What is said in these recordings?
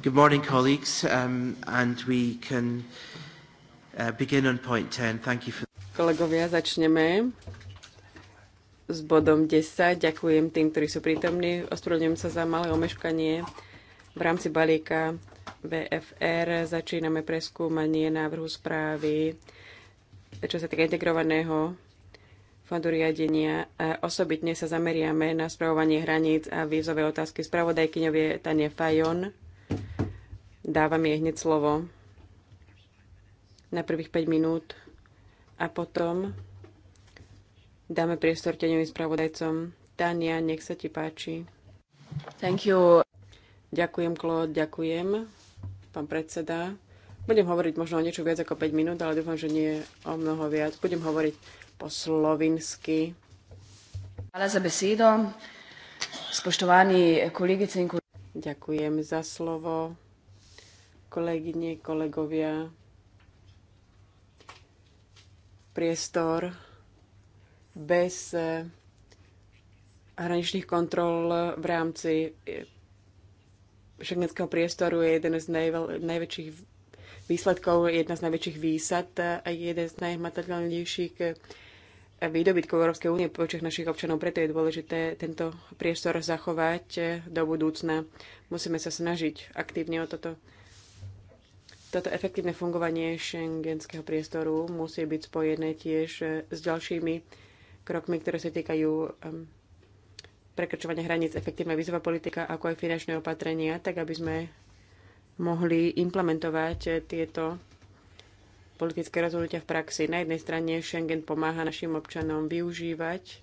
Good morning, colleagues, um, and we can uh, begin on point 10. Thank you for... Kolegovia, začneme s bodom 10. Ďakujem tým, ktorí sú prítomní. Ospravedlňujem sa za malé omeškanie. V rámci balíka VFR začíname preskúmanie návrhu správy, čo sa týka integrovaného fondu riadenia. Osobitne sa zameriame na spravovanie hraníc a vízové otázky spravodajkyňovie Tanie Fajon Dávam jej hneď slovo na prvých 5 minút a potom dáme priestor teňovým spravodajcom. Tania, nech sa ti páči. Thank you. Ďakujem, Claude, ďakujem, pán predseda. Budem hovoriť možno o niečo viac ako 5 minút, ale dúfam, že nie o mnoho viac. Budem hovoriť po slovinsky. Hvala za besedo. spoštovaní kolegice in kolegy. Ďakujem za slovo kolegyne, kolegovia, priestor bez eh, hraničných kontrol v rámci eh, šengenského priestoru je jeden z najveľ, najväčších výsledkov, jedna z najväčších výsad a jeden z najhmatateľnejších eh, výdobytkov Európskej únie počet našich občanov. Preto je dôležité tento priestor zachovať do budúcna. Musíme sa snažiť aktívne o toto. Toto efektívne fungovanie šengenského priestoru musí byť spojené tiež e, s ďalšími krokmi, ktoré sa týkajú e, prekračovania hraníc, efektívna vízová politika, ako aj finančné opatrenia, tak aby sme mohli implementovať e, tieto politické rozhodnutia v praxi. Na jednej strane Schengen pomáha našim občanom využívať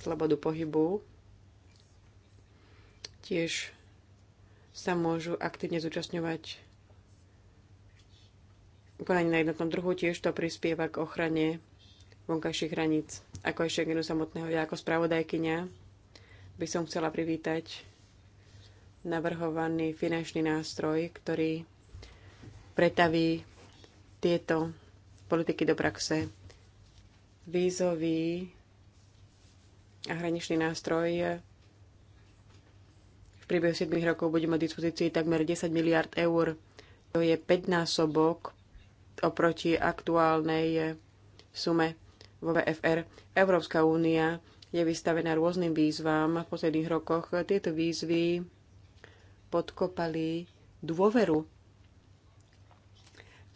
slobodu pohybu. Tiež sa môžu aktívne zúčastňovať konaní na jednotnom druhu tiež to prispieva k ochrane vonkajších hraníc, ako aj Schengenu samotného. Ja ako spravodajkyňa by som chcela privítať navrhovaný finančný nástroj, ktorý pretaví tieto politiky do praxe. Vízový a hraničný nástroj v priebehu 7 rokov bude mať dispozícii takmer 10 miliard eur. To je 5 násobok oproti aktuálnej sume vo VFR. Európska únia je vystavená rôznym výzvam v posledných rokoch. Tieto výzvy podkopali dôveru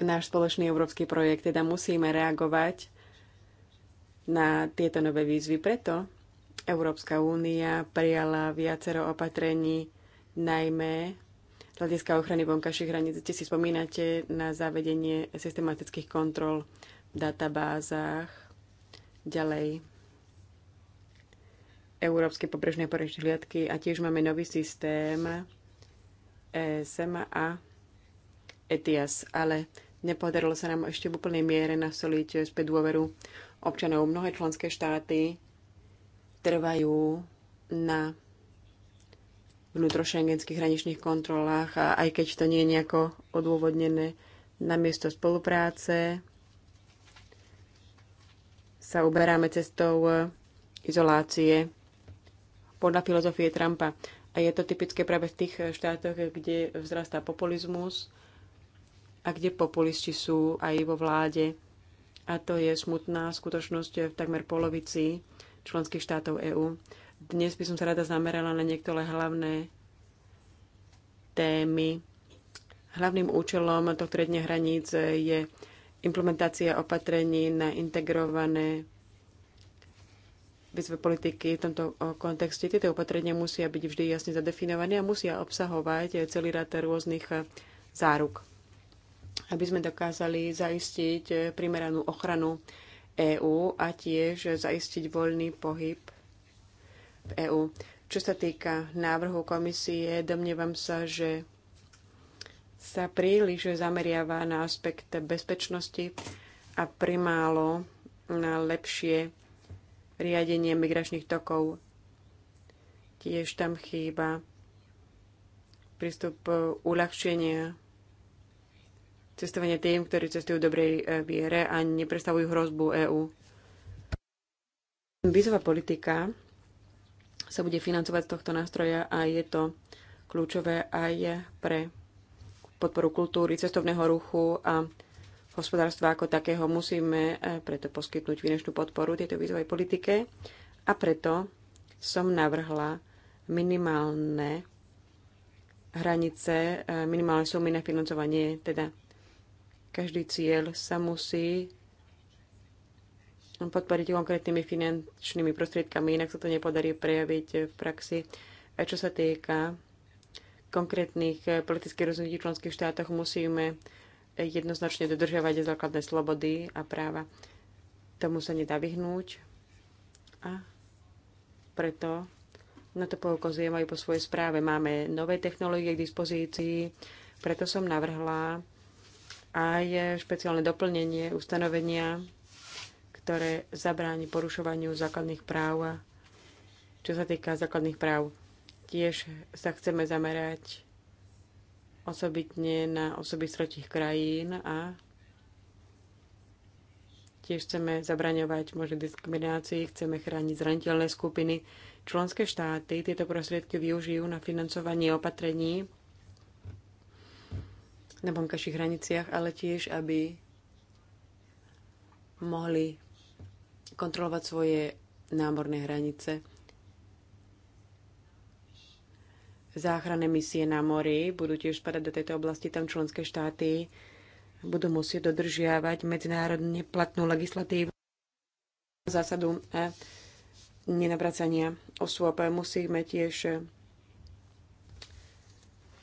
v náš spoločný európsky projekt. Teda musíme reagovať na tieto nové výzvy. Preto Európska únia prijala viacero opatrení, najmä hľadiska ochrany vonkajších hraníc, ste si spomínate na zavedenie systematických kontrol v databázach. Ďalej. Európske pobrežné porečné hliadky a tiež máme nový systém ESM a ETIAS, ale nepodarilo sa nám ešte v úplnej miere nasoliť späť dôveru občanov. Mnohé členské štáty trvajú na vnútrošengenských hraničných kontrolách, a aj keď to nie je nejako odôvodnené. Namiesto spolupráce sa uberáme cestou e, izolácie podľa filozofie Trumpa. A je to typické práve v tých e, štátoch, kde vzrastá populizmus a kde populisti sú aj vo vláde. A to je smutná skutočnosť v takmer polovici členských štátov EÚ. Dnes by som sa rada zamerala na niektoré hlavné témy. Hlavným účelom tohto hraníc je implementácia opatrení na integrované výzve politiky v tomto kontexte. Tieto opatrenia musia byť vždy jasne zadefinované a musia obsahovať celý rad rôznych záruk, aby sme dokázali zaistiť primeranú ochranu EÚ a tiež zaistiť voľný pohyb v e EÚ. Čo sa týka návrhu komisie, domnievam sa, že sa príliš zameriava na aspekt bezpečnosti a primálo na lepšie riadenie migračných tokov. Tiež tam chýba prístup uľahčenia cestovania tým, ktorí cestujú v dobrej e, viere a neprestavujú hrozbu EÚ. Vízová politika sa bude financovať z tohto nástroja a je to kľúčové aj pre podporu kultúry, cestovného ruchu a hospodárstva ako takého. Musíme eh, preto poskytnúť finančnú podporu tejto výzovej politike a preto som navrhla minimálne hranice, eh, minimálne sumy na financovanie, teda každý cieľ sa musí podporiť konkrétnymi finančnými prostriedkami, inak sa to nepodarí prejaviť v praxi. A čo sa týka konkrétnych politických rozhodnutí v členských štátoch, musíme jednoznačne dodržiavať základné slobody a práva. Tomu sa nedá vyhnúť a preto na to poukazujem aj po svojej správe. Máme nové technológie k dispozícii, preto som navrhla aj špeciálne doplnenie ustanovenia ktoré zabráni porušovaniu základných práv, čo sa týka základných práv. Tiež sa chceme zamerať osobitne na osoby z tretich krajín a tiež chceme zabraňovať možné diskriminácii, chceme chrániť zraniteľné skupiny. Členské štáty tieto prostriedky využijú na financovanie opatrení na vonkajších hraniciach, ale tiež, aby mohli kontrolovať svoje námorné hranice. Záchranné misie na mori budú tiež spadať do tejto oblasti. Tam členské štáty budú musieť dodržiavať medzinárodne platnú legislatívu zásadu eh, nenabracania osôb. Musíme tiež eh,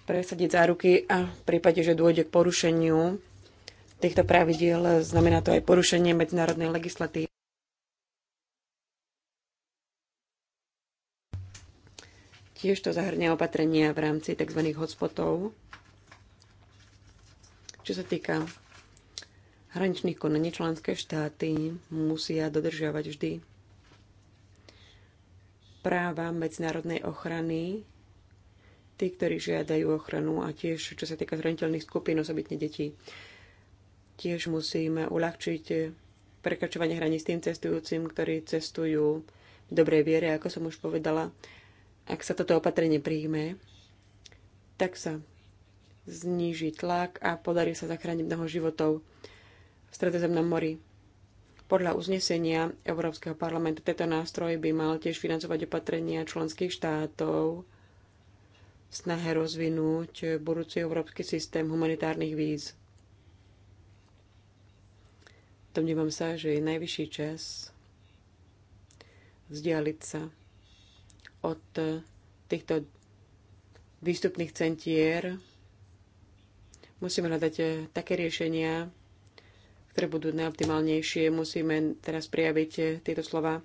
presadiť záruky a v prípade, že dôjde k porušeniu týchto pravidiel, znamená to aj porušenie medzinárodnej legislatívy. Tiež to zahrňa opatrenia v rámci tzv. hotspotov, čo sa týka hraničných konaní členské štáty musia dodržiavať vždy práva medzinárodnej ochrany tí, ktorí žiadajú ochranu a tiež, čo sa týka zraniteľných skupín, osobitne detí. Tiež musíme uľahčiť prekračovanie hraníc tým cestujúcim, ktorí cestujú v dobrej viere, ako som už povedala ak sa toto opatrenie príjme, tak sa zniží tlak a podarí sa zachrániť mnoho životov v Stredozemnom mori. Podľa uznesenia Európskeho parlamentu tento nástroj by mal tiež financovať opatrenia členských štátov v snahe rozvinúť budúci európsky systém humanitárnych víz. Domnívam sa, že je najvyšší čas vzdialiť sa od týchto výstupných centier musíme hľadať eh, také riešenia, ktoré budú najoptimálnejšie. Musíme teraz prijaviť eh, tieto slova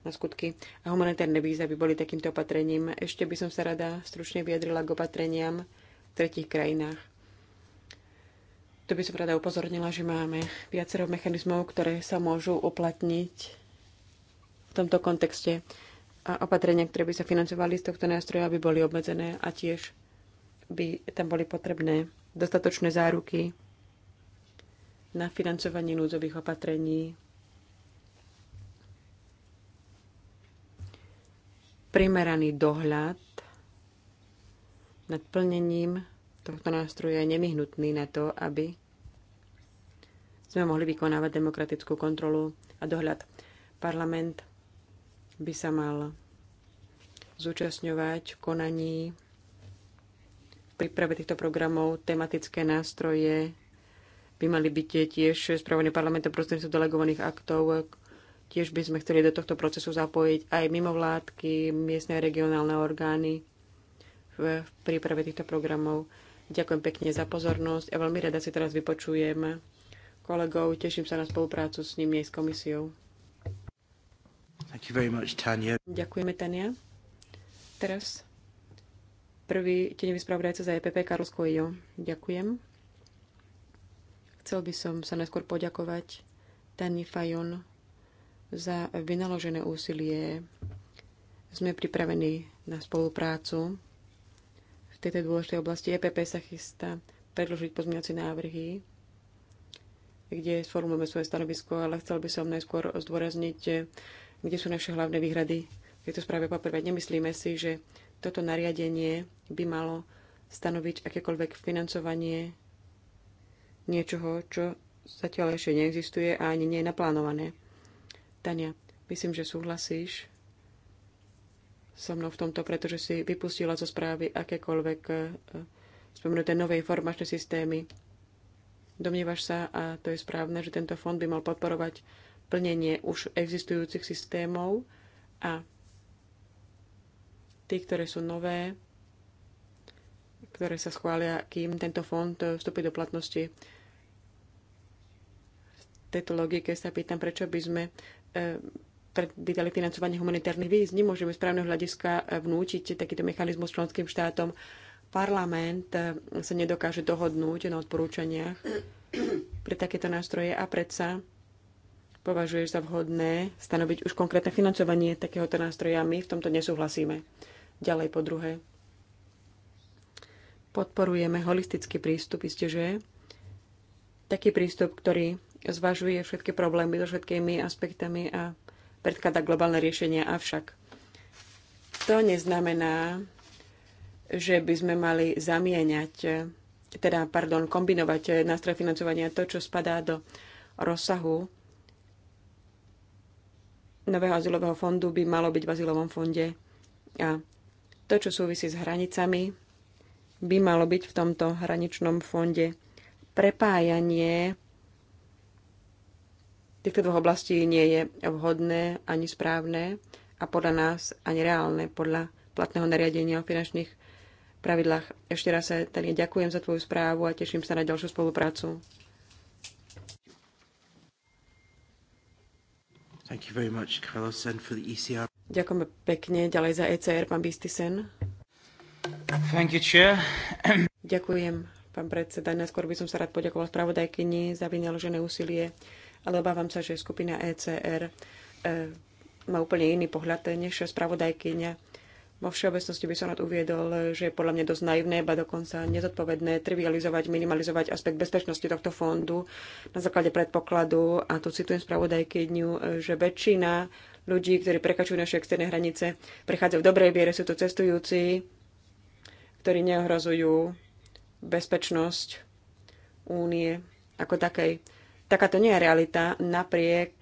na skutky. A humanitárne víza by boli takýmto opatrením. Ešte by som sa rada stručne vyjadrila k opatreniam v tretich krajinách. Tu by som rada upozornila, že máme viacero mechanizmov, ktoré sa môžu uplatniť v tomto kontexte a opatrenia, ktoré by sa financovali z tohto nástroja, aby boli obmedzené a tiež by tam boli potrebné dostatočné záruky na financovanie núdzových opatrení. Primeraný dohľad nad plnením tohto nástroja je nevyhnutný na to, aby sme mohli vykonávať demokratickú kontrolu a dohľad. Parlament by sa mal zúčastňovať v konaní v príprave týchto programov. Tematické nástroje by mali byť tiež spravené parlamentom prostredníctvom delegovaných aktov. Tiež by sme chceli do tohto procesu zapojiť aj mimovládky, miestne a regionálne orgány v príprave týchto programov. Ďakujem pekne za pozornosť a veľmi rada si teraz vypočujem kolegov. Teším sa na spoluprácu s nimi aj s komisiou. Much, Ďakujeme, Tania. Teraz prvý tenevý spravodajca za EPP Karol Skojo. Ďakujem. Chcel by som sa najskôr poďakovať Tani Fajon za vynaložené úsilie. Sme pripravení na spoluprácu v tejto dôležitej oblasti. EPP sa chystá predložiť pozmeňovacie návrhy, kde sformulujeme svoje stanovisko, ale chcel by som najskôr zdôrazniť, kde sú naše hlavné výhrady tejto správe poprvé. Nemyslíme si, že toto nariadenie by malo stanoviť akékoľvek financovanie niečoho, čo zatiaľ ešte neexistuje a ani nie je naplánované. Tania, myslím, že súhlasíš so mnou v tomto, pretože si vypustila zo správy akékoľvek eh, spomenuté nové informačné systémy. Domnievaš sa, a to je správne, že tento fond by mal podporovať plnenie už existujúcich systémov a Tí, ktoré sú nové, ktoré sa schvália, kým tento fond eh, vstúpi do platnosti. V tejto logike sa pýtam, prečo by sme eh, predvídali financovanie humanitárnych víz. Nemôžeme z právneho hľadiska eh, vnúčiť takýto mechanizmus členským štátom. Parlament sa nedokáže dohodnúť na odporúčaniach pre takéto nástroje a predsa považuješ za vhodné stanoviť už konkrétne financovanie takéhoto nástroja. My v tomto nesúhlasíme. Ďalej po druhé. Podporujeme holistický prístup, že Taký prístup, ktorý zvažuje všetky problémy so všetkými aspektami a predkladá globálne riešenia. Avšak to neznamená, že by sme mali zamieňať, teda, pardon, kombinovať nástroje financovania to, čo spadá do rozsahu nového azylového fondu by malo byť v azylovom fonde a to, čo súvisí s hranicami, by malo byť v tomto hraničnom fonde. Prepájanie týchto dvoch oblastí nie je vhodné ani správne a podľa nás ani reálne, podľa platného nariadenia o finančných pravidlách. Ešte raz sa tady ďakujem za tvoju správu a teším sa na ďalšiu spoluprácu. Thank you very much, Carlos, and for the ECR. Ďakujeme pekne. Ďalej za ECR, pán Bistisen. Thank you, chair. Ďakujem, pán predseda. Najskôr by som sa rád poďakoval spravodajkyni za vynaložené úsilie, ale obávam sa, že skupina ECR e, eh, má úplne iný pohľad než spravodajkyňa vo všeobecnosti by som rád uviedol, že je podľa mňa dosť naivné, ba dokonca nezodpovedné trivializovať, minimalizovať aspekt bezpečnosti tohto fondu na základe predpokladu, a tu citujem spravodajky dňu, že väčšina ľudí, ktorí prekačujú naše externé hranice, prechádzajú v dobrej viere, sú to cestujúci, ktorí neohrozujú bezpečnosť únie ako takej. Takáto nie je realita napriek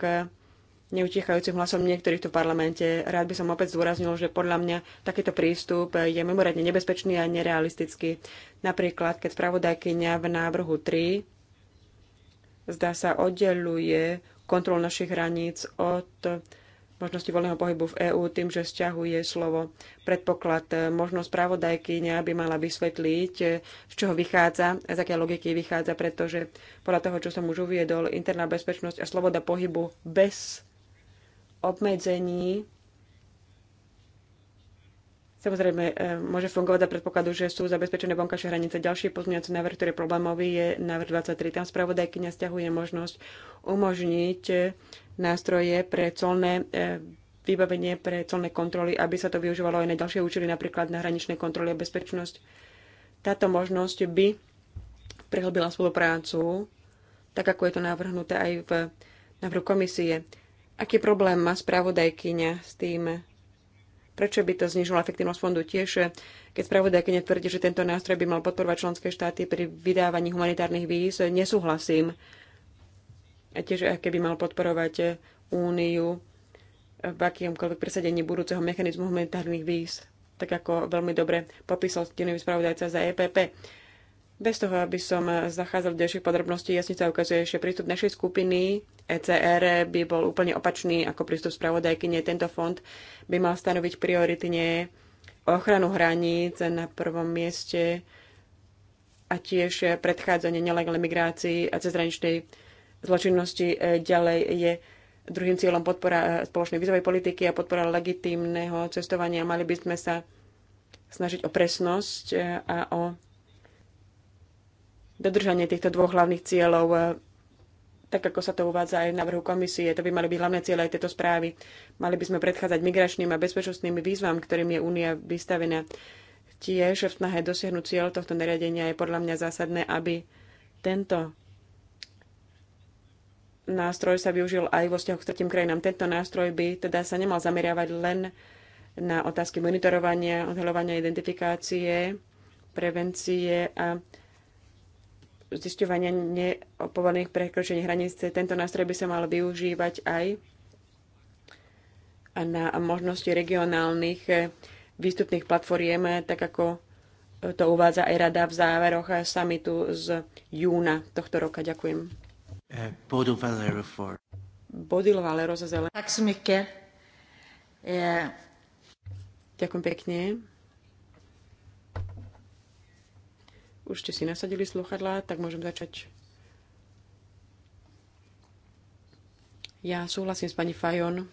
neutichajúcim hlasom niektorých tu v parlamente. Rád by som opäť zdôraznil, že podľa mňa takýto prístup je mimoriadne nebezpečný a nerealistický. Napríklad, keď spravodajkyňa v návrhu 3 zdá sa oddeluje kontrol našich hraníc od možnosti voľného pohybu v EÚ tým, že sťahuje slovo predpoklad. Možno spravodajkyňa by mala vysvetliť, z čoho vychádza, z aké logiky vychádza, pretože podľa toho, čo som už uviedol, interná bezpečnosť a sloboda pohybu bez obmedzení Samozrejme, e, môže fungovať za predpokladu, že sú zabezpečené vonkajšie hranice. Ďalší pozmeňovací návrh, ktorý je problémový, je návrh 23. Tam spravodajky stiahuje možnosť umožniť nástroje pre colné e, vybavenie pre colné kontroly, aby sa to využívalo aj na ďalšie účely, napríklad na hraničné kontroly a bezpečnosť. Táto možnosť by prehlbila spoluprácu, tak ako je to navrhnuté aj v návrhu komisie. Aký problém má spravodajkyňa s tým, prečo by to znižilo efektivnosť fondu tiež, eh, keď spravodajkyňa tvrdí, že tento nástroj by mal podporovať členské štáty pri vydávaní humanitárnych víz, eh, nesúhlasím. A tiež, aké eh, by mal podporovať úniu v akýmkoľvek presadení budúceho mechanizmu humanitárnych víz, tak ako veľmi dobre popísal stínový spravodajca za EPP. Bez toho, aby som zachádzal v ďalších podrobností, jasne sa ukazuje, že prístup našej skupiny ECR by bol úplne opačný ako prístup spravodajkyne. Tento fond by mal stanoviť prioritne ochranu hraníc na prvom mieste a tiež predchádzanie nelegálnej migrácii a cezhraničnej zločinnosti. Ďalej je druhým cieľom podpora spoločnej vizovej politiky a podpora legitímneho cestovania. Mali by sme sa snažiť o presnosť a o dodržanie týchto dvoch hlavných cieľov tak ako sa to uvádza aj v návrhu komisie. To by mali byť hlavné ciele aj tejto správy. Mali by sme predchádzať migračným a bezpečnostným výzvam, ktorým je Únia vystavená. Tiež v snahe dosiahnuť cieľ tohto nariadenia je podľa mňa zásadné, aby tento nástroj sa využil aj vo vzťahu k tretím krajinám. Tento nástroj by teda sa nemal zameriavať len na otázky monitorovania, odhalovania, identifikácie, prevencie a zisťovania nepovolených prekročení hranice. Tento nástroj by sa mal využívať aj na možnosti regionálnych eh, výstupných platformiem, eh, tak ako eh, to uvádza aj rada v záveroch samitu z júna tohto roka. Ďakujem. Bodil Valero za zelené. Ďakujem pekne. Už ste si nasadili sluchadlá, tak môžem začať. Ja súhlasím s pani Fajon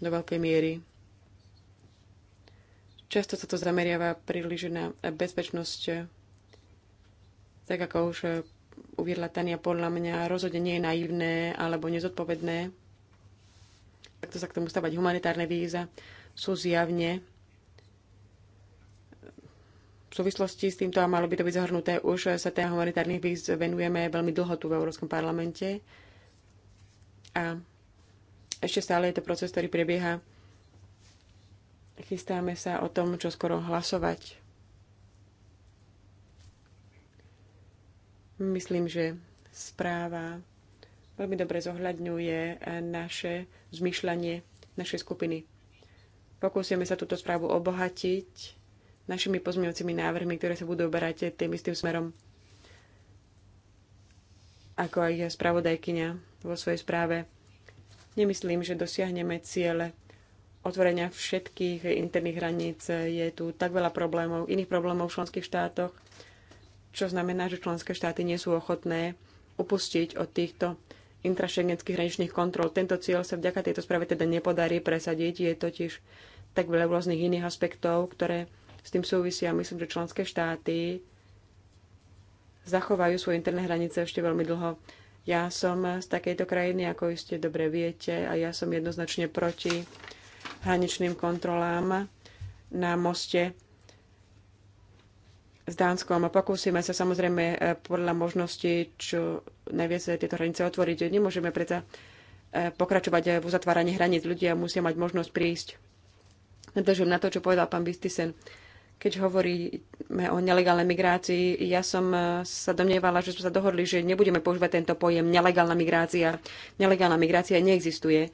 do veľkej miery. Často sa to zameriava príliš na bezpečnosť, tak ako už uviedla Tania, podľa mňa rozhodne nie je naivné alebo nezodpovedné. Takto sa k tomu stavať humanitárne víza sú zjavne v súvislosti s týmto a malo by to byť zahrnuté. Už sa teda humanitárnych víz venujeme veľmi dlho tu v Európskom parlamente a ešte stále je to proces, ktorý prebieha. Chystáme sa o tom, čo skoro hlasovať. Myslím, že správa veľmi dobre zohľadňuje naše zmyšľanie našej skupiny. Pokúsime sa túto správu obohatiť našimi pozmeňujúcimi návrhmi, ktoré sa budú oberať tým istým smerom ako aj spravodajkyňa vo svojej správe. Nemyslím, že dosiahneme ciele otvorenia všetkých interných hraníc. Je tu tak veľa problémov, iných problémov v členských štátoch, čo znamená, že členské štáty nie sú ochotné upustiť od týchto intrašengenských hraničných kontrol. Tento cieľ sa vďaka tejto správe teda nepodarí presadiť. Je totiž tak veľa rôznych iných aspektov, ktoré s tým súvisia. Myslím, že členské štáty zachovajú svoje interné hranice ešte veľmi dlho. Ja som z takejto krajiny, ako iste dobre viete, a ja som jednoznačne proti hraničným kontrolám na moste s Dánskom. A pokúsime sa samozrejme e, podľa možnosti, čo najviac tieto hranice otvoriť. Nemôžeme predsa e, pokračovať v uzatváraní hraníc. Ľudia musia mať možnosť prísť. Nadržujem na to, čo povedal pán Bistisen. Keď hovoríme o nelegálnej migrácii, ja som e, sa domnievala, že sme sa dohodli, že nebudeme používať tento pojem nelegálna migrácia. Nelegálna migrácia neexistuje.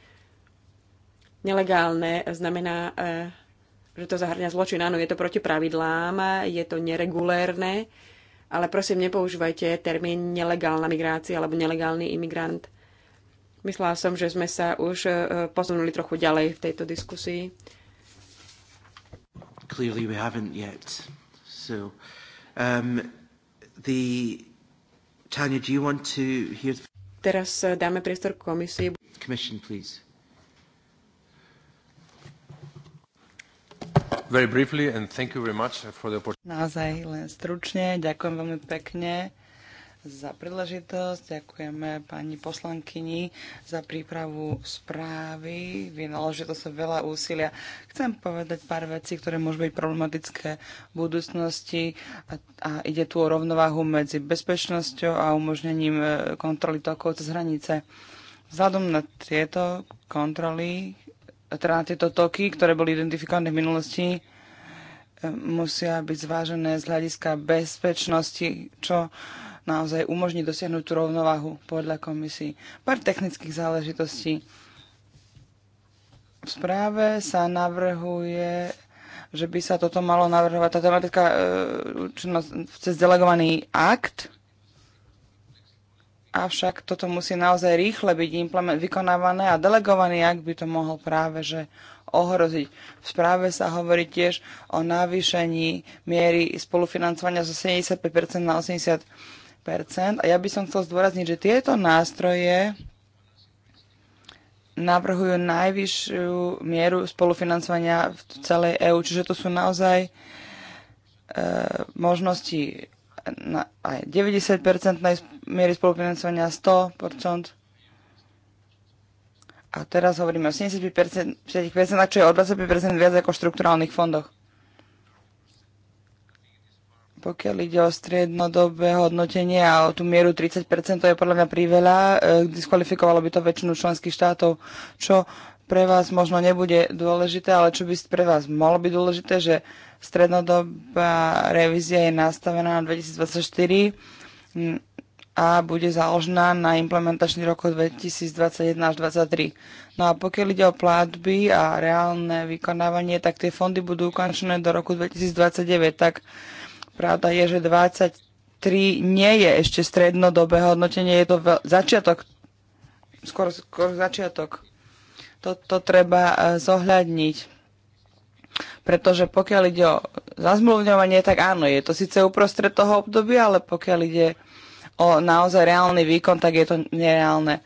Nelegálne znamená, e, že to zahrňa zločin. Áno, je to proti pravidlám, je to neregulérne, ale prosím, nepoužívajte termín nelegálna migrácia alebo nelegálny imigrant. Myslela som, že sme sa už e, posunuli trochu ďalej v tejto diskusii. Clearly, we haven't yet. So, um, the Tanya, do you want to hear? The... Teraz uh, dáme priestor komisii. Commission, please. Very briefly and thank you very much for the opportunity. Naozaj len stručne, ďakujem veľmi pekne za príležitosť, ďakujeme pani poslankyni za prípravu správy. Vynaložilo sa veľa úsilia. Chcem povedať pár vecí, ktoré môžu byť problematické v budúcnosti a, a ide tu o rovnováhu medzi bezpečnosťou a umožnením e, kontroly tokov cez hranice. Vzhľadom na tieto kontroly, teda na tieto toky, ktoré boli identifikované v minulosti, e, musia byť zvážené z hľadiska bezpečnosti, čo naozaj umožní dosiahnuť tú rovnováhu podľa komisí. Pár technických záležitostí. V správe sa navrhuje že by sa toto malo navrhovať, tá tematická e, činnosť cez delegovaný akt, avšak toto musí naozaj rýchle byť implement- vykonávané a delegovaný akt by to mohol práve že ohroziť. V správe sa hovorí tiež o navýšení miery spolufinancovania zo 75% na 80%. A ja by som chcel zdôrazniť, že tieto nástroje navrhujú najvyššiu mieru spolufinancovania v celej EÚ, čiže to sú naozaj e, možnosti na, aj 90 miery spolufinancovania, 100%. A teraz hovoríme o 75%, 50%, čo je o 25% viac ako v štrukturálnych fondoch. Pokiaľ ide o striednodobé hodnotenie a o tú mieru 30%, to je podľa mňa príveľa, e, diskvalifikovalo by to väčšinu členských štátov, čo pre vás možno nebude dôležité, ale čo by pre vás malo byť dôležité, že strednodobá revízia je nastavená na 2024 a bude založená na implementačný rok 2021 až 2023. No a pokiaľ ide o platby a reálne vykonávanie, tak tie fondy budú ukončené do roku 2029, tak Pravda je, že 23 nie je ešte strednodobé hodnotenie, je to začiatok, skoro, skoro začiatok. Toto treba e, zohľadniť. Pretože pokiaľ ide o zazmluvňovanie, tak áno, je to síce uprostred toho obdobia, ale pokiaľ ide o naozaj reálny výkon, tak je to nereálne.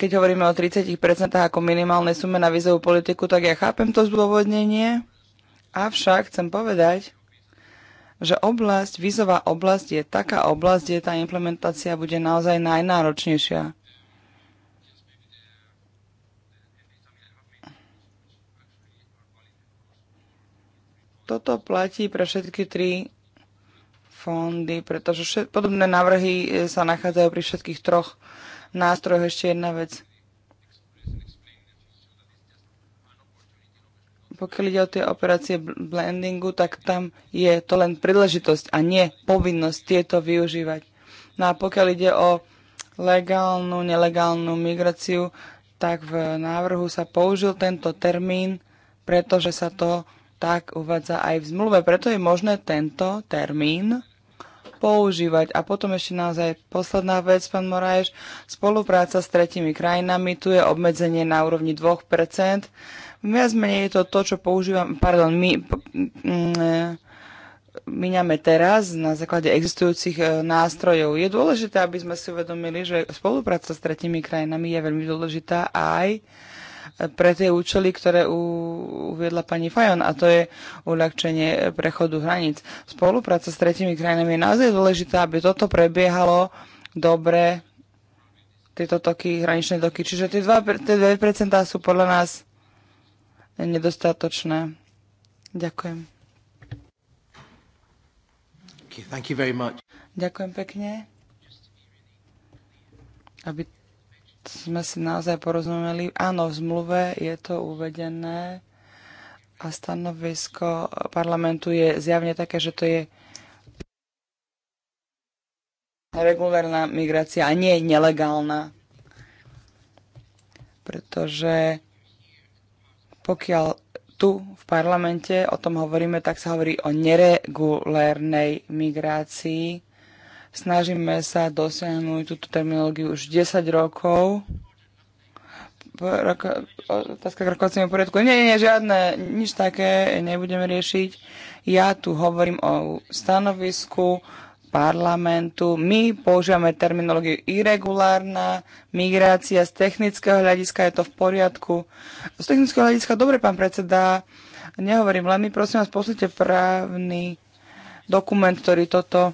Keď hovoríme o 30% ako minimálnej sume na výzovú politiku, tak ja chápem to zdôvodnenie, avšak chcem povedať, že oblasť, vízová oblasť je taká oblasť, kde tá implementácia bude naozaj najnáročnejšia. Toto platí pre všetky tri fondy, pretože všet, podobné návrhy e, sa nachádzajú pri všetkých troch nástrojoch. Ešte jedna vec. pokiaľ ide o tie operácie blendingu, tak tam je to len príležitosť a nie povinnosť tieto využívať. No a pokiaľ ide o legálnu, nelegálnu migráciu, tak v návrhu sa použil tento termín, pretože sa to tak uvádza aj v zmluve. Preto je možné tento termín používať. A potom ešte naozaj posledná vec, pán Moraješ, spolupráca s tretimi krajinami, tu je obmedzenie na úrovni 2%. Viac menej je to to, čo používam, pardon, my e, míňame teraz na základe existujúcich e, nástrojov. Je dôležité, aby sme si uvedomili, že spolupráca s tretimi krajinami je veľmi dôležitá aj pre tie účely, ktoré uviedla pani Fajon, a to je uľahčenie e, prechodu hraníc. Spolupráca s tretimi krajinami je naozaj dôležitá, aby toto prebiehalo dobre, tieto toky, hraničné toky. Čiže tie 2%, tie 2 sú podľa nás nedostatočné. Ďakujem. thank you very much. Ďakujem pekne. Aby sme si naozaj porozumeli, áno, v zmluve je to uvedené a stanovisko parlamentu je zjavne také, že to je regulárna migrácia a nie nelegálna. Pretože pokiaľ tu v parlamente o tom hovoríme, tak sa hovorí o neregulérnej migrácii. Snažíme sa dosiahnuť túto terminológiu už 10 rokov. Roko, otázka k rokovaciemu poriadku. Nie, nie, nie, žiadne, nič také nebudeme riešiť. Ja tu hovorím o stanovisku, parlamentu. My používame terminológiu irregulárna migrácia. Z technického hľadiska je to v poriadku. Z technického hľadiska, dobre, pán predseda, nehovorím len my, prosím vás, poslite právny dokument, ktorý toto e,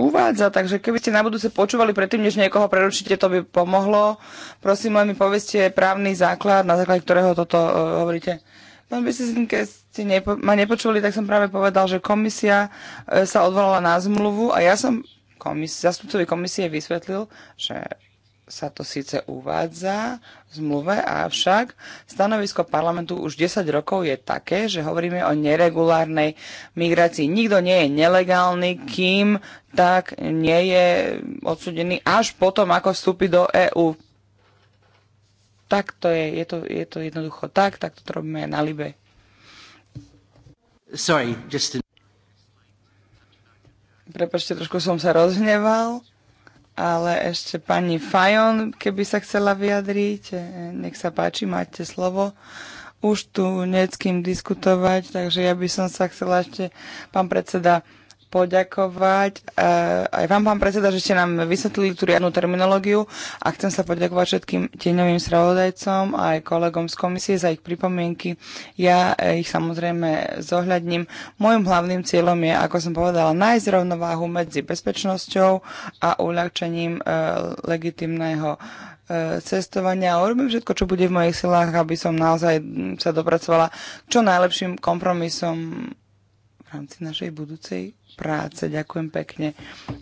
uvádza. Takže keby ste na budúce počúvali predtým, než niekoho preručíte, to by pomohlo. Prosím len mi povedzte právny základ, na základe ktorého toto uh, hovoríte. Pán Bisinkes, ste nepo, ma nepočuli, tak som práve povedal, že komisia e, sa odvolala na zmluvu a ja som komis, zastupcovi komisie vysvetlil, že sa to síce uvádza v zmluve, avšak stanovisko parlamentu už 10 rokov je také, že hovoríme o neregulárnej migrácii. Nikto nie je nelegálny, kým tak nie je odsudený až potom, ako vstúpi do EÚ. Tak to je, je to, je to jednoducho tak, tak to robíme aj na Libe. Sorry, just... Prepačte, trošku som sa rozhneval, ale ešte pani Fajon, keby sa chcela vyjadriť, e, nech sa páči, máte slovo už tu neckým diskutovať, takže ja by som sa chcela ešte, pán predseda, poďakovať e, aj vám, pán predseda, že ste nám vysvetlili tú riadnu terminológiu a chcem sa poďakovať všetkým tieňovým spravodajcom a aj kolegom z komisie za ich pripomienky. Ja e, ich samozrejme zohľadním. Mojím hlavným cieľom je, ako som povedala, nájsť rovnováhu medzi bezpečnosťou a uľahčením e, legitimného cestovania a urobím všetko, čo bude v mojich silách, aby som naozaj sa dopracovala čo najlepším kompromisom v rámci našej budúcej práce. Ďakujem pekne.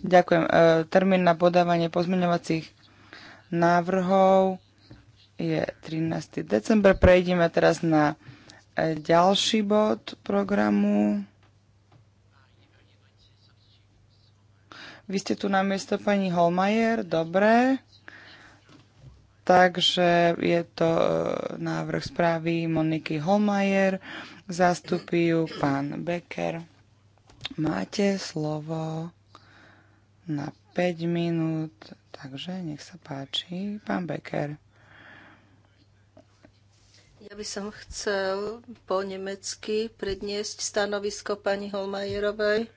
Ďakujem. E, termín na podávanie pozmeňovacích návrhov je 13. december. Prejdeme teraz na e, ďalší bod programu. Vy ste tu na miesto pani Holmajer, dobre. Takže je to e, návrh správy Moniky Holmajer, zastupí ju pán Becker. Máte slovo na 5 minút, takže nech sa páči, pán Becker. Ja by som chcel po nemecky predniesť stanovisko pani Holmajerovej,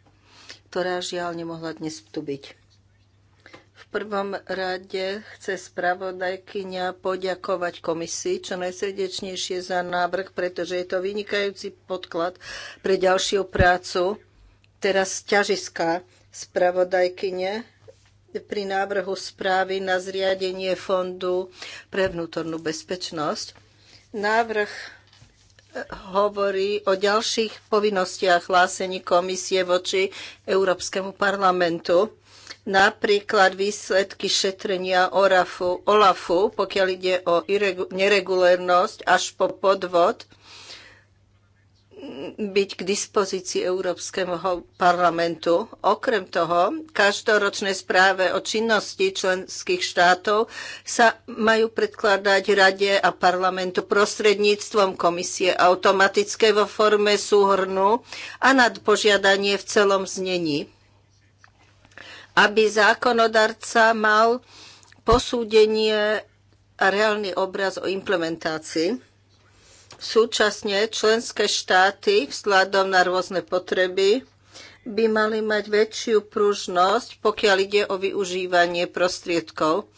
ktorá žiaľ nemohla dnes tu byť. V prvom rade chce spravodajkyňa poďakovať komisii čo najsrdečnejšie za návrh, pretože je to vynikajúci podklad pre ďalšiu prácu teraz ťažiska spravodajkyne pri návrhu správy na zriadenie Fondu pre vnútornú bezpečnosť. Návrh eh, hovorí o ďalších povinnostiach hlásení komisie voči Európskemu parlamentu, napríklad výsledky šetrenia ORAFu, OLAFu, pokiaľ ide o neregulérnosť až po podvod byť k dispozícii Európskeho parlamentu. Okrem toho, každoročné správe o činnosti členských štátov sa majú predkladať Rade a parlamentu prostredníctvom komisie automatické vo forme súhrnu a nad požiadanie v celom znení. Aby zákonodarca mal posúdenie a reálny obraz o implementácii Súčasne členské štáty vzhľadom na rôzne potreby by mali mať väčšiu pružnosť, pokiaľ ide o využívanie prostriedkov.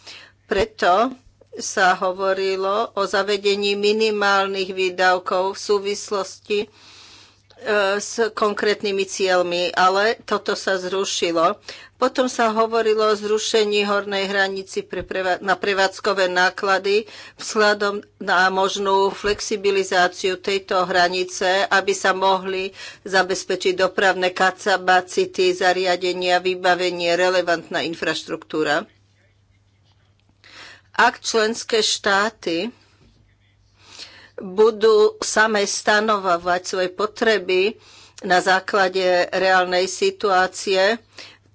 Preto sa hovorilo o zavedení minimálnych výdavkov v súvislosti e, s konkrétnymi cieľmi, ale toto sa zrušilo. Potom sa hovorilo o zrušení hornej hranici pre preva- na prevádzkové náklady vzhľadom na možnú flexibilizáciu tejto hranice, aby sa mohli zabezpečiť dopravné kacabacity, zariadenia, vybavenie, relevantná infraštruktúra. Ak členské štáty budú same stanovovať svoje potreby na základe reálnej situácie,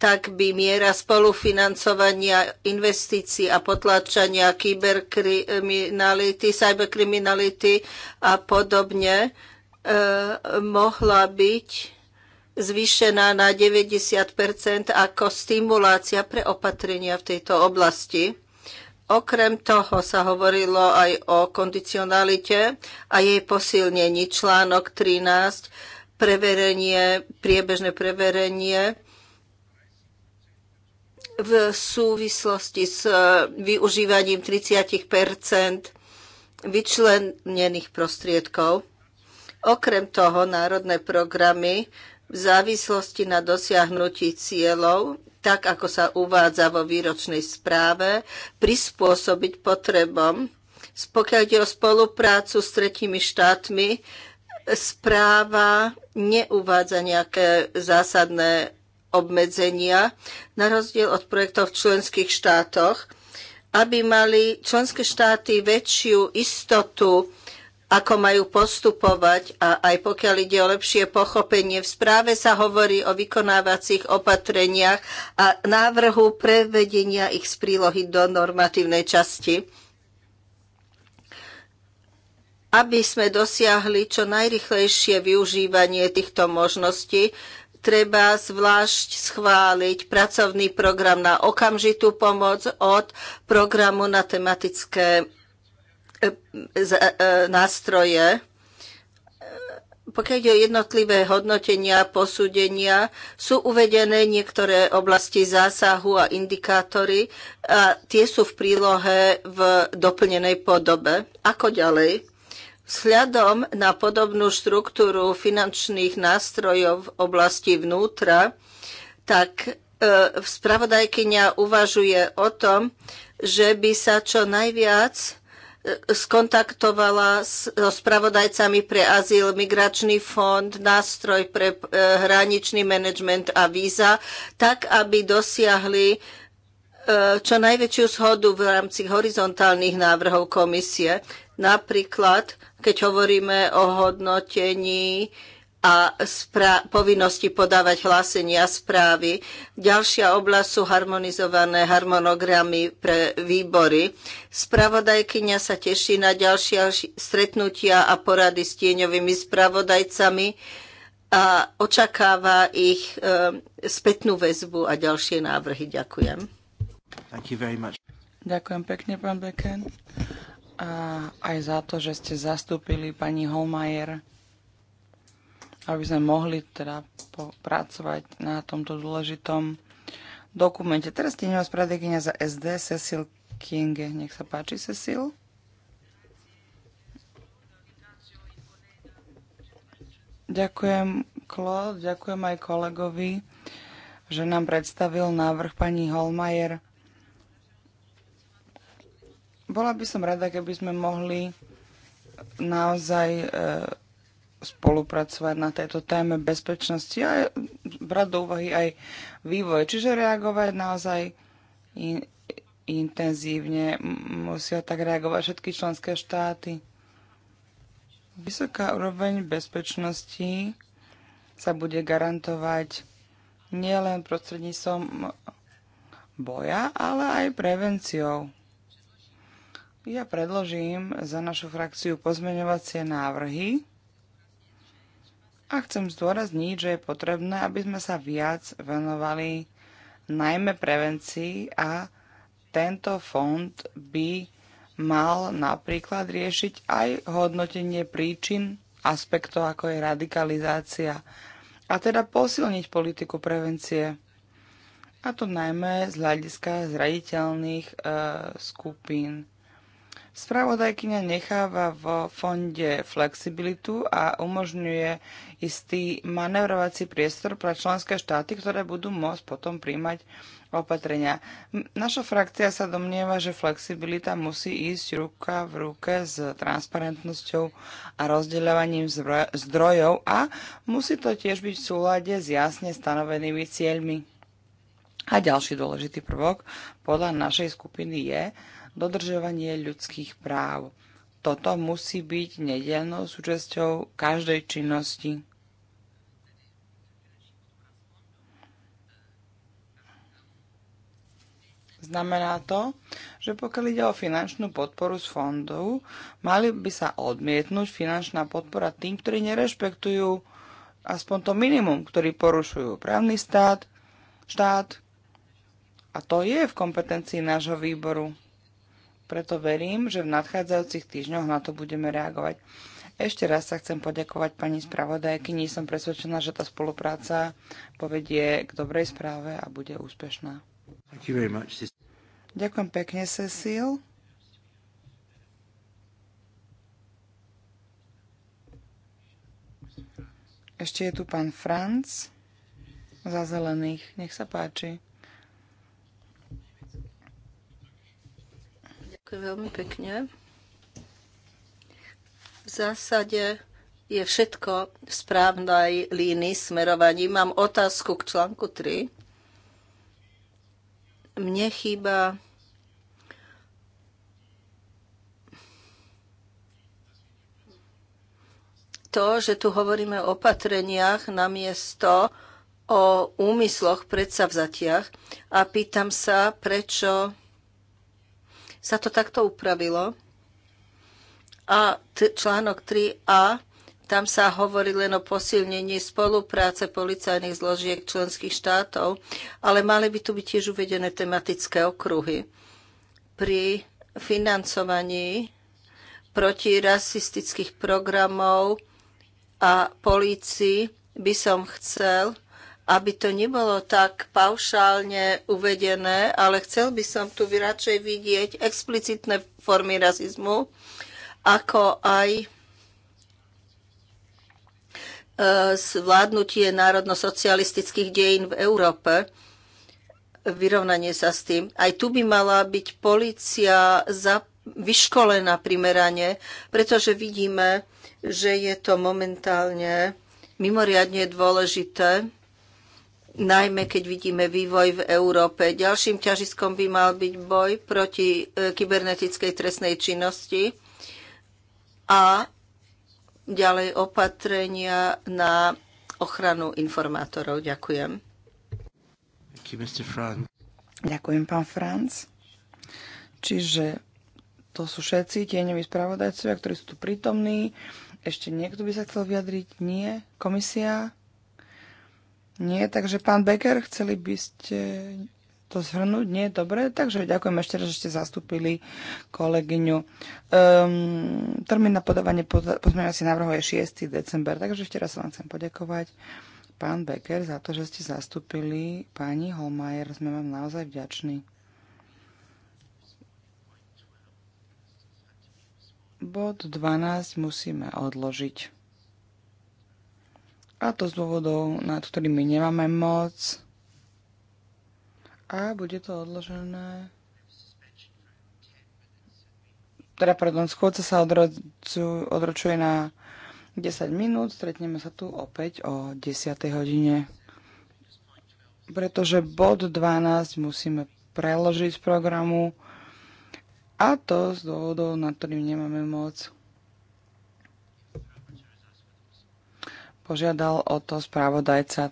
tak by miera spolufinancovania investícií a potláčania kyberkriminality, cyberkriminality a podobne e, mohla byť zvýšená na 90 ako stimulácia pre opatrenia v tejto oblasti. Okrem toho sa hovorilo aj o kondicionalite a jej posilnení článok 13, preverenie, priebežné preverenie v súvislosti s e, využívaním 30 vyčlenených prostriedkov. Okrem toho, národné programy v závislosti na dosiahnutí cieľov, tak ako sa uvádza vo výročnej správe, prispôsobiť potrebom. Pokiaľ ide o spoluprácu s tretimi štátmi, správa neuvádza nejaké zásadné obmedzenia, na rozdiel od projektov v členských štátoch, aby mali členské štáty väčšiu istotu, ako majú postupovať a aj pokiaľ ide o lepšie pochopenie. V správe sa hovorí o vykonávacích opatreniach a návrhu prevedenia ich z prílohy do normatívnej časti aby sme dosiahli čo najrychlejšie využívanie týchto možností, treba zvlášť schváliť pracovný program na okamžitú pomoc od programu na tematické e, e, e, nástroje. Pokiaľ ide o jednotlivé hodnotenia, posúdenia, sú uvedené niektoré oblasti zásahu a indikátory a tie sú v prílohe v doplnenej podobe. Ako ďalej? Vzhľadom na podobnú štruktúru finančných nástrojov v oblasti vnútra, tak e, spravodajkynia uvažuje o tom, že by sa čo najviac e, skontaktovala so spravodajcami pre azyl, migračný fond, nástroj pre e, hraničný management a víza, tak aby dosiahli čo najväčšiu zhodu v rámci horizontálnych návrhov komisie. Napríklad keď hovoríme o hodnotení a povinnosti podávať hlásenia a správy. Ďalšia oblasť sú harmonizované harmonogramy pre výbory. Spravodajkyňa sa teší na ďalšie stretnutia a porady s tieňovými spravodajcami a očakáva ich e, spätnú väzbu a ďalšie návrhy. Ďakujem. Ďakujem pekne, pán Beken a aj za to, že ste zastúpili pani Holmajer, aby sme mohli teda pracovať na tomto dôležitom dokumente. Teraz ste spravodajkynia za SD, Cecil Kienge. Nech sa páči, Cecil. Ďakujem, Claude, ďakujem aj kolegovi, že nám predstavil návrh pani Holmajer. Bola by som rada, keby sme mohli naozaj e, spolupracovať na tejto téme bezpečnosti a brať do úvahy aj vývoj. Čiže reagovať naozaj in, intenzívne. Musia tak reagovať všetky členské štáty. Vysoká úroveň bezpečnosti sa bude garantovať nielen prostredníctvom boja, ale aj prevenciou. Ja predložím za našu frakciu pozmeňovacie návrhy a chcem zdôrazniť, že je potrebné, aby sme sa viac venovali najmä prevencii a tento fond by mal napríklad riešiť aj hodnotenie príčin aspektov, ako je radikalizácia, a teda posilniť politiku prevencie. A to najmä z hľadiska zraditeľných e, skupín Spravodajkyňa necháva v fonde flexibilitu a umožňuje istý manevrovací priestor pre členské štáty, ktoré budú môcť potom príjmať opatrenia. Naša frakcia sa domnieva, že flexibilita musí ísť ruka v ruke s transparentnosťou a rozdeľovaním zdrojov a musí to tiež byť v súlade s jasne stanovenými cieľmi. A ďalší dôležitý prvok podľa našej skupiny je, dodržovanie ľudských práv. Toto musí byť nedelnou súčasťou každej činnosti. Znamená to, že pokiaľ ide o finančnú podporu z fondov, mali by sa odmietnúť finančná podpora tým, ktorí nerešpektujú aspoň to minimum, ktorí porušujú právny stát, štát. A to je v kompetencii nášho výboru. Preto verím, že v nadchádzajúcich týždňoch na to budeme reagovať. Ešte raz sa chcem poďakovať pani nie Som presvedčená, že tá spolupráca povedie k dobrej správe a bude úspešná. Ďakujem pekne, Cecil. Ešte je tu pán Franc za zelených. Nech sa páči. Ďakujem veľmi pekne. V zásade je všetko v správnej línii smerovaní. Mám otázku k článku 3. Mne chýba to, že tu hovoríme o opatreniach namiesto o úmysloch, predsavzatiach a pýtam sa, prečo sa to takto upravilo. A článok 3a, tam sa hovorí len o posilnení spolupráce policajných zložiek členských štátov, ale mali by tu byť tiež uvedené tematické okruhy. Pri financovaní protirasistických programov a polícii by som chcel, aby to nebolo tak paušálne uvedené, ale chcel by som tu radšej vidieť explicitné formy rasizmu, ako aj e, zvládnutie národno-socialistických dejín v Európe, vyrovnanie sa s tým. Aj tu by mala byť policia za, vyškolená primerane, pretože vidíme, že je to momentálne mimoriadne dôležité najmä keď vidíme vývoj v Európe. Ďalším ťažiskom by mal byť boj proti e, kybernetickej trestnej činnosti a ďalej opatrenia na ochranu informátorov. Ďakujem. Ďakujem, pán Franc. Čiže to sú všetci tieňoví spravodajcovia, ktorí sú tu prítomní. Ešte niekto by sa chcel vyjadriť? Nie? Komisia? Nie, takže pán Becker, chceli by ste to zhrnúť? Nie, dobre, takže ďakujem ešte raz, že ste zastúpili kolegyňu. Um, termín na podávanie pozmeňovacích návrhov je 6. december, takže ešte raz vám chcem poďakovať pán Becker za to, že ste zastúpili pani Holmajer. Sme vám naozaj vďační. Bod 12 musíme odložiť. A to z dôvodov, nad ktorými nemáme moc. A bude to odložené. Teda, pardon, schôdca sa odročuje na 10 minút. Stretneme sa tu opäť o 10. hodine. Pretože bod 12 musíme preložiť z programu. A to z dôvodov, nad ktorým nemáme moc. Požiadal o to správodajca.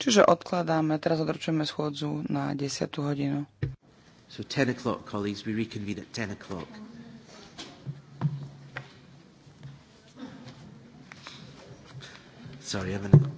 Čiže odkladáme, teraz odročujeme schôdzu na 10. hodinu. So 10 o'clock, colleagues, we reconvene at 10 o'clock. Sorry, I'm in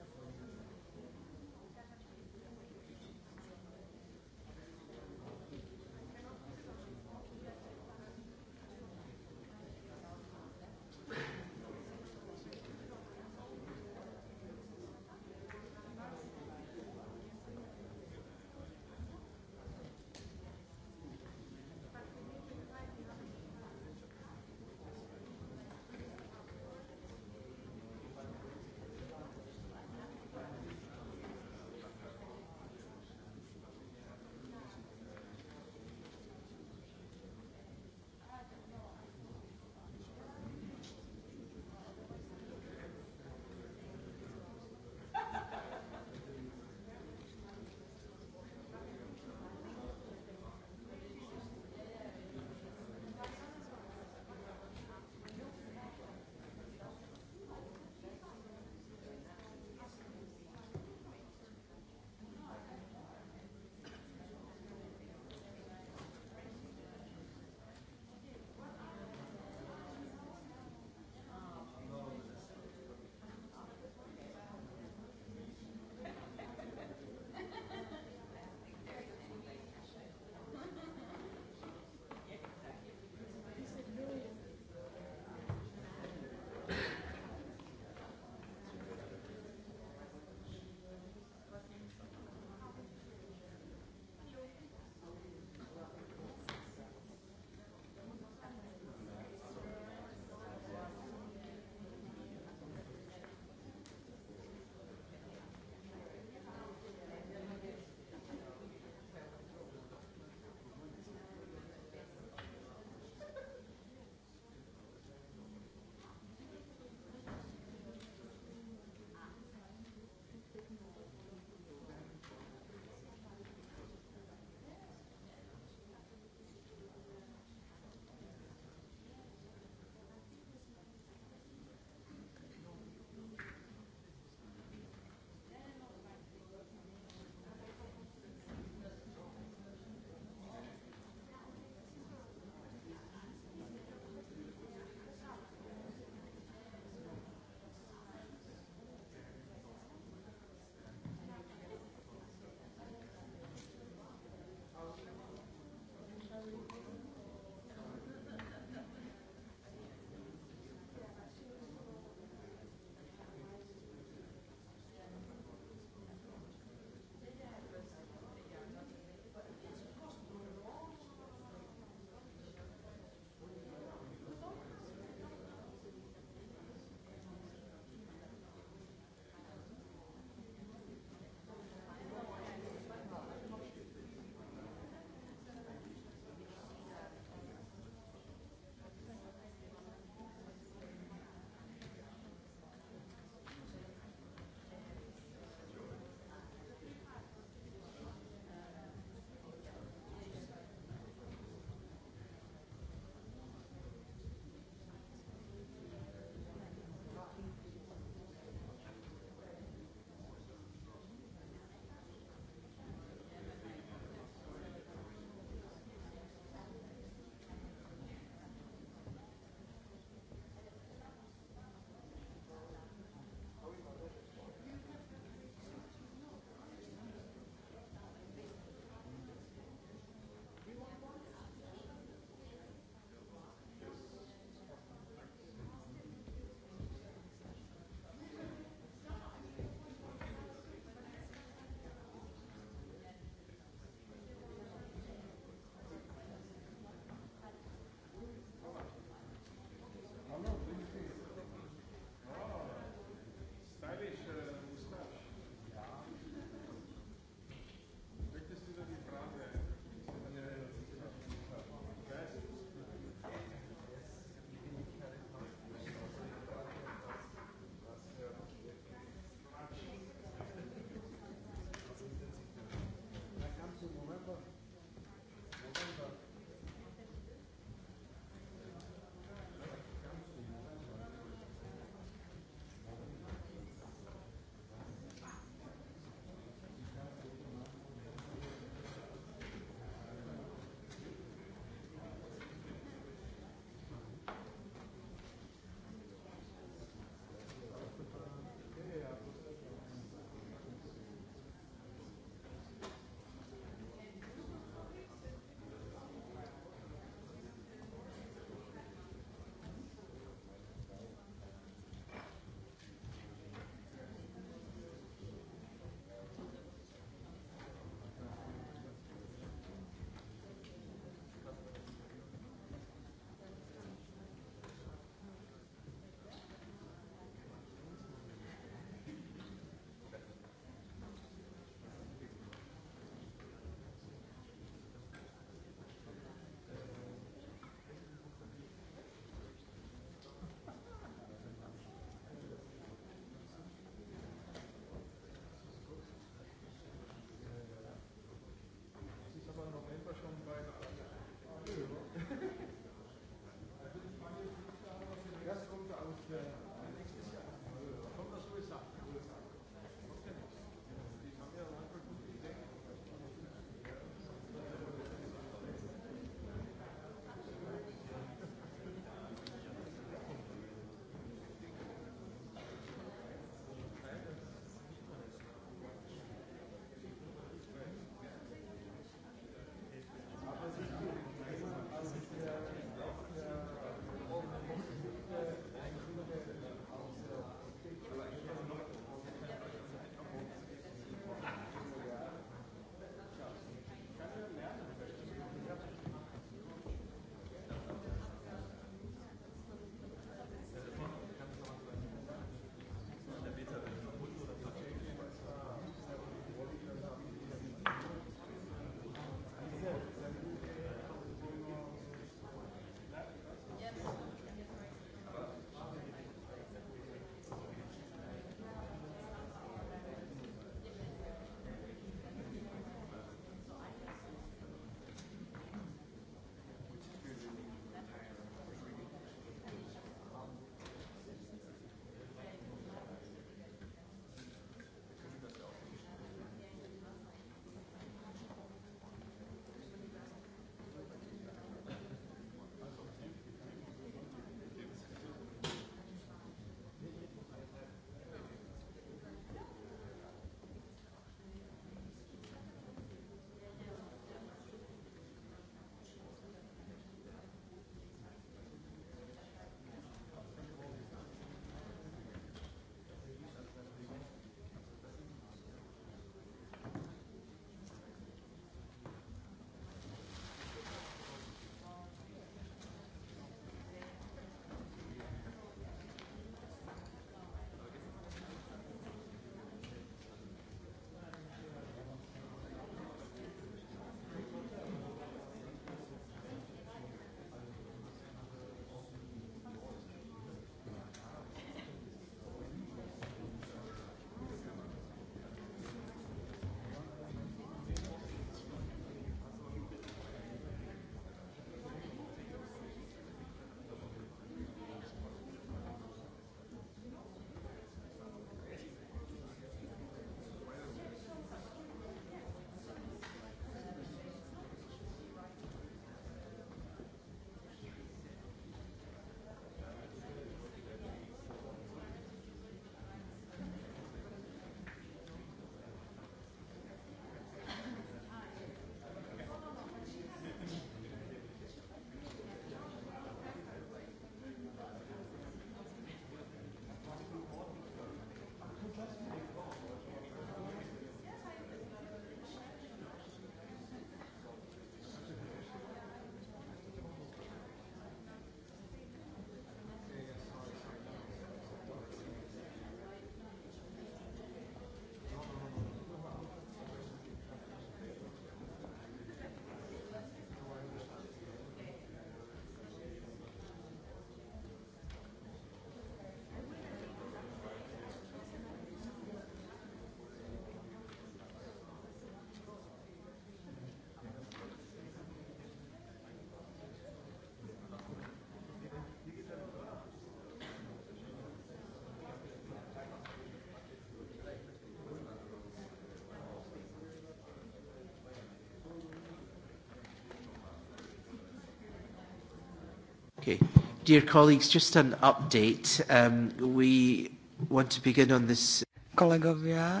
Okay. Dear colleagues, just an update. Um, we want to begin on this... Kolegovia,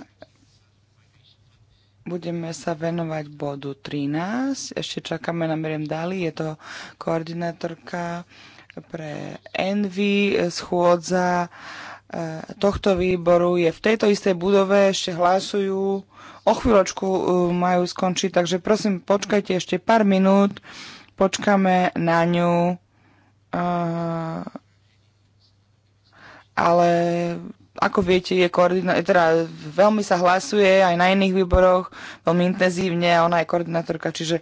budeme sa venovať bodu 13. Ešte čakáme na Miriam Dali, je to koordinátorka pre Envy schôdza e, tohto výboru je v tejto istej budove, ešte hlasujú. O chvíľočku e, majú skončiť, takže prosím, počkajte ešte pár minút, počkame na ňu ale ako viete, je koordiná... teda veľmi sa hlasuje aj na iných výboroch, veľmi intenzívne a ona je koordinátorka, čiže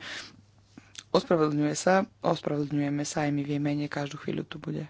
ospravedlňuje sa, ospravedlňujeme sa aj my vieme, nie každú chvíľu tu bude.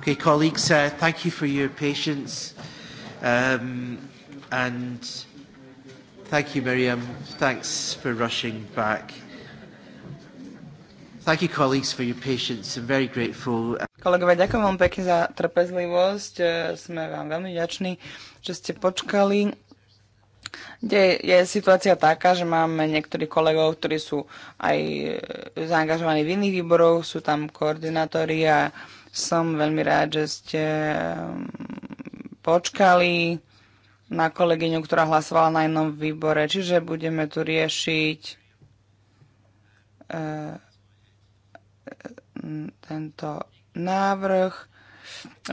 Okay, colleagues, uh, thank you for your patience. Um, and thank you, Miriam. Thanks for rushing back. Thank you, colleagues, for your patience. I'm very grateful. Kolegovia, ďakujem vám pekne za trpezlivosť. E, sme vám veľmi vďační, že ste počkali. Je, je situácia taká, že máme niektorých kolegov, ktorí sú aj e, zaangažovaní v iných výboroch, sú tam koordinátori a uh, som veľmi rád, že ste um, počkali na kolegyňu, ktorá hlasovala na jednom výbore. Čiže budeme tu riešiť eh, tento návrh.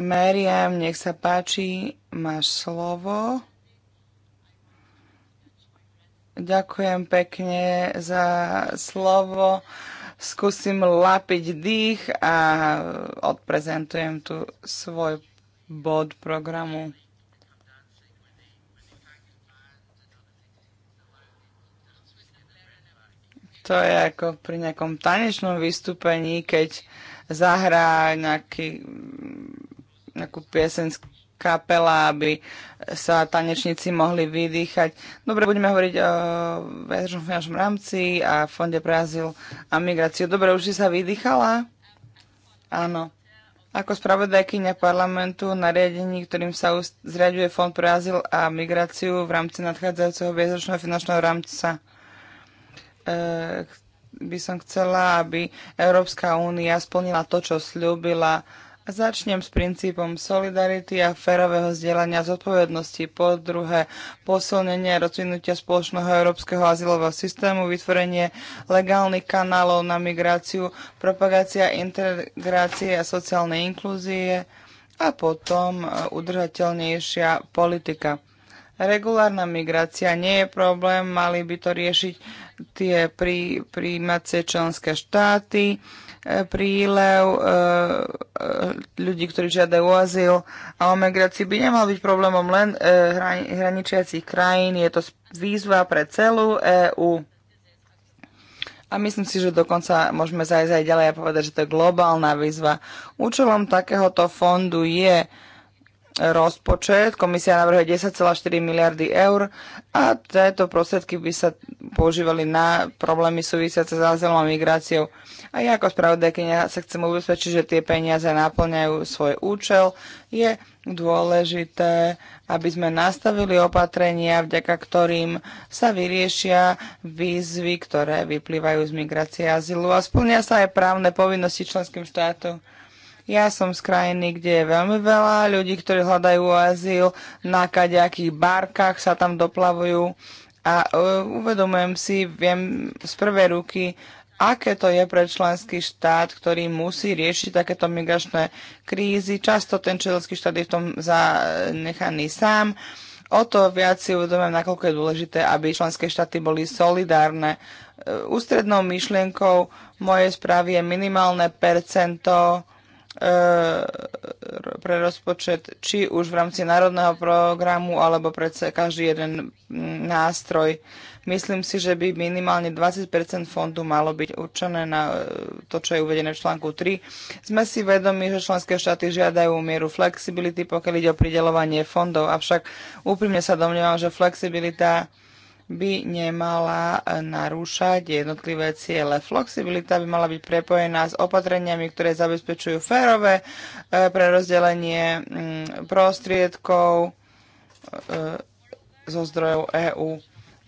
Meriam, nech sa páči, máš slovo. Ďakujem pekne za slovo skúsim lapiť dých a odprezentujem tu svoj bod programu. To je ako pri nejakom tanečnom vystúpení, keď zahrá nejaký, nejakú piesenskú kapela, aby sa tanečníci mohli vydýchať. Dobre, budeme hovoriť o väčšom finančnom rámci a Fonde pre azyl a migráciu. Dobre, už si sa vydýchala? Áno. Ako spravodajkyňa parlamentu nariadení, ktorým sa zriaduje Fond pre azyl a migráciu v rámci nadchádzajúceho viacročného finančného rámca, e, by som chcela, aby Európska únia splnila to, čo slúbila Začnem s princípom solidarity a férového zdieľania zodpovednosti. Po druhé, posilnenie rozvinutia spoločného európskeho azylového systému, vytvorenie legálnych kanálov na migráciu, propagácia integrácie a sociálnej inklúzie a potom e, udržateľnejšia politika. Regulárna migrácia nie je problém, mali by to riešiť tie príjímacie členské štáty, prílev e, e, ľudí, ktorí žiadajú o azyl a o migrácii by nemal byť problémom len e, hraničiacich krajín. Je to výzva pre celú EÚ. A myslím si, že dokonca môžeme zajsť aj ďalej a povedať, že to je globálna výzva. Účelom takéhoto fondu je rozpočet. Komisia navrhuje 10,4 miliardy eur a tieto prostriedky by sa používali na problémy súvisiace s azylom a migráciou. A ja ako spravodajkynia sa chcem ubezpečiť, že tie peniaze naplňajú svoj účel. Je dôležité, aby sme nastavili opatrenia, vďaka ktorým sa vyriešia výzvy, ktoré vyplývajú z migrácie a azylu a splnia sa aj právne povinnosti členským štátom ja som z krajiny, kde je veľmi veľa ľudí, ktorí hľadajú azyl, na kaďakých barkách sa tam doplavujú a e, uvedomujem si, viem z prvej ruky, aké to je pre členský štát, ktorý musí riešiť takéto migračné krízy. Často ten členský štát je v tom zanechaný sám. O to viac si uvedomujem, nakoľko je dôležité, aby členské štáty boli solidárne. E, ústrednou myšlienkou mojej správy je minimálne percento E, pre rozpočet, či už v rámci národného programu, alebo predsa každý jeden nástroj. Myslím si, že by minimálne 20 fondu malo byť určené na e, to, čo je uvedené v článku 3. Sme si vedomi, že členské štáty žiadajú mieru flexibility, pokiaľ ide o prideľovanie fondov, avšak úprimne sa domnievam, že flexibilita by nemala e, narúšať jednotlivé ciele. Flexibilita by mala byť prepojená s opatreniami, ktoré zabezpečujú férové e, prerozdelenie mm, prostriedkov e, zo zdrojov EÚ.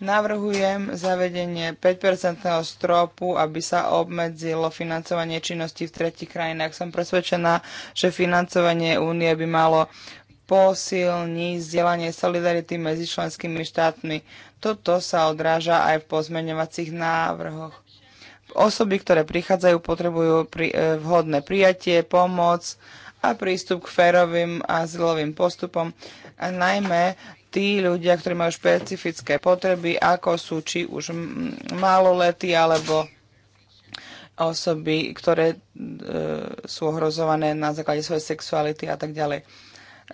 Navrhujem zavedenie 5-percentného stropu, aby sa obmedzilo financovanie činnosti v tretich krajinách. Som presvedčená, že financovanie únie by malo posilní zdieľanie solidarity medzi členskými štátmi. Toto sa odráža aj v pozmeňovacích návrhoch. Osoby, ktoré prichádzajú, potrebujú pri, e, vhodné prijatie, pomoc a prístup k férovým zlovým postupom, a najmä tí ľudia, ktorí majú špecifické potreby, ako sú či už maloletí alebo osoby, ktoré e, sú ohrozované na základe svojej sexuality a tak ďalej.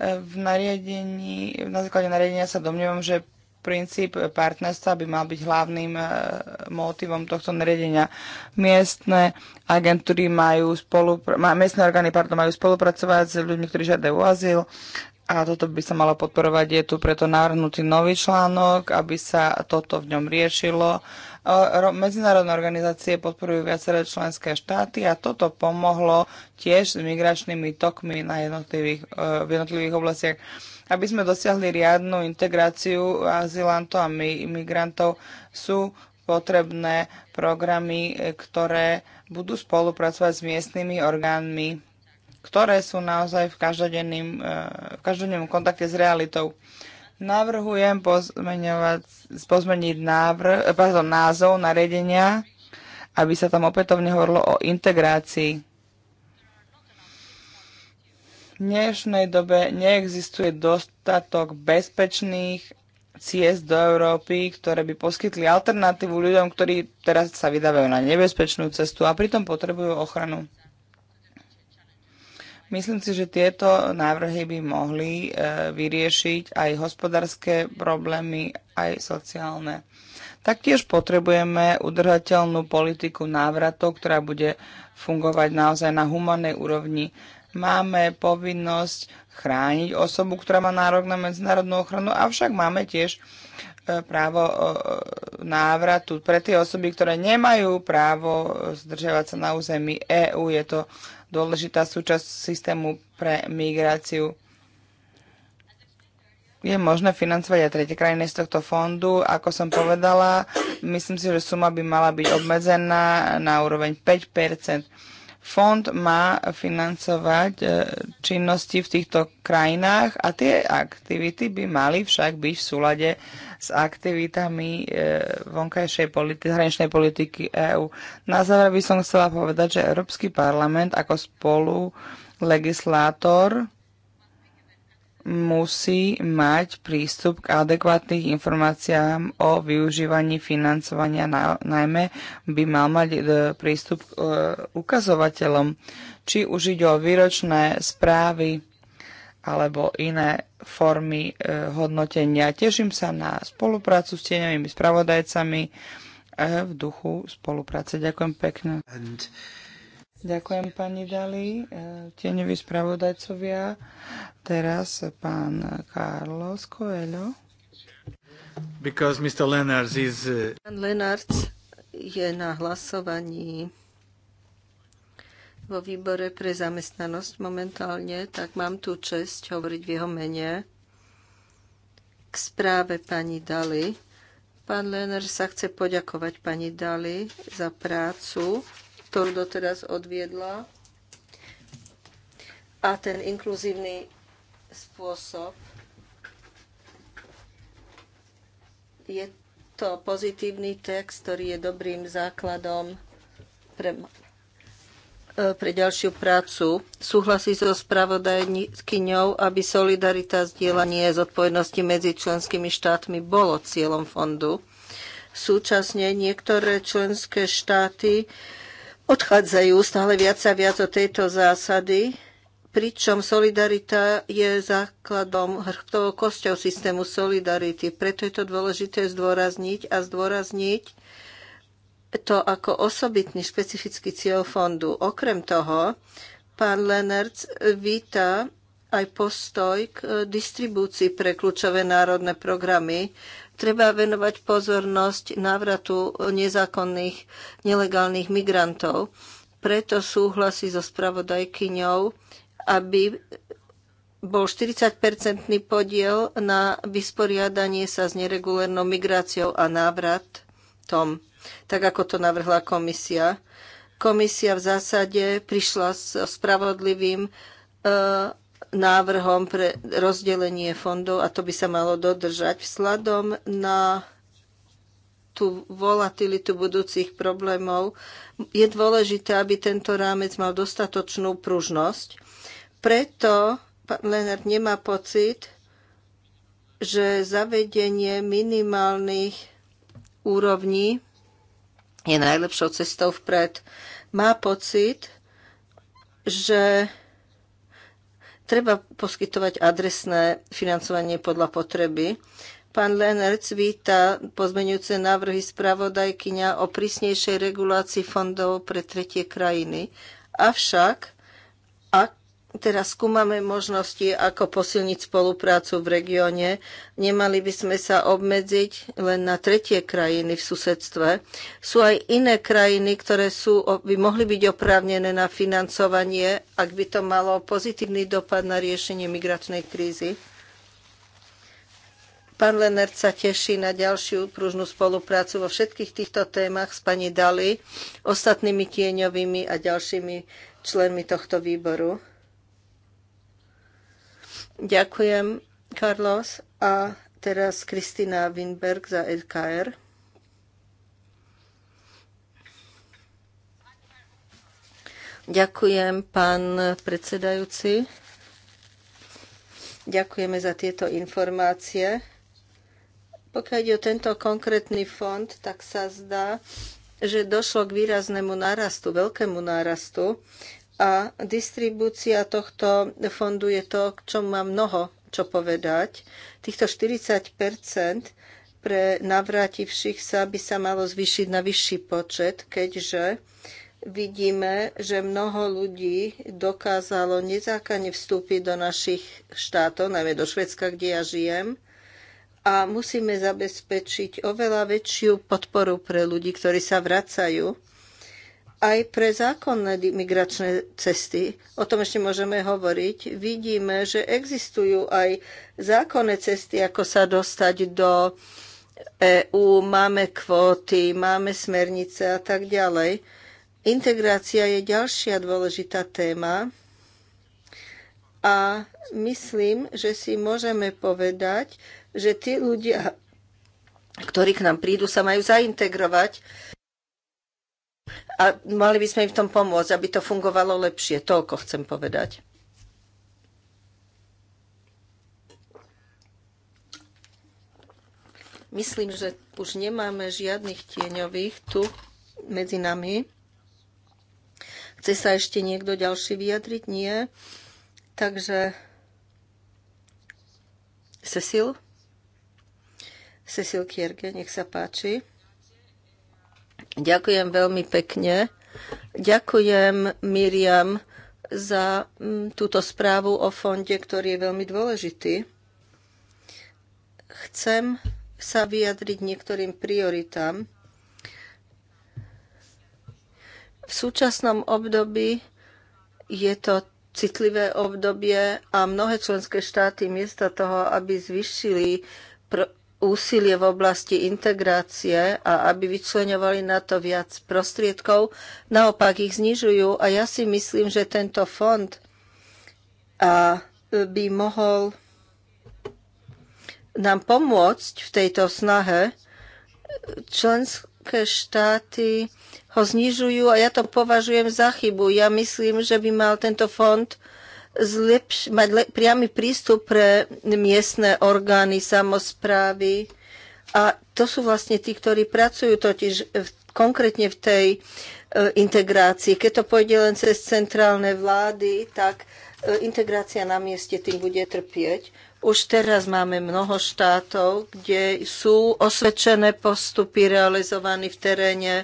V nariadení, na základe nariadenia sa domnievam, že princíp partnerstva by mal byť hlavným e, motivom tohto nariadenia. Miestne agentúry majú spolupr- miestne orgány pardon, majú spolupracovať s ľuďmi, ktorí žiadajú o azyl a toto by sa malo podporovať. Je tu preto navrhnutý nový článok, aby sa toto v ňom riešilo Medzinárodné organizácie podporujú viaceré členské štáty a toto pomohlo tiež s migračnými tokmi na jednotlivých, e, v jednotlivých oblastiach. Aby sme dosiahli riadnu integráciu azylantov a migrantov, sú potrebné programy, e, ktoré budú spolupracovať s miestnymi orgánmi, ktoré sú naozaj v, e, každodennom kontakte s realitou. Navrhujem pozmeniť návrh, pardon, názov nariadenia, aby sa tam opätovne hovorilo o integrácii. V dnešnej dobe neexistuje dostatok bezpečných ciest do Európy, ktoré by poskytli alternatívu ľuďom, ktorí teraz sa vydávajú na nebezpečnú cestu a pritom potrebujú ochranu. Myslím si, že tieto návrhy by mohli e, vyriešiť aj hospodárske problémy, aj sociálne. Taktiež potrebujeme udržateľnú politiku návratov, ktorá bude fungovať naozaj na humanej úrovni. Máme povinnosť chrániť osobu, ktorá má nárok na medzinárodnú ochranu, avšak máme tiež e, právo e, návratu pre tie osoby, ktoré nemajú právo zdržiavať sa na území EÚ. Je to dôležitá súčasť systému pre migráciu. Je možné financovať aj tretie krajiny z tohto fondu. Ako som povedala, myslím si, že suma by mala byť obmedzená na úroveň 5 Fond má financovať e, činnosti v týchto krajinách a tie aktivity by mali však byť v súlade s aktivitami e, vonkajšej politi- zahraničnej politiky EÚ. Na záver by som chcela povedať, že Európsky parlament ako spolu legislátor musí mať prístup k adekvátnych informáciám o využívaní financovania, najmä by mal mať e, prístup k e, ukazovateľom, či už ide o výročné správy alebo iné formy e, hodnotenia. Teším sa na spoluprácu s tieňovými spravodajcami v duchu spolupráce. Ďakujem pekne. And... Ďakujem pani Dali. E, tieňoví spravodajcovia. Teraz pán Carlos Coelho. Because Mr. is... Uh, pán Lenars je na hlasovaní vo výbore pre zamestnanosť momentálne, tak mám tu čest hovoriť v jeho mene k správe pani Dali. Pán Lenner sa chce poďakovať pani Dali za prácu ktorú doteraz odviedla a ten inkluzívny spôsob je to pozitívny text, ktorý je dobrým základom pre, e, pre ďalšiu prácu. Súhlasí so spravodajkyňou, aby solidarita a zdieľanie zodpovednosti medzi členskými štátmi bolo cieľom fondu. Súčasne niektoré členské štáty odchádzajú stále viac a viac od tejto zásady, pričom solidarita je základom hrbtovou kosťou systému solidarity. Preto je to dôležité zdôrazniť a zdôrazniť to ako osobitný špecifický cieľ fondu. Okrem toho, pán Lenertz víta aj postoj k distribúcii pre kľúčové národné programy, Treba venovať pozornosť návratu nezákonných nelegálnych migrantov. Preto súhlasí so spravodajkyňou, aby bol 40-percentný podiel na vysporiadanie sa s neregulérnou migráciou a návratom, tak ako to navrhla komisia. Komisia v zásade prišla s spravodlivým e, návrhom pre rozdelenie fondov a to by sa malo dodržať vzhľadom na tú volatilitu budúcich problémov, je dôležité, aby tento rámec mal dostatočnú pružnosť. Preto pán Lenard nemá pocit, že zavedenie minimálnych úrovní je najlepšou cestou vpred. Má pocit, že Treba poskytovať adresné financovanie podľa potreby. Pán Lenerc víta pozmeňujúce návrhy spravodajkyňa o prísnejšej regulácii fondov pre tretie krajiny. Avšak Teraz skúmame možnosti, ako posilniť spoluprácu v regióne. Nemali by sme sa obmedziť len na tretie krajiny v susedstve. Sú aj iné krajiny, ktoré sú, by mohli byť oprávnené na financovanie, ak by to malo pozitívny dopad na riešenie migračnej krízy. Pán Lenert sa teší na ďalšiu pružnú spoluprácu vo všetkých týchto témach s pani Dali, ostatnými tieňovými a ďalšími členmi tohto výboru. Ďakujem, Carlos. A teraz Kristina Winberg za LKR. Ďakujem, pán predsedajúci. Ďakujeme za tieto informácie. Pokiaľ ide o tento konkrétny fond, tak sa zdá, že došlo k výraznému nárastu, veľkému nárastu. A distribúcia tohto fondu je to, k čomu má mnoho čo povedať. Týchto 40 pre navrátivších sa by sa malo zvýšiť na vyšší počet, keďže vidíme, že mnoho ľudí dokázalo nezákane vstúpiť do našich štátov, najmä do Švedska, kde ja žijem. A musíme zabezpečiť oveľa väčšiu podporu pre ľudí, ktorí sa vracajú aj pre zákonné migračné cesty. O tom ešte môžeme hovoriť. Vidíme, že existujú aj zákonné cesty, ako sa dostať do EÚ, máme kvóty, máme smernice a tak ďalej. Integrácia je ďalšia dôležitá téma a myslím, že si môžeme povedať, že tí ľudia, ktorí k nám prídu, sa majú zaintegrovať a mali by sme im v tom pomôcť, aby to fungovalo lepšie. Toľko chcem povedať. Myslím, že už nemáme žiadnych tieňových tu medzi nami. Chce sa ešte niekto ďalší vyjadriť? Nie. Takže Cecil? Cecil Kierke, nech sa páči. Ďakujem veľmi pekne. Ďakujem Miriam za mm, túto správu o fonde, ktorý je veľmi dôležitý. Chcem sa vyjadriť niektorým prioritám. V súčasnom období je to citlivé obdobie a mnohé členské štáty miesto toho, aby zvyšili úsilie v oblasti integrácie a aby vyčlenovali na to viac prostriedkov, naopak ich znižujú a ja si myslím, že tento fond a e, by mohol nám pomôcť v tejto snahe. Členské štáty ho znižujú a ja to považujem za chybu. Ja myslím, že by mal tento fond zlepš- mať le- priamy prístup pre miestne orgány, samozprávy. A to sú vlastne tí, ktorí pracujú totiž v, konkrétne v tej e, integrácii. Keď to pôjde len cez centrálne vlády, tak e, integrácia na mieste tým bude trpieť. Už teraz máme mnoho štátov, kde sú osvedčené postupy realizované v teréne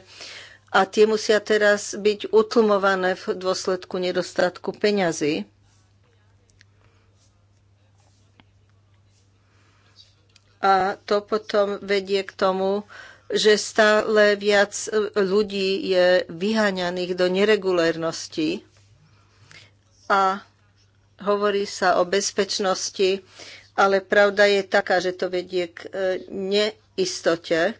a tie musia teraz byť utlmované v dôsledku nedostatku peňazí. a to potom vedie k tomu, že stále viac e, ľudí je vyháňaných do neregulérnosti a hovorí sa o bezpečnosti, ale pravda je taká, že to vedie k e, neistote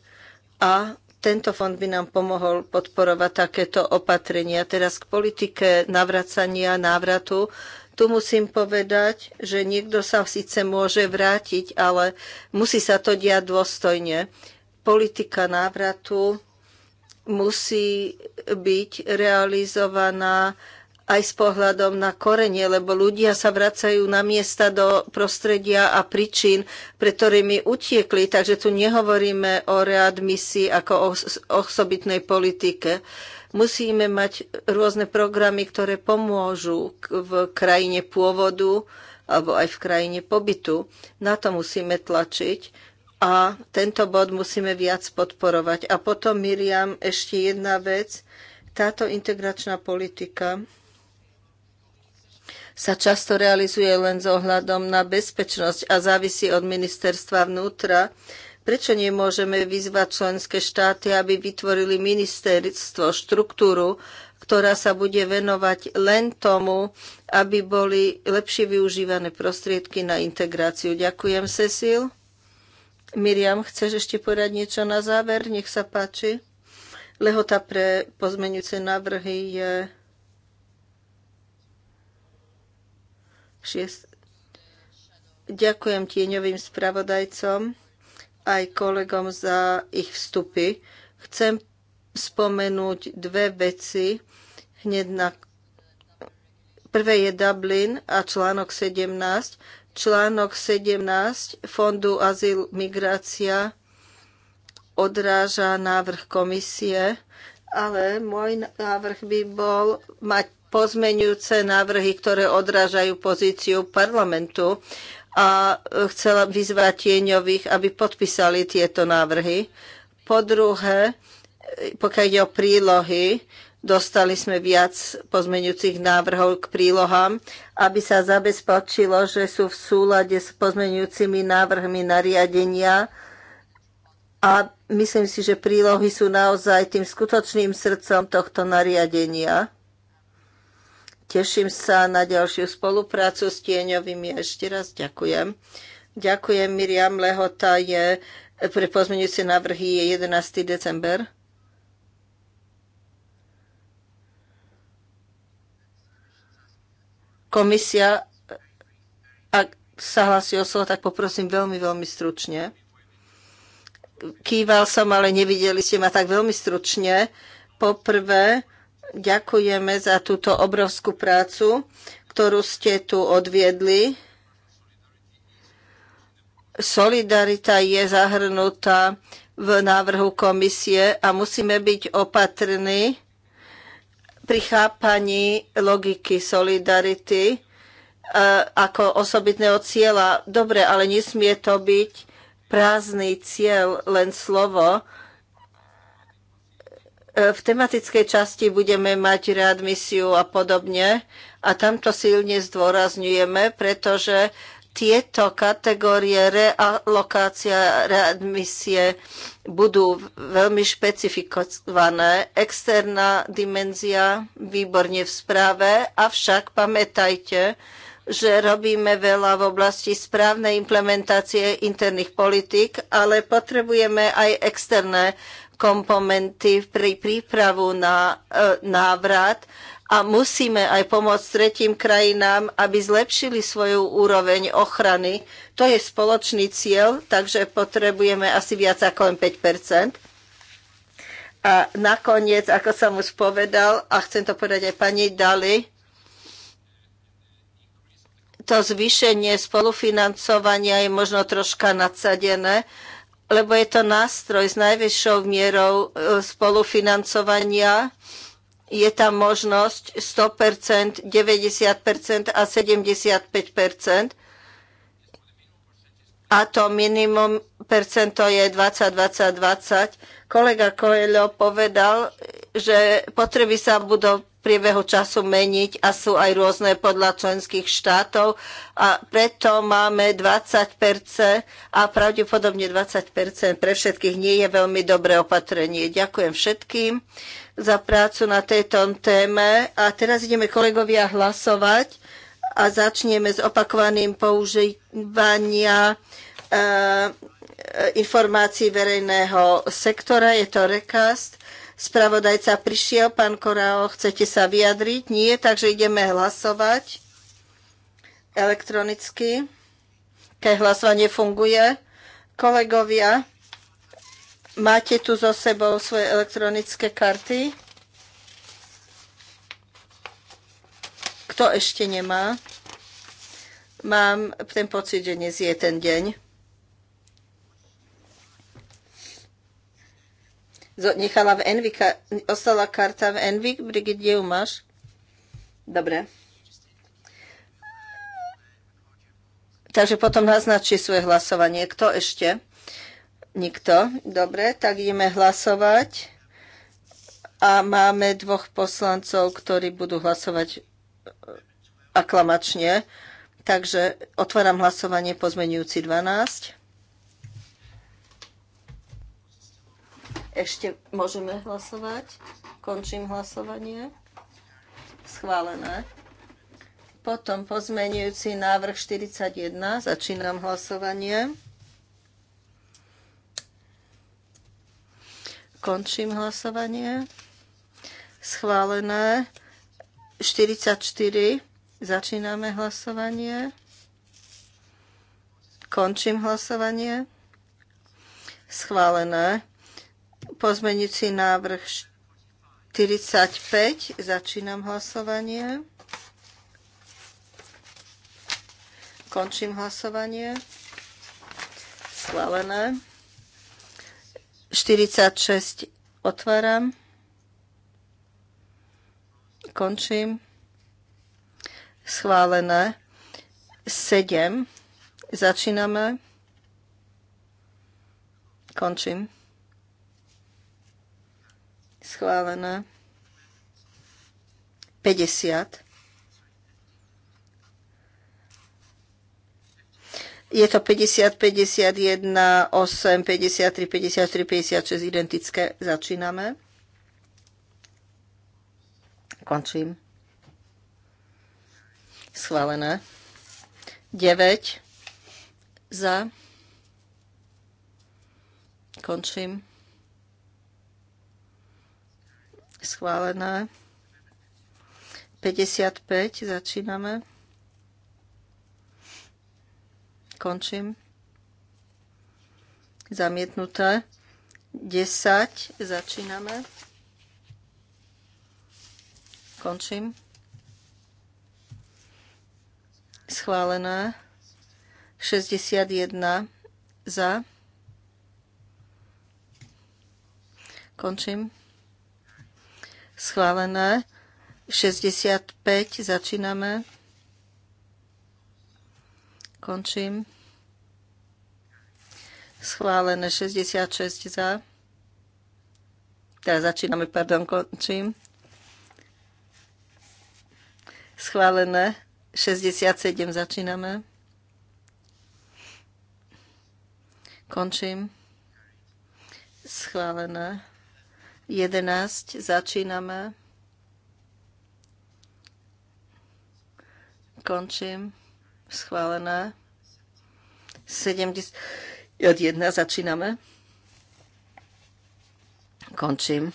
a tento fond by nám pomohol podporovať takéto opatrenia. Teraz k politike navracania návratu tu musím povedať, že niekto sa síce môže vrátiť, ale musí sa to diať dôstojne. Politika návratu musí byť realizovaná aj s pohľadom na korenie, lebo ľudia sa vracajú na miesta do prostredia a príčin, pre ktorými utiekli. Takže tu nehovoríme o readmisii ako o osobitnej politike. Musíme mať rôzne programy, ktoré pomôžu v krajine pôvodu alebo aj v krajine pobytu. Na to musíme tlačiť a tento bod musíme viac podporovať. A potom, Miriam, ešte jedna vec. Táto integračná politika sa často realizuje len s ohľadom na bezpečnosť a závisí od ministerstva vnútra Prečo nemôžeme vyzvať členské štáty, aby vytvorili ministerstvo, štruktúru, ktorá sa bude venovať len tomu, aby boli lepšie využívané prostriedky na integráciu. Ďakujem, Cecil. Miriam, chceš ešte povedať niečo na záver? Nech sa páči. Lehota pre pozmeňujúce návrhy je 6. Ďakujem tieňovým spravodajcom aj kolegom za ich vstupy. Chcem spomenúť dve veci hneď na Prvé je Dublin a článok 17. Článok 17 Fondu azyl migrácia odráža návrh komisie, ale môj návrh by bol mať pozmenujúce návrhy, ktoré odrážajú pozíciu parlamentu a e, chcela vyzvať tieňových, aby podpísali tieto návrhy. Po druhé, e, pokiaľ ide o prílohy, dostali sme viac pozmeňujúcich návrhov k prílohám, aby sa zabezpečilo, že sú v súlade s pozmeňujúcimi návrhmi nariadenia a myslím si, že prílohy sú naozaj tým skutočným srdcom tohto nariadenia. Teším sa na ďalšiu spoluprácu s tieňovými. Ešte raz ďakujem. Ďakujem, Miriam Lehota je pre pozmeňujúce návrhy je 11. december. Komisia, ak sa hlasí o slovo, tak poprosím veľmi, veľmi stručne. Kýval som, ale nevideli ste ma tak veľmi stručne. Poprvé, ďakujeme za túto obrovskú prácu, ktorú ste tu odviedli. Solidarita je zahrnutá v návrhu komisie a musíme byť opatrní pri chápaní logiky solidarity e, ako osobitného cieľa. Dobre, ale nesmie to byť prázdny cieľ, len slovo E, v tematickej časti budeme mať readmisiu a podobne a tam to silne zdôrazňujeme, pretože tieto kategórie realokácia, readmisie budú veľmi špecifikované. Externá dimenzia výborne v správe, avšak pamätajte, že robíme veľa v oblasti správnej implementácie interných politik, ale potrebujeme aj externé komponenty pri prípravu na e, návrat a musíme aj pomôcť tretím krajinám, aby zlepšili svoju úroveň ochrany. To je spoločný cieľ, takže potrebujeme asi viac ako len 5 A nakoniec, ako som už povedal, a chcem to povedať aj pani Dali, to zvýšenie spolufinancovania je možno troška nadsadené, lebo je to nástroj s najvyššou mierou e, spolufinancovania. Je tam možnosť 100%, 90% a 75%. A to minimum percento je 20, 20, 20. Kolega Coelho povedal, že potreby sa budú priebehu času meniť a sú aj rôzne podľa členských štátov a preto máme 20% a pravdepodobne 20% pre všetkých nie je veľmi dobré opatrenie. Ďakujem všetkým za prácu na tejto téme a teraz ideme kolegovia hlasovať a začneme s opakovaným používania eh, informácií verejného sektora. Je to rekast Spravodajca prišiel, pán Korao, chcete sa vyjadriť? Nie, takže ideme hlasovať elektronicky. Keď hlasovanie funguje, kolegovia, máte tu so sebou svoje elektronické karty? Kto ešte nemá? Mám ten pocit, že dnes je ten deň. nechala v Envik, ostala karta v Envy, Brigit, kde ju máš? Dobre. Takže potom naznačí svoje hlasovanie. Kto ešte? Nikto. Dobre, tak ideme hlasovať. A máme dvoch poslancov, ktorí budú hlasovať e, aklamačne. Takže otváram hlasovanie pozmenujúci 12. Ešte môžeme hlasovať. Končím hlasovanie. Schválené. Potom pozmenujúci návrh 41. Začínam hlasovanie. Končím hlasovanie. Schválené. 44. Začíname hlasovanie. Končím hlasovanie. Schválené. Pozmenici návrh 45. Začínam hlasovanie. Končím hlasovanie. Schválené. 46 otváram. Končím. Schválené. 7. Začíname. Končím schválené. 50. Je to 50, 51, 8, 53, 53, 56 identické. Začíname. Končím. Schválené. 9 za. Končím. schválené. 55 začíname. Končím. Zamietnuté. 10 začíname. Končím. Schválené. 61 za. Končím schválené. 65 začíname. Končím. Schválené 66 za. Teda začíname, pardon, končím. Schválené 67 začíname. Končím. Schválené. 11 začíname. Končím. Schválené. 70 od 1 začíname. Končím.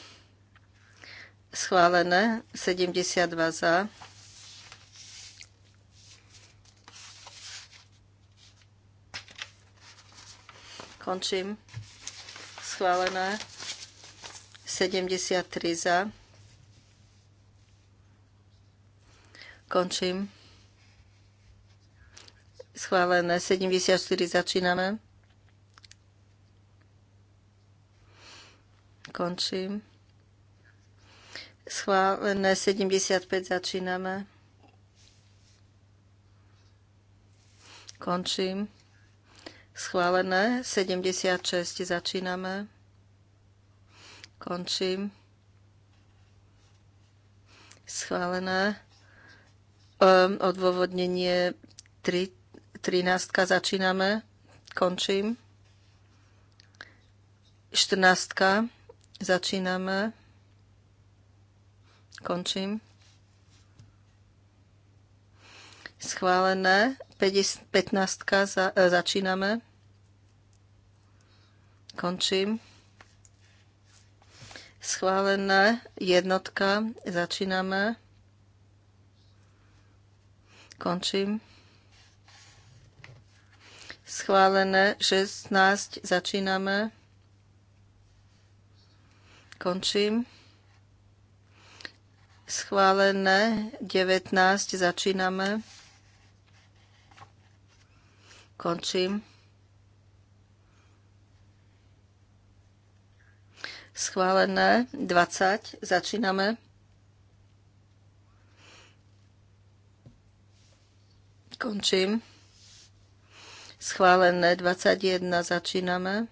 Schválené. 72 za. Končím. Schválené. 73 za. Končím. Schválené. 74 začíname. Končím. Schválené. 75 začíname. Končím. Schválené. 76 začíname. Končím. Schválené. Ehm, odôvodnenie 13. 13 začíname. Končím. 14 začíname. Končím. Schválené. 15 za, e, začíname. Končím. Schválené jednotka. Začíname. Končím. Schválené 16. Začíname. Končím. Schválené 19. Začíname. Končím schválené 20. Začíname. Končím. Schválené 21. Začíname.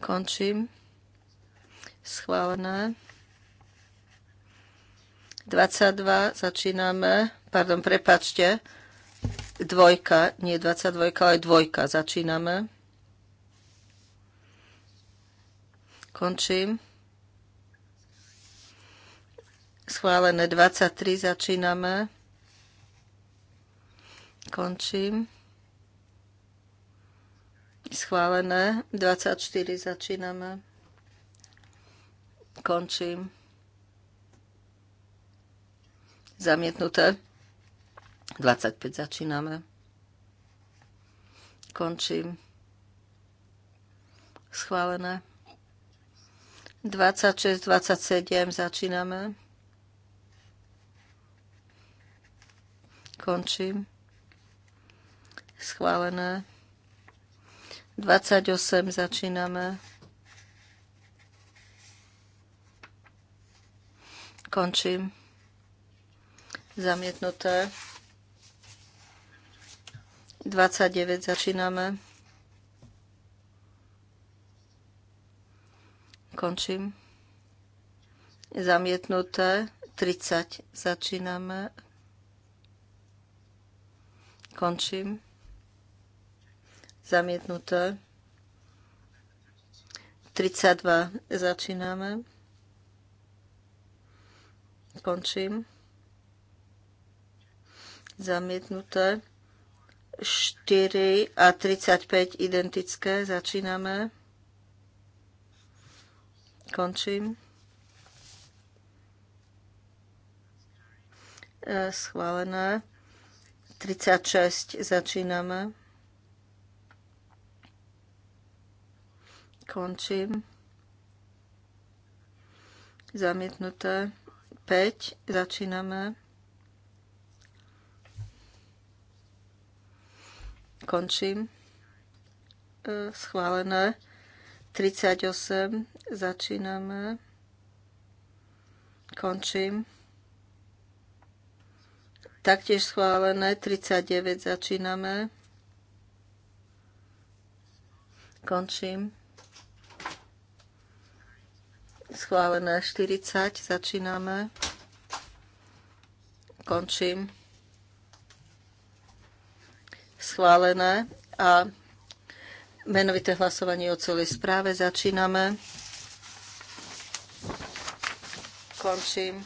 Končím. Schválené. 22 začíname, pardon, prepačte, dvojka, nie 22, ale dvojka začíname. Končím. Schválené 23 začíname. Končím. Schválené 24 začíname. Končím. Zamietnuté. 25 začíname. Končím. Schválené. 26, 27 začíname. Končím. Schválené. 28 začíname. Končím. Zamietnuté. 29 začíname. Končím. Zamietnuté. 30. Začíname. Končím. Zamietnuté. 32. Začíname. Končím. Zamietnuté. 4 a 35 identické. Začíname. Končím. E, schválené. 36 začíname. Končím. Zamietnuté. 5 začíname. Končím. E, schválené. 38 Začíname. Končím. Taktiež schválené. 39 začíname. Končím. Schválené 40. Začíname. Končím. Schválené. A menovité hlasovanie o celej správe. Začíname. Končím.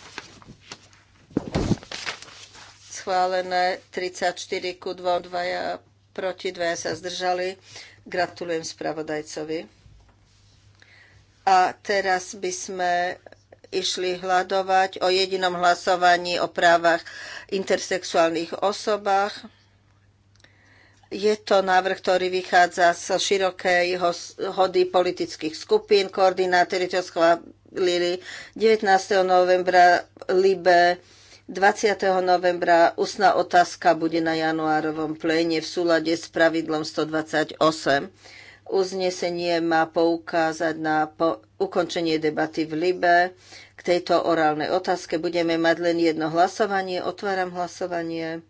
Schválené 34 ku 2, 2 proti, 2 sa zdržali. Gratulujem spravodajcovi. A teraz by sme išli hľadovať o jedinom hlasovaní o právach intersexuálnych osobách. Je to návrh, ktorý vychádza z širokej hody politických skupín. Koordinátori to Lili, 19. novembra Libe 20. novembra ústna otázka bude na januárovom pléne v súlade s pravidlom 128. Uznesenie má poukázať na po- ukončenie debaty v Libe. K tejto orálnej otázke budeme mať len jedno hlasovanie. Otváram hlasovanie.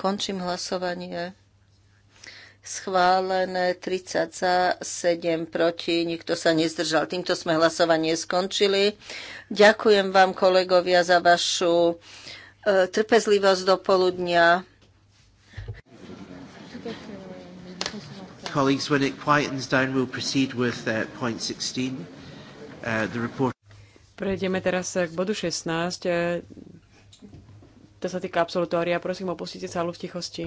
Končím hlasovanie. Schválené 30 za, 7 proti, nikto sa nezdržal. Týmto sme hlasovanie skončili. Ďakujem vám, kolegovia, za vašu e, trpezlivosť do poludnia. Colleagues, when it quietens down, we'll proceed with uh, point 16, uh, the report. Prejdeme teraz k bodu 16, to sa týka absolutória. Prosím, opustite sálu v tichosti.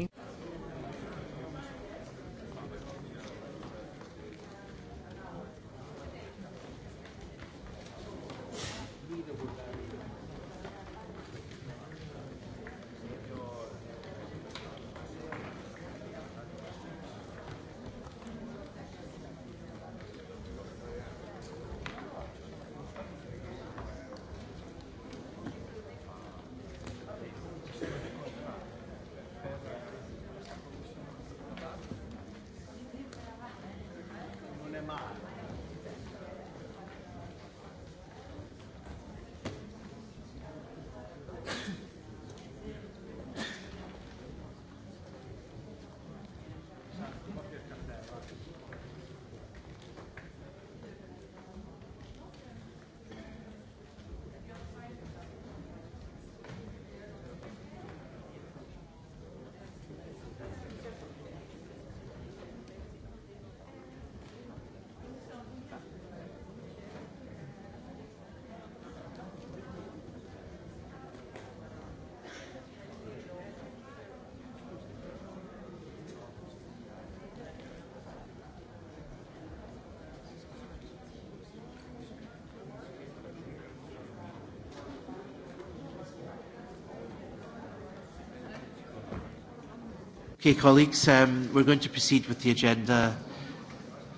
Okay, colleagues, um, we're going to proceed with the agenda.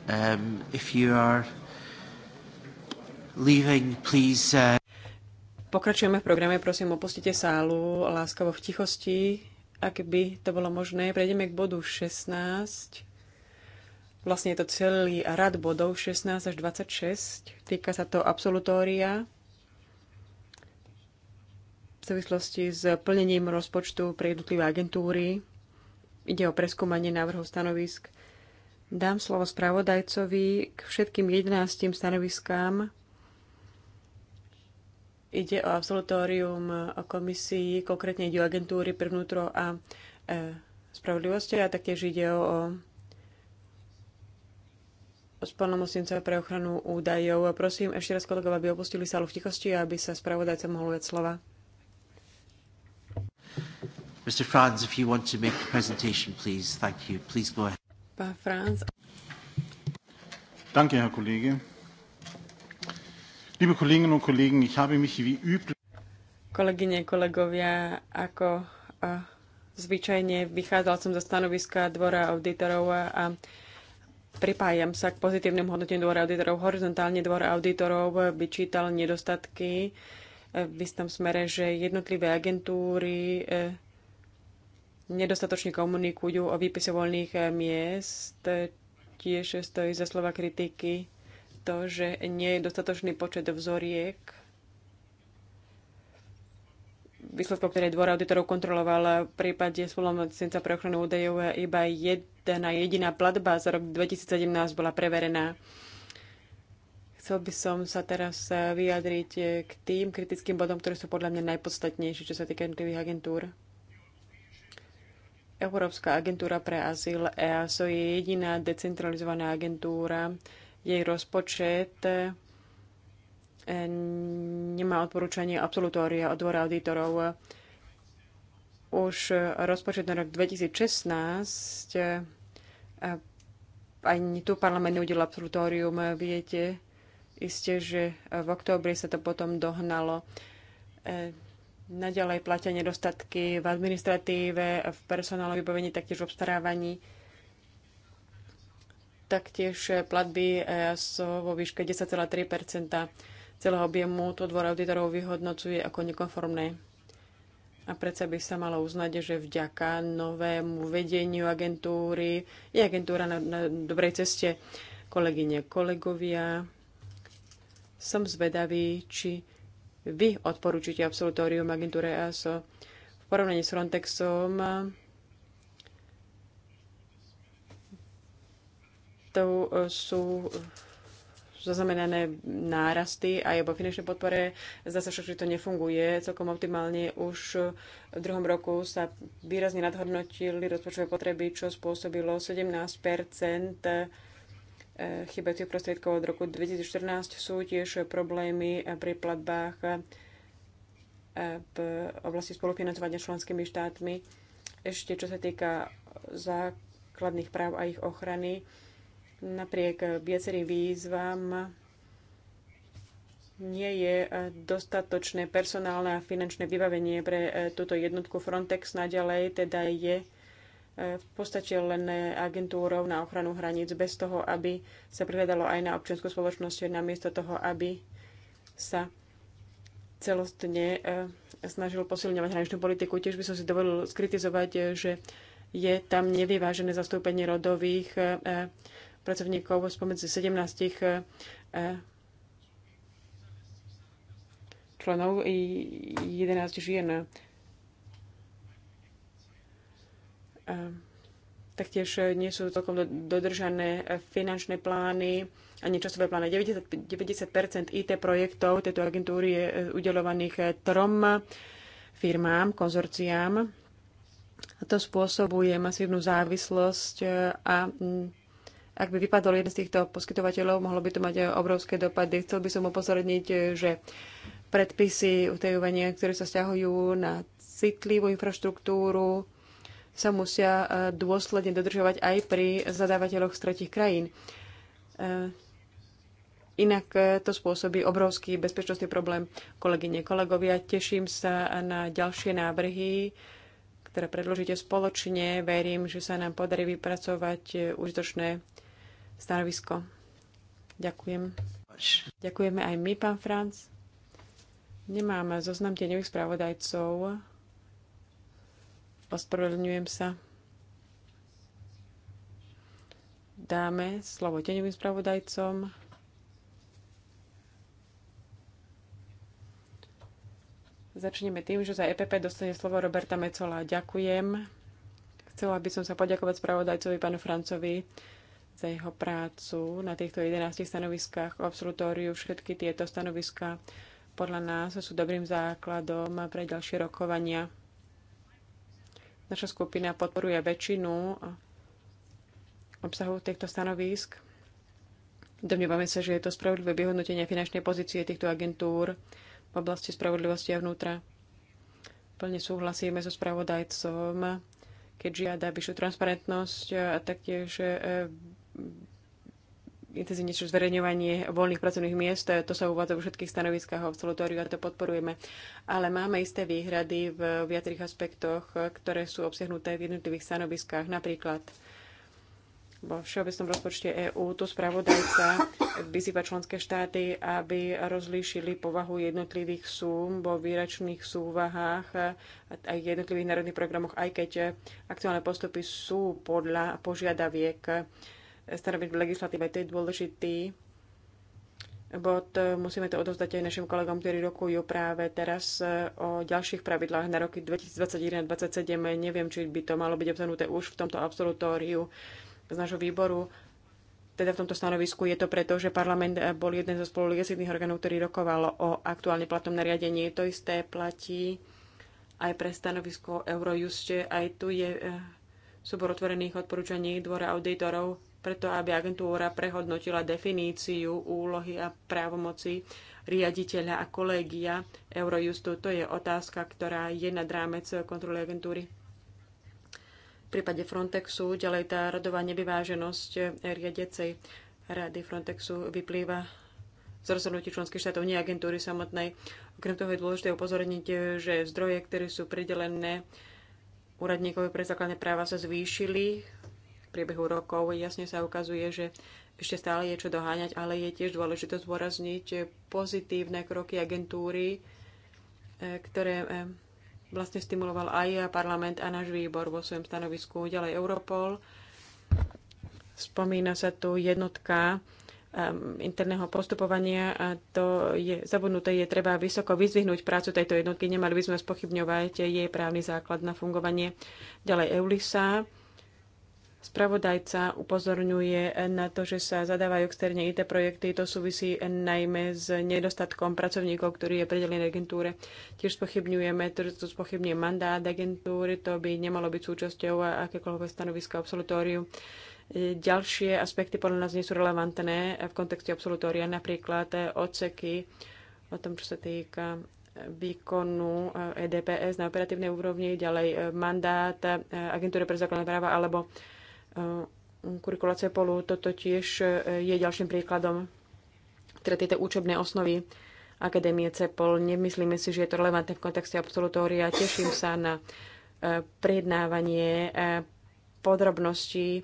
Um, if you are leaving, please... Uh... Pokračujeme v programe, prosím, opustite sálu láskavo v tichosti. Ak by to bolo možné, prejdeme k bodu 16. Vlastne je to celý rad bodov 16 až 26. Týka sa to absolutória v súvislosti s plnením rozpočtu pre jednotlivé agentúry Ide o preskúmanie návrhu stanovisk. Dám slovo spravodajcovi k všetkým 11 stanoviskám. Ide o absolutórium, o komisii, konkrétne ide o agentúry pre vnútro a e, spravodlivosť a taktiež ide o, o spolnomocnica pre ochranu údajov. Prosím ešte raz kolegov, aby opustili sálu v tichosti a aby sa spravodajca mohol uvať slova. Mr. Franz, if you want to make the presentation, please. Thank you. Please go ahead. Pán Franz. Danke, Herr Kollege. Liebe Kolleginnen und Kollegen, ich habe mich wie üblich... Kolegyne, kolegovia, ako uh, zvyčajne vychádzal som zo stanoviska Dvora auditorov a pripájam sa k pozitívnym hodnoteniu Dvora auditorov. Horizontálne Dvor auditorov vyčítal nedostatky e, v istom smere, že jednotlivé agentúry uh, nedostatočne komunikujú o výpise voľných eh, miest. Tiež stojí za slova kritiky to, že nie je dostatočný počet vzoriek výsledkov, ktoré dvor auditorov kontroloval v prípade spolomocnica pre ochranu údajov, iba jedna jediná platba za rok 2017 bola preverená. Chcel by som sa teraz eh, vyjadriť eh, k tým kritickým bodom, ktoré sú podľa mňa najpodstatnejšie, čo sa týka jednotlivých agentúr. Európska agentúra pre azyl EASO je jediná decentralizovaná agentúra. Jej rozpočet e, nemá odporúčanie absolutória od dvora auditorov. Už rozpočet na rok 2016 e, ani tu parlament neudiel absolutórium. Viete iste, že v októbri sa to potom dohnalo e, Naďalej platia nedostatky v administratíve, v personálnom vybavení, taktiež v obstarávaní. Taktiež platby eh, sú vo výške 10,3 celého objemu. To dvor auditorov vyhodnocuje ako nekonformné. A predsa by sa malo uznať, že vďaka novému vedeniu agentúry je agentúra na, na dobrej ceste. Kolegyne, kolegovia, som zvedavý, či vy odporúčite absolutórium agentúre EASO v porovnaní s Frontexom. To e, sú zaznamenané nárasty aj po finančnej podpore. Zdá sa však, že to nefunguje celkom optimálne. Už v druhom roku sa výrazne nadhodnotili rozpočtové potreby, čo spôsobilo 17 E, chybacích prostriedkov od roku 2014 sú tiež problémy pri platbách e, v oblasti spolufinancovania členskými štátmi. Ešte čo sa týka základných práv a ich ochrany, napriek viacerým výzvam nie je e, dostatočné personálne a finančné vybavenie pre túto jednotku Frontex naďalej, teda je Eh, v podstate len eh, agentúrou na ochranu hraníc, bez toho, aby sa prihľadalo aj na občianskú spoločnosť, namiesto toho, aby sa celostne eh, snažil posilňovať hraničnú politiku. Tiež by som si dovolil skritizovať, že je tam nevyvážené zastúpenie rodových pracovníkov spomedzi 17 členov i 11 žien. Ehm, taktiež eh, nie sú celkom dodržané eh, finančné plány ani časové plány. 90, 90 IT projektov tejto agentúry je eh, udelovaných trom firmám, konzorciám. A to spôsobuje masívnu závislosť a mm, ak by vypadol jeden z týchto poskytovateľov, mohlo by to mať obrovské dopady. Chcel by som upozorniť, že predpisy utajovania, ktoré sa stiahujú na citlivú infraštruktúru, sa musia e, dôsledne dodržovať aj pri zadávateľoch z tretich krajín. E, inak e, to spôsobí obrovský bezpečnostný problém. Kolegyne, kolegovia, teším sa na ďalšie návrhy, ktoré predložíte spoločne. Verím, že sa nám podarí vypracovať užitočné stanovisko. Ďakujem. Ďakujeme aj my, pán Franc. Nemám zoznam tieňových spravodajcov. Ospravedlňujem sa. Dáme slovo teňovým spravodajcom. Začneme tým, že za EPP dostane slovo Roberta Mecola. Ďakujem. Chcela by som sa poďakovať spravodajcovi pánu Francovi za jeho prácu na týchto 11 stanoviskách o absolutóriu. Všetky tieto stanoviska podľa nás sú dobrým základom pre ďalšie rokovania. Naša skupina podporuje väčšinu obsahu týchto stanovísk. Domnievame sa, že je to spravodlivé vyhodnotenie finančnej pozície týchto agentúr v oblasti spravodlivosti a vnútra. Plne súhlasíme so spravodajcom, keď žiada vyššiu transparentnosť a taktiež eh, intenzívnejšie zverejňovanie voľných pracovných miest. To sa uvádza vo všetkých stanoviskách v celotóriu a to podporujeme. Ale máme isté výhrady v viacerých aspektoch, ktoré sú obsiahnuté v jednotlivých stanoviskách. Napríklad vo všeobecnom rozpočte EÚ tu spravodajca vyzýva členské štáty, aby rozlíšili povahu jednotlivých súm vo výračných súvahách a jednotlivých národných programoch, aj keď aktuálne postupy sú podľa požiadaviek stanoviť v legislatíve. To je dôležitý bod. Musíme to odovzdať aj našim kolegom, ktorí rokujú práve teraz e, o ďalších pravidlách na roky 2021-2027. Neviem, či by to malo byť obsahnuté už v tomto absolutóriu z nášho výboru. Teda v tomto stanovisku je to preto, že parlament bol jeden zo spolulegislatívnych orgánov, ktorý rokoval o aktuálne platnom nariadení. To isté platí aj pre stanovisko Eurojuste. Aj tu je e, súbor otvorených odporúčaní dvora auditorov preto aby agentúra prehodnotila definíciu úlohy a právomoci riaditeľa a kolégia Eurojustu. To je otázka, ktorá je nad rámec kontroly agentúry. V prípade Frontexu ďalej tá rodová nevyváženosť riadecej rady Frontexu vyplýva z rozhodnutí členských štátov, nie agentúry samotnej. Okrem toho je dôležité upozorniť, že zdroje, ktoré sú pridelené úradníkovi pre základné práva, sa zvýšili priebehu rokov. Jasne sa ukazuje, že ešte stále je čo doháňať, ale je tiež dôležité zdôrazniť pozitívne kroky agentúry, e, ktoré e, vlastne stimuloval aj parlament a náš výbor vo svojom stanovisku. Ďalej Europol. Spomína sa tu jednotka interného postupovania a to je zabudnuté, je treba vysoko vyzvihnúť prácu tejto jednotky, nemali by sme spochybňovať jej právny základ na fungovanie. Ďalej EULISA Spravodajca upozorňuje na to, že sa zadávajú externe IT projekty. To súvisí najmä s nedostatkom pracovníkov, ktorí je predelený agentúre. Tiež spochybňujeme, to, že to spochybňuje mandát agentúry, to by nemalo byť súčasťou akékoľvek stanoviska absolutóriu. Ďalšie aspekty podľa nás nie sú relevantné v kontexte absolutória, napríklad odseky o tom, čo sa týka výkonu EDPS eh, e na operatívnej úrovni, ďalej eh, mandát eh, agentúry pre základné práva alebo Eh, kurikula CEPOLu. Toto tiež eh, je ďalším príkladom teda tieto učebné osnovy Akadémie CEPOL. Nemyslíme si, že je to relevantné v kontexte absolutória. Teším sa na eh, prijednávanie podrobností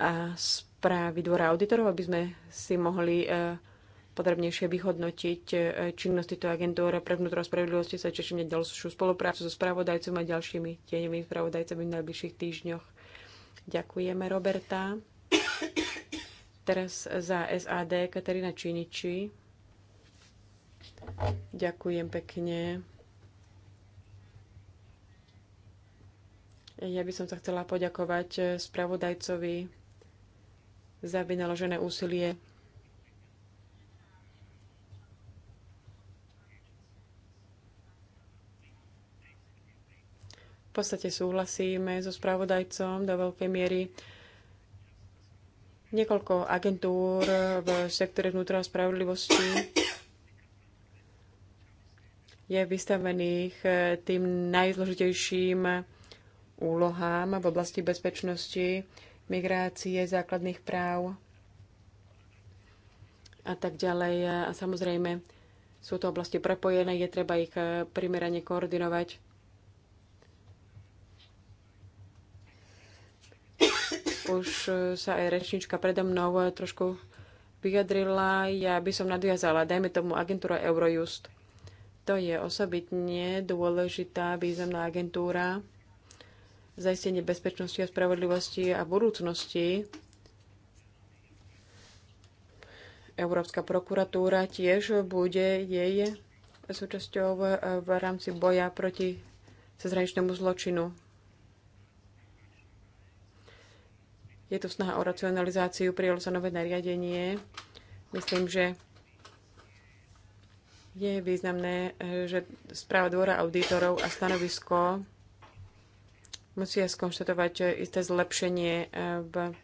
a správy dvora auditorov, aby sme si mohli podrobnejšie vyhodnotiť činnosť tejto agentúry pre vnútro spravodlivosti sa teším na ďalšiu spoluprácu so spravodajcom a ďalšími tieňovými spravodajcami v najbližších týždňoch. Ďakujeme, Roberta. Teraz za SAD Katarína Činiči. Ďakujem pekne. Ja by som sa chcela poďakovať spravodajcovi za vynaložené úsilie V podstate súhlasíme so spravodajcom do veľkej miery. Niekoľko agentúr v sektore vnútra spravodlivosti je vystavených eh, tým najzložitejším úlohám v oblasti bezpečnosti, migrácie, základných práv a tak ďalej. A samozrejme sú to oblasti prepojené, je treba ich eh, primerane koordinovať. Už e, sa aj rečnička predo mnou e, trošku vyjadrila, ja by som nadviazala, dajme tomu agentúra Eurojust. To je osobitne dôležitá významná agentúra zaistenie bezpečnosti a spravodlivosti a budúcnosti. Európska prokuratúra tiež bude jej súčasťou v rámci boja proti cezhraničnému zločinu. Je tu snaha o racionalizáciu, prijalo sa nové nariadenie. Myslím, že je významné, že správa dvora auditorov a stanovisko musia skonštatovať isté zlepšenie eh, v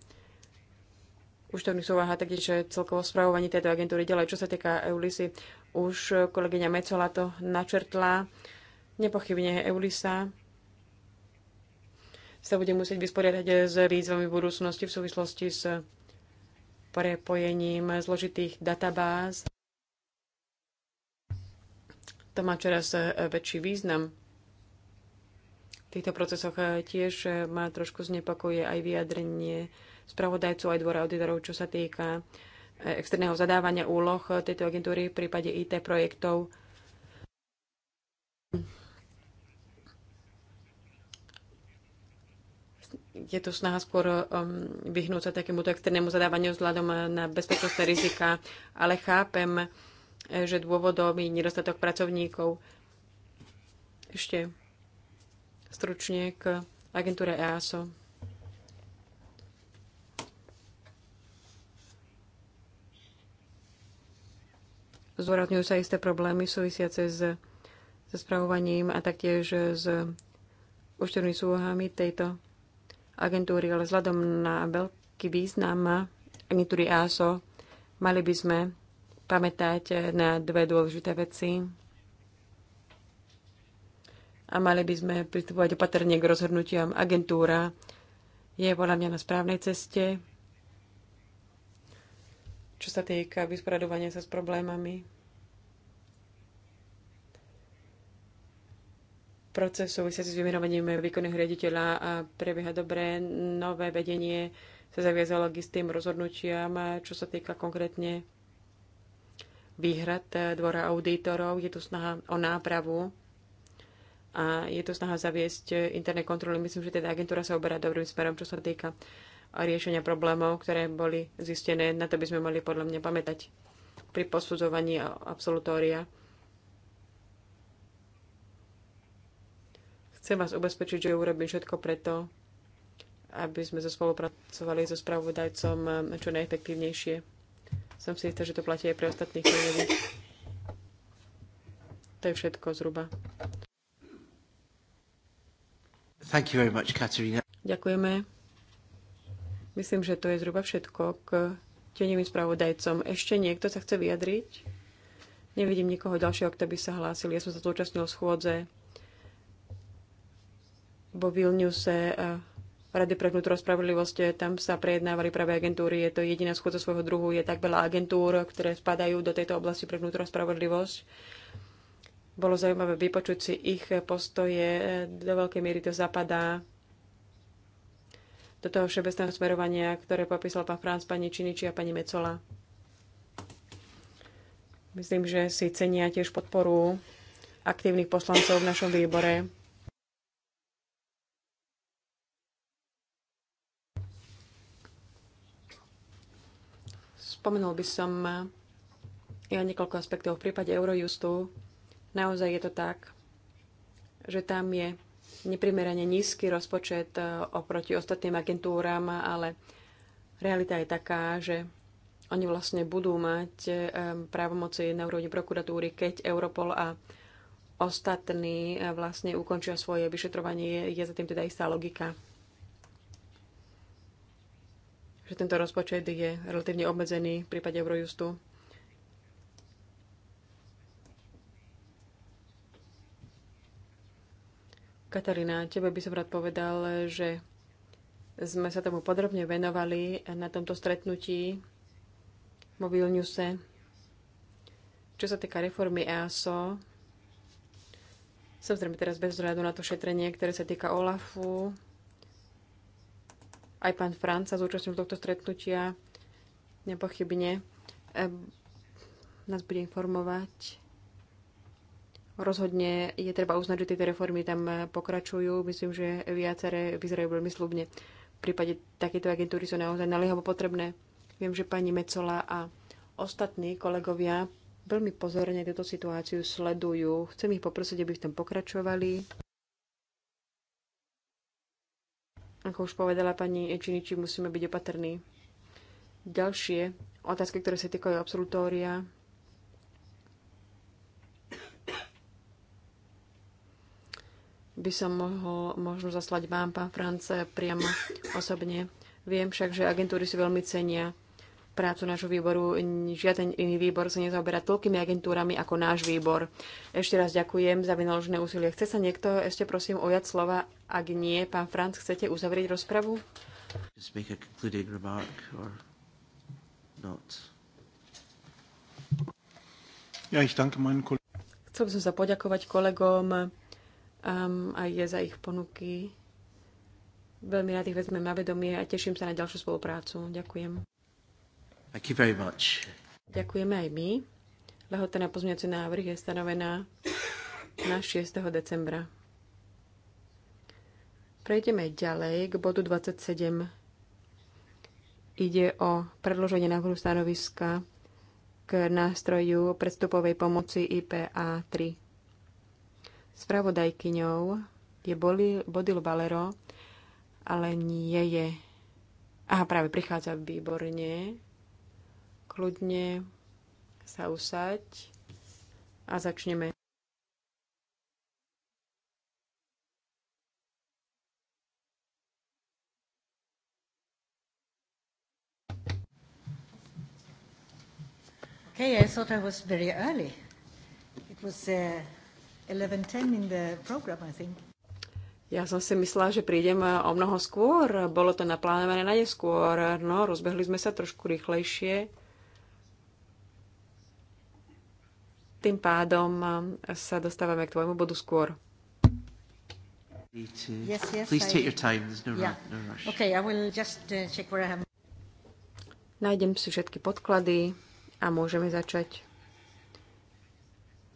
účtovných súvah a taktiež celkovo spravovanie tejto agentúry ďalej. Čo sa týka Eulisy, už kolegyňa Mecola to načrtla. Nepochybne Eulisa sa bude musieť vysporiadať s výzvami v budúcnosti v súvislosti s prepojením zložitých databáz. To má čoraz väčší význam. V týchto procesoch tiež ma trošku znepokojuje aj vyjadrenie spravodajcu aj dvora auditorov, čo sa týka externého zadávania úloh tejto agentúry v prípade IT projektov. je to snaha skôr um, vyhnúť sa takému externému zadávaniu vzhľadom na bezpečnostné rizika, ale chápem, eh, že dôvodom je nedostatok pracovníkov. Ešte stručne k agentúre EASO. Zdôrazňujú sa isté problémy súvisiace s, so spravovaním a taktiež s účtovnými súhami tejto agentúry, ale vzhľadom na veľký význam agentúry ASO mali by sme pamätať na dve dôležité veci a mali by sme pristupovať opatrne k rozhodnutiam. Agentúra je podľa mňa na správnej ceste, čo sa týka vysporadovania sa s problémami Proces súvisiaci s vymenovaním výkonného riaditeľa prebieha dobre. Nové vedenie sa zaviazalo k istým rozhodnutiam, čo sa týka konkrétne výhrad dvora auditorov. Je tu snaha o nápravu a je tu snaha zaviesť interné kontroly. Myslím, že teda agentúra sa oberá dobrým smerom, čo sa týka riešenia problémov, ktoré boli zistené. Na to by sme mali podľa mňa pamätať pri posudzovaní absolutória. Chcem vás ubezpečiť, že urobím všetko preto, aby sme spolupracovali so spravodajcom eh, čo najefektívnejšie. Som si istá, že to platí aj pre ostatných ľudí. To je všetko zhruba. Thank you very much, Katerina. Ďakujeme. Myslím, že to je zhruba všetko k tenivým spravodajcom. Ešte niekto sa chce vyjadriť? Nevidím nikoho ďalšieho, kto by sa hlásil. Ja som sa zúčastnil schôdze vo Vilniuse eh, Rady pre vnútro spravodlivosti, Tam sa prejednávali práve agentúry. Je to jediná schôdza svojho druhu. Je tak veľa agentúr, ktoré spadajú do tejto oblasti pre vnútro spravodlivosť. Bolo zaujímavé vypočuť si ich postoje. Do veľkej miery to zapadá do toho všeobecného smerovania, ktoré popísal pán Franc, pani Činiči a pani Mecola. Myslím, že si cenia tiež podporu aktívnych poslancov v našom výbore. Spomenul by som eh, ja niekoľko aspektov. V prípade Eurojustu naozaj je to tak, že tam je neprimerane nízky rozpočet eh, oproti ostatným agentúram, ale realita je taká, že oni vlastne budú mať eh, právomoci na úrovni prokuratúry, keď Europol a ostatní vlastne ukončia svoje vyšetrovanie. Je za tým teda istá logika že tento rozpočet je relatívne obmedzený v prípade Eurojustu. Katarína, tebe by som rád povedal, že sme sa tomu podrobne venovali na tomto stretnutí vo Čo sa týka reformy EASO, samozrejme teraz bez zhľadu na to šetrenie, ktoré sa týka OLAFu, aj pán Franca zúčastnil tohto stretnutia. Nepochybne eh, nás bude informovať. Rozhodne je treba uznať, že tieto reformy tam eh, pokračujú. Myslím, že viaceré vyzerajú veľmi slubne. V prípade takéto agentúry sú naozaj naliehavo potrebné. Viem, že pani Mecola a ostatní kolegovia veľmi pozorne túto situáciu sledujú. Chcem ich poprosiť, aby v tom pokračovali. Ako už povedala pani Ečiniči, musíme byť opatrní. Ďalšie otázky, ktoré sa týkajú absolutória. by som mohol možno zaslať vám, pán France, priamo osobne. Viem však, že agentúry si veľmi cenia prácu nášho výboru. Žiaden iný výbor sa nezaoberá toľkými agentúrami ako náš výbor. Ešte raz ďakujem za vynaložené úsilie. Chce sa niekto ešte prosím ojať slova? Ak nie, pán Franc, chcete uzavrieť rozpravu? Ja, ich Chcel by som sa poďakovať kolegom um, aj za ich ponuky. Veľmi rád ich vezmem na vedomie a teším sa na ďalšiu spoluprácu. Ďakujem. Thank you very much. Ďakujeme aj my. Lehota na pozmeňovací návrh je stanovená na 6. decembra. Prejdeme ďalej k bodu 27. Ide o predloženie návrhu stanoviska k nástroju predstupovej pomoci IPA 3. Spravodajkyňou je Bodil Valero, ale nie je. Aha, práve prichádza výborne kľudne sa usaď a začneme. Okay, I thought I was very early. It was uh, 11.10 in the program, I think. Ja som si myslela, že prídem uh, o mnoho skôr. Bolo to naplánované na neskôr. No, rozbehli sme sa trošku rýchlejšie. Tým pádom eh, sa dostávame k tvojmu bodu skôr. Nájdem si všetky podklady a môžeme začať.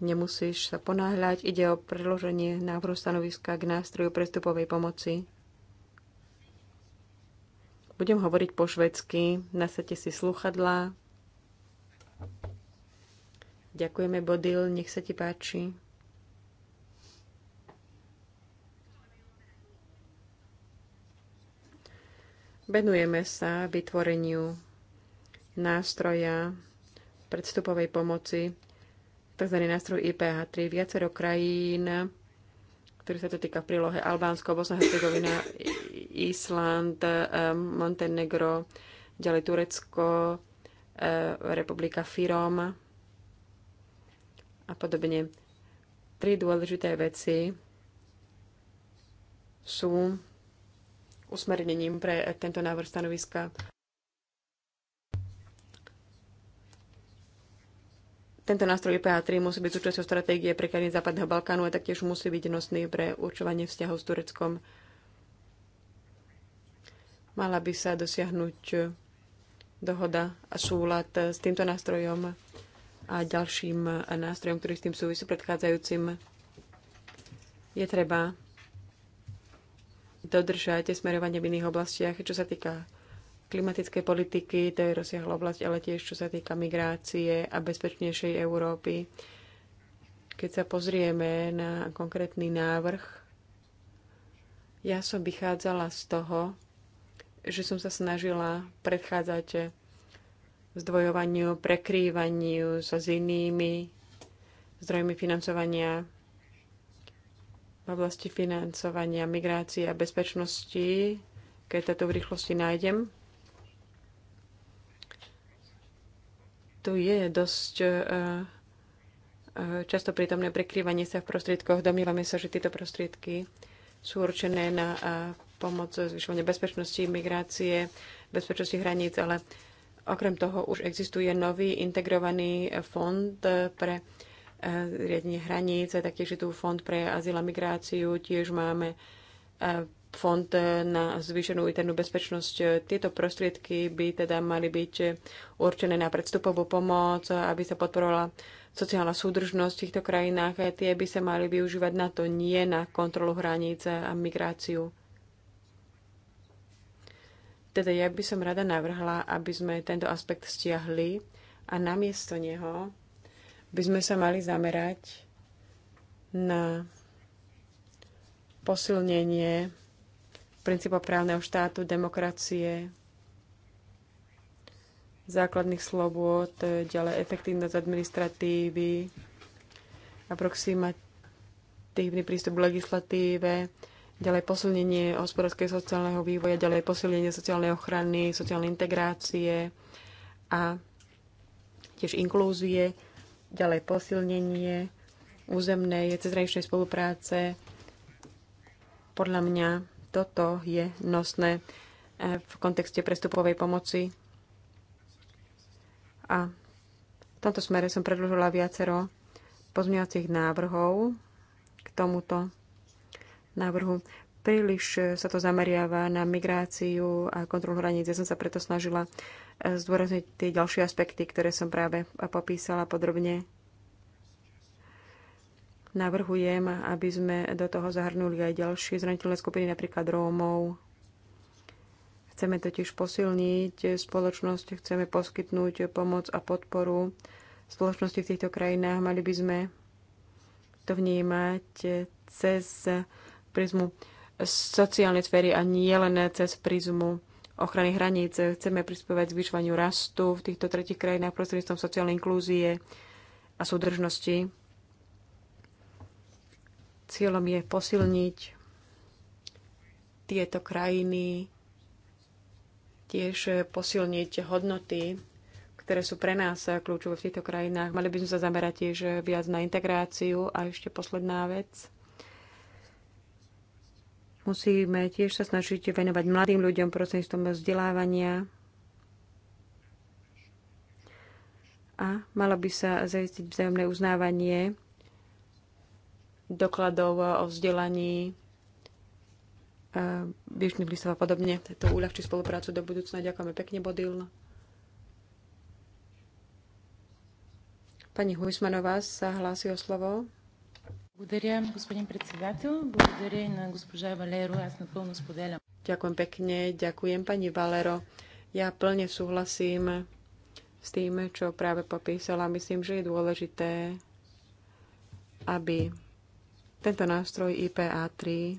Nemusíš sa ponáhľať, ide o predloženie návrhu stanoviska k nástroju prestupovej pomoci. Budem hovoriť po švedsky, nasadte si sluchadlá. Ďakujeme, Bodil, nech sa ti páči. Venujeme sa vytvoreniu nástroja predstupovej pomoci, tzv. nástroj IPH3. Viacero krajín, ktorý sa to týka v prílohe Albánsko, Bosna, Hercegovina, Island, eh, Montenegro, ďalej Turecko, eh, Republika Firom, a podobne. Tri dôležité veci sú usmernením pre tento návrh stanoviska. Tento nástroj e IPA3 musí byť súčasťou stratégie pre krajiny Západného Balkánu a taktiež musí byť nosný pre určovanie vzťahov s Tureckom. Mala by sa dosiahnuť dohoda a súlad s týmto nástrojom a ďalším nástrojom, ktorý s tým súvisí predchádzajúcim, je treba dodržať smerovanie v iných oblastiach, čo sa týka klimatickej politiky, to je rozsiahla oblasť, ale tiež čo sa týka migrácie a bezpečnejšej Európy. Keď sa pozrieme na konkrétny návrh, ja som vychádzala z toho, že som sa snažila predchádzať zdvojovaniu, prekrývaniu sa s inými zdrojmi financovania v oblasti financovania migrácie a bezpečnosti, keď to v rýchlosti nájdem. Tu je dosť eh, eh, často prítomné prekrývanie sa v prostriedkoch. Domývame sa, že tieto prostriedky sú určené na eh, pomoc zvyšovania bezpečnosti, migrácie, bezpečnosti hraníc, ale Okrem toho už existuje nový integrovaný fond pre eh, riadenie hranice, taktiež je tu fond pre azyl a migráciu, tiež máme eh, fond na zvýšenú internú bezpečnosť. Tieto prostriedky by teda mali byť určené na predstupovú pomoc, aby sa podporovala sociálna súdržnosť v týchto krajinách. Tie by sa mali využívať na to, nie na kontrolu hraníc a migráciu. Teda ja by som rada navrhla, aby sme tento aspekt stiahli a namiesto neho by sme sa mali zamerať na posilnenie princípov právneho štátu, demokracie, základných slobôd, ďalej efektívnosť administratívy, aproximatívny prístup k legislatíve, ďalej posilnenie hospodárskeho sociálneho vývoja, ďalej posilnenie sociálnej ochrany, sociálnej integrácie a tiež inklúzie, ďalej posilnenie územnej cezhraničnej spolupráce. Podľa mňa toto je nosné eh, v kontexte prestupovej pomoci. A v tomto smere som predložila viacero pozmeňovacích návrhov k tomuto návrhu. Príliš e, sa to zameriava na migráciu a kontrolu hraníc. Ja som sa preto snažila e, zdôrazniť tie ďalšie aspekty, ktoré som práve popísala podrobne. Navrhujem, aby sme do toho zahrnuli aj ďalšie zraniteľné skupiny, napríklad Rómov. Chceme totiž posilniť spoločnosť, chceme poskytnúť pomoc a podporu spoločnosti v týchto krajinách. Mali by sme to vnímať cez prizmu sociálnej sféry a nie len cez prizmu ochrany hraníc. Chceme prispievať zvyšovaniu rastu v týchto tretich krajinách prostredníctvom sociálnej inklúzie a súdržnosti. Cieľom je posilniť tieto krajiny, tiež posilniť hodnoty, ktoré sú pre nás kľúčové v týchto krajinách. Mali by sme sa zamerať tiež viac na integráciu. A ešte posledná vec – Musíme tiež sa snažiť venovať mladým ľuďom prostredníctvom vzdelávania a malo by sa zajistiť vzájomné uznávanie dokladov o vzdelaní bežných listov a podobne. To uľahčí spoluprácu do budúcna. Ďakujeme pekne, Bodil. Pani Hujsmanová sa hlási o slovo. Благодаря, господин председател. Благодаря и на госпожа Валеро. Аз напълно споделям. Ďakujem pekne, ďakujem pani Valero. Ja plne súhlasím s tým, čo práve popísala. Myslím, že je dôležité, aby tento nástroj IPA3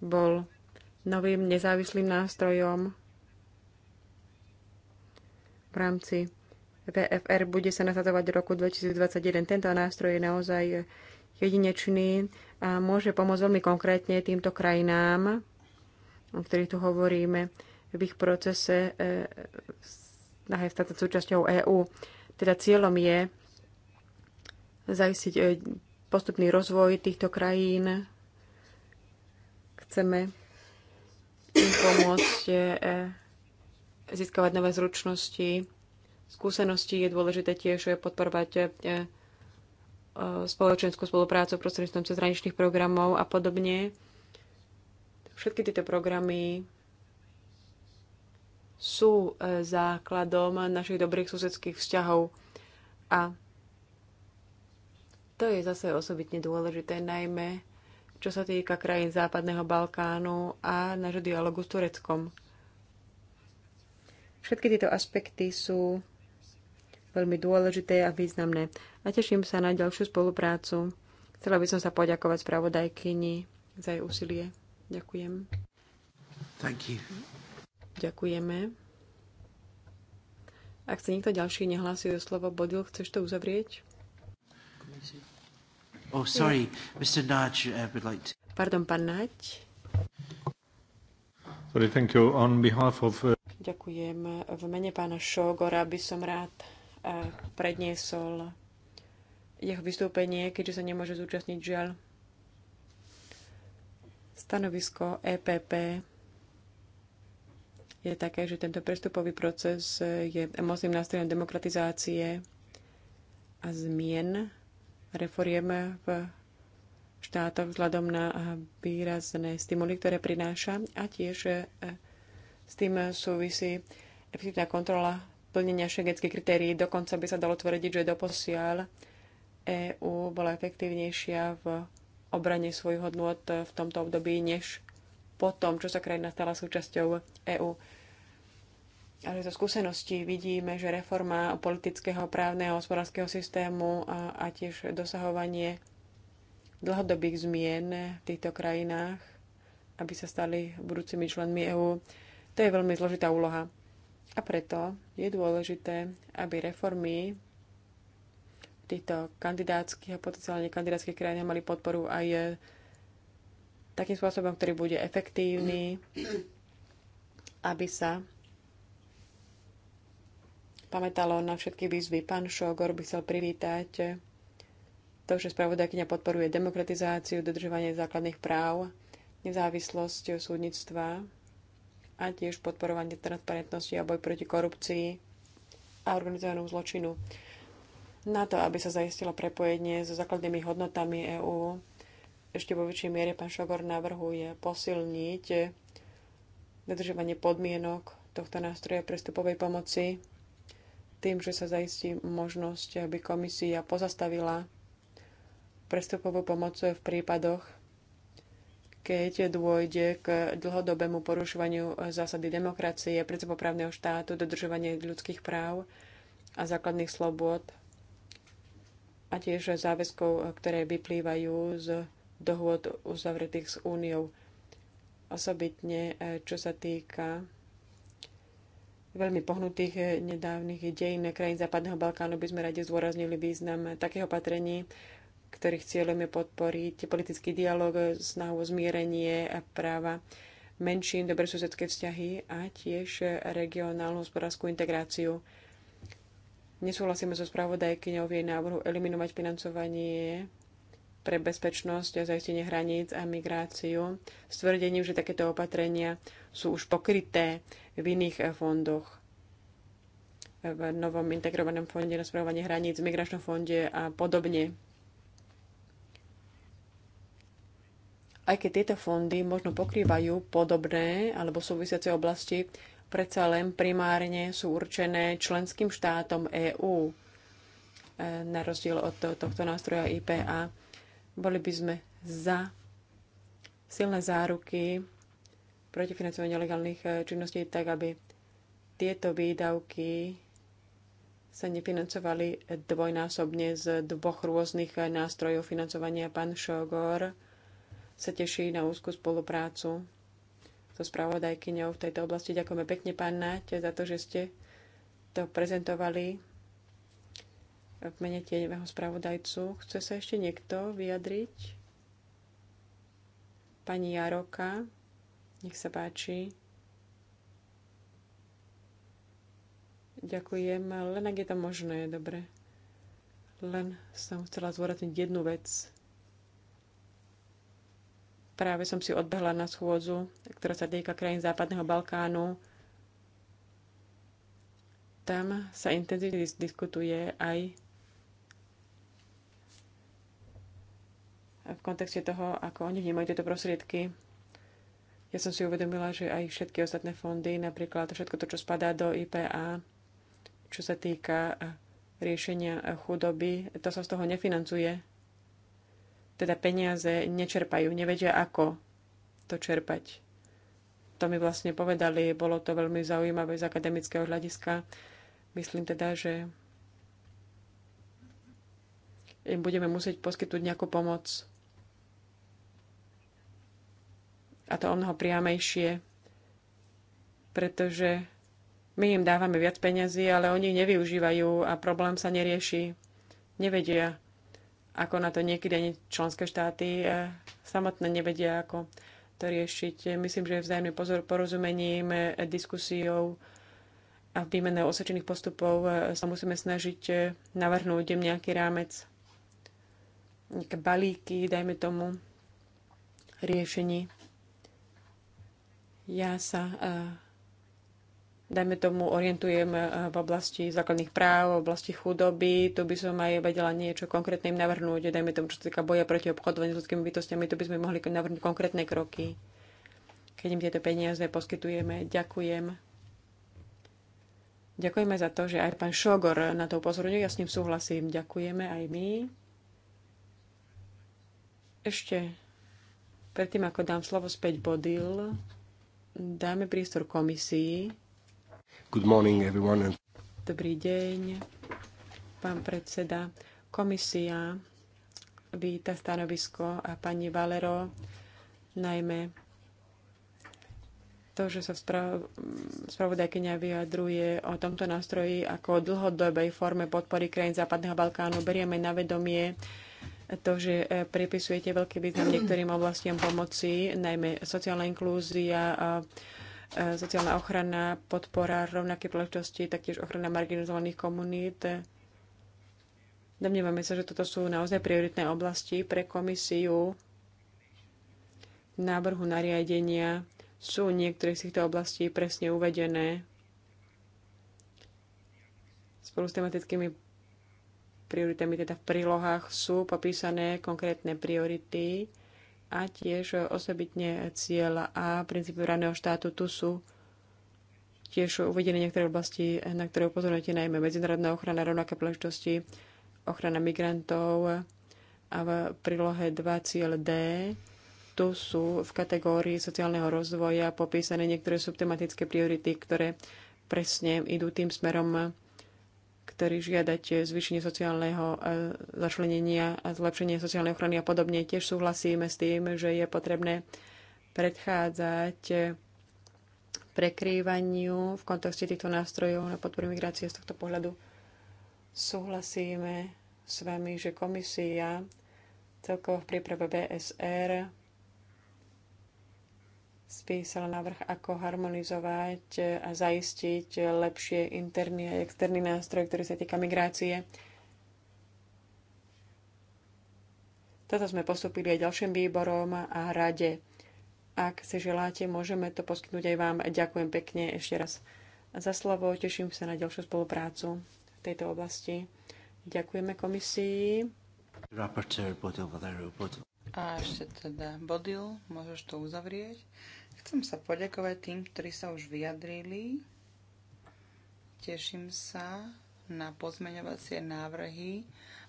bol novým nezávislým nástrojom v rámci VFR bude sa nasadovať v roku 2021. Tento nástroj je naozaj jedinečný a môže pomôcť veľmi konkrétne týmto krajinám, o ktorých tu hovoríme, v ich procese e, snahe stať súčasťou EÚ. Teda cieľom je zajistiť e, postupný rozvoj týchto krajín. Chceme im pomôcť e, získavať nové zručnosti, Skúsenosti Je dôležité tiež podporovať e, e, spoločenskú spoluprácu prostredníctvom cezhraničných programov a podobne. Všetky tieto programy sú e, základom našich dobrých susedských vzťahov a to je zase osobitne dôležité, najmä čo sa týka krajín Západného Balkánu a nášho dialogu s Tureckom. Všetky tieto aspekty sú veľmi dôležité a významné. A teším sa na ďalšiu spoluprácu. Chcela by som sa poďakovať spravodajkyni za jej úsilie. Ďakujem. Thank you. Ďakujeme. Ak sa nikto ďalší nehlási o slovo, Bodil, chceš to uzavrieť? Oh, sorry, Mr. Nudge uh, would like to... Pardon, pán Nudge. Sorry, thank you. On behalf of... Uh, Ďakujem. V mene pána Šogora by som rád a predniesol jeho vystúpenie, keďže sa nemôže zúčastniť žiaľ. Stanovisko EPP je také, že tento prestupový proces je mocným nástrojom demokratizácie a zmien reforiem v štátoch vzhľadom na výrazné stimuly, ktoré prináša a tiež e, s tým súvisí efektívna kontrola splnenia šengenských kritérií. Dokonca by sa dalo tvrdiť, že doposiaľ EÚ bola efektívnejšia v obrane svojich hodnôt v tomto období, než po tom, čo sa krajina stala súčasťou EÚ. Ale zo skúseností vidíme, že reforma politického, právneho, hospodárskeho systému a, a tiež dosahovanie dlhodobých zmien v týchto krajinách, aby sa stali budúcimi členmi EÚ, to je veľmi zložitá úloha. A preto je dôležité, aby reformy týchto kandidátskych a potenciálne kandidátskych krajín mali podporu aj takým spôsobom, ktorý bude efektívny, aby sa pamätalo na všetky výzvy. Pán Šogor by chcel privítať to, že spravodajkynia podporuje demokratizáciu, dodržovanie základných práv, nezávislosť súdnictva a tiež podporovanie transparentnosti a boj proti korupcii a organizovanému zločinu. Na to, aby sa zaistilo prepojenie so základnými hodnotami EÚ, ešte vo väčšej miere pán Šogor navrhuje posilniť dodržovanie podmienok tohto nástroja prestupovej pomoci tým, že sa zaistí možnosť, aby komisia pozastavila prestupovú pomoc v prípadoch, keď dôjde k dlhodobému porušovaniu zásady demokracie, predsepoprávneho štátu, dodržovanie ľudských práv a základných slobod a tiež záväzkov, ktoré vyplývajú z dohôd uzavretých s úniou. Osobitne, eh, čo sa týka veľmi pohnutých eh, nedávnych dejín krajín Západného Balkánu, by sme radi zdôraznili význam takého patrení, ktorých cieľom je podporiť politický dialog, snahu o zmierenie a práva menšín, dobre susedské vzťahy a tiež regionálnu hospodárskú integráciu. Nesúhlasíme so spravodajkyňou v jej návrhu eliminovať financovanie pre bezpečnosť a zaistenie hraníc a migráciu s tvrdením, že takéto opatrenia sú už pokryté v iných fondoch v novom integrovanom fonde na spravovanie hraníc, migračnom fonde a podobne. aj keď tieto fondy možno pokrývajú podobné alebo súvisiace oblasti, predsa len primárne sú určené členským štátom EÚ e, na rozdiel od tohto nástroja IPA. Boli by sme za silné záruky proti financovaniu legálnych e, činností, tak aby tieto výdavky sa nefinancovali dvojnásobne z dvoch rôznych e, nástrojov financovania. Pán Šogor sa teší na úzkú spoluprácu so spravodajkyňou v tejto oblasti. Ďakujeme pekne, pán Náť, za to, že ste to prezentovali v mene tieňového spravodajcu. Chce sa ešte niekto vyjadriť? Pani Jaroka, nech sa páči. Ďakujem, len ak je to možné, dobre. Len som chcela zvorazniť jednu vec. Práve som si odbehla na schôdzu, ktorá sa týka krajín Západného Balkánu. Tam sa intenzívne diskutuje aj v kontexte toho, ako oni vnímajú tieto prostriedky. Ja som si uvedomila, že aj všetky ostatné fondy, napríklad všetko to, čo spadá do IPA, čo sa týka riešenia chudoby, to sa z toho nefinancuje teda peniaze nečerpajú, nevedia ako to čerpať. To mi vlastne povedali, bolo to veľmi zaujímavé z akademického hľadiska. Myslím teda, že im budeme musieť poskytnúť nejakú pomoc. A to o mnoho priamejšie, pretože my im dávame viac peniazy, ale oni ich nevyužívajú a problém sa nerieši. Nevedia, ako na to niekedy ani členské štáty e, samotné nevedia, ako to riešiť. Myslím, že vzájomný pozor porozumením, diskusiou a výmenou osvedčených postupov e, sa musíme snažiť e, navrhnúť nejaký rámec, nejaké balíky, dajme tomu, riešení. Ja sa dajme tomu, orientujem eh, v oblasti základných práv, v oblasti chudoby. Tu by som aj vedela niečo konkrétne im navrhnúť, dajme tomu, čo sa týka boja proti obchodovaniu s ľudskými bytostiami, tu by sme mohli navrhnúť konkrétne kroky, keď im tieto peniaze poskytujeme. Ďakujem. Ďakujeme za to, že aj pán Šogor na to upozorňuje. Ja s ním súhlasím. Ďakujeme aj my. Ešte predtým, ako dám slovo späť Bodil, dáme prístor komisii Good morning everyone. Dobrý deň, pán predseda. Komisia víta stanovisko a pani Valero najmä to, že sa spravodajkynia vyjadruje o tomto nástroji ako o dlhodobej forme podpory krajín Západného Balkánu. Berieme na vedomie to, že e, pripisujete veľký význam niektorým oblastiam pomoci, najmä sociálna inklúzia, a E, sociálna ochrana, podpora rovnaké príležitosti, taktiež ochrana marginalizovaných komunít. Domnievame sa, že toto sú naozaj prioritné oblasti pre komisiu. návrhu nariadenia sú niektoré z týchto oblastí presne uvedené spolu s tematickými prioritami, teda v prílohách sú popísané konkrétne priority a tiež osobitne cieľ a princípy raného štátu. Tu sú tiež uvedené niektoré oblasti, na ktoré upozorňujete najmä medzinárodná ochrana, rovnaké príležitosti, ochrana migrantov a v prílohe 2 cieľ D. Tu sú v kategórii sociálneho rozvoja popísané niektoré subtematické priority, ktoré presne idú tým smerom, ktorý žiadate zvýšenie sociálneho e, začlenenia a zlepšenie sociálnej ochrany a podobne. Tiež súhlasíme s tým, že je potrebné predchádzať prekrývaniu v kontexte týchto nástrojov na podporu migrácie z tohto pohľadu. Súhlasíme s vami, že komisia celkovo v príprave BSR spísal návrh, ako harmonizovať a zaistiť lepšie interný a externý nástroj, ktorý sa týka migrácie. Toto sme postupili aj ďalším výborom a rade. Ak si želáte, môžeme to poskytnúť aj vám. Ďakujem pekne ešte raz za slovo. Teším sa na ďalšiu spoluprácu v tejto oblasti. Ďakujeme komisii. A ešte teda Bodil, môžeš to uzavrieť. Chcem sa poďakovať tým, ktorí sa už vyjadrili. Teším sa na pozmeňovacie návrhy,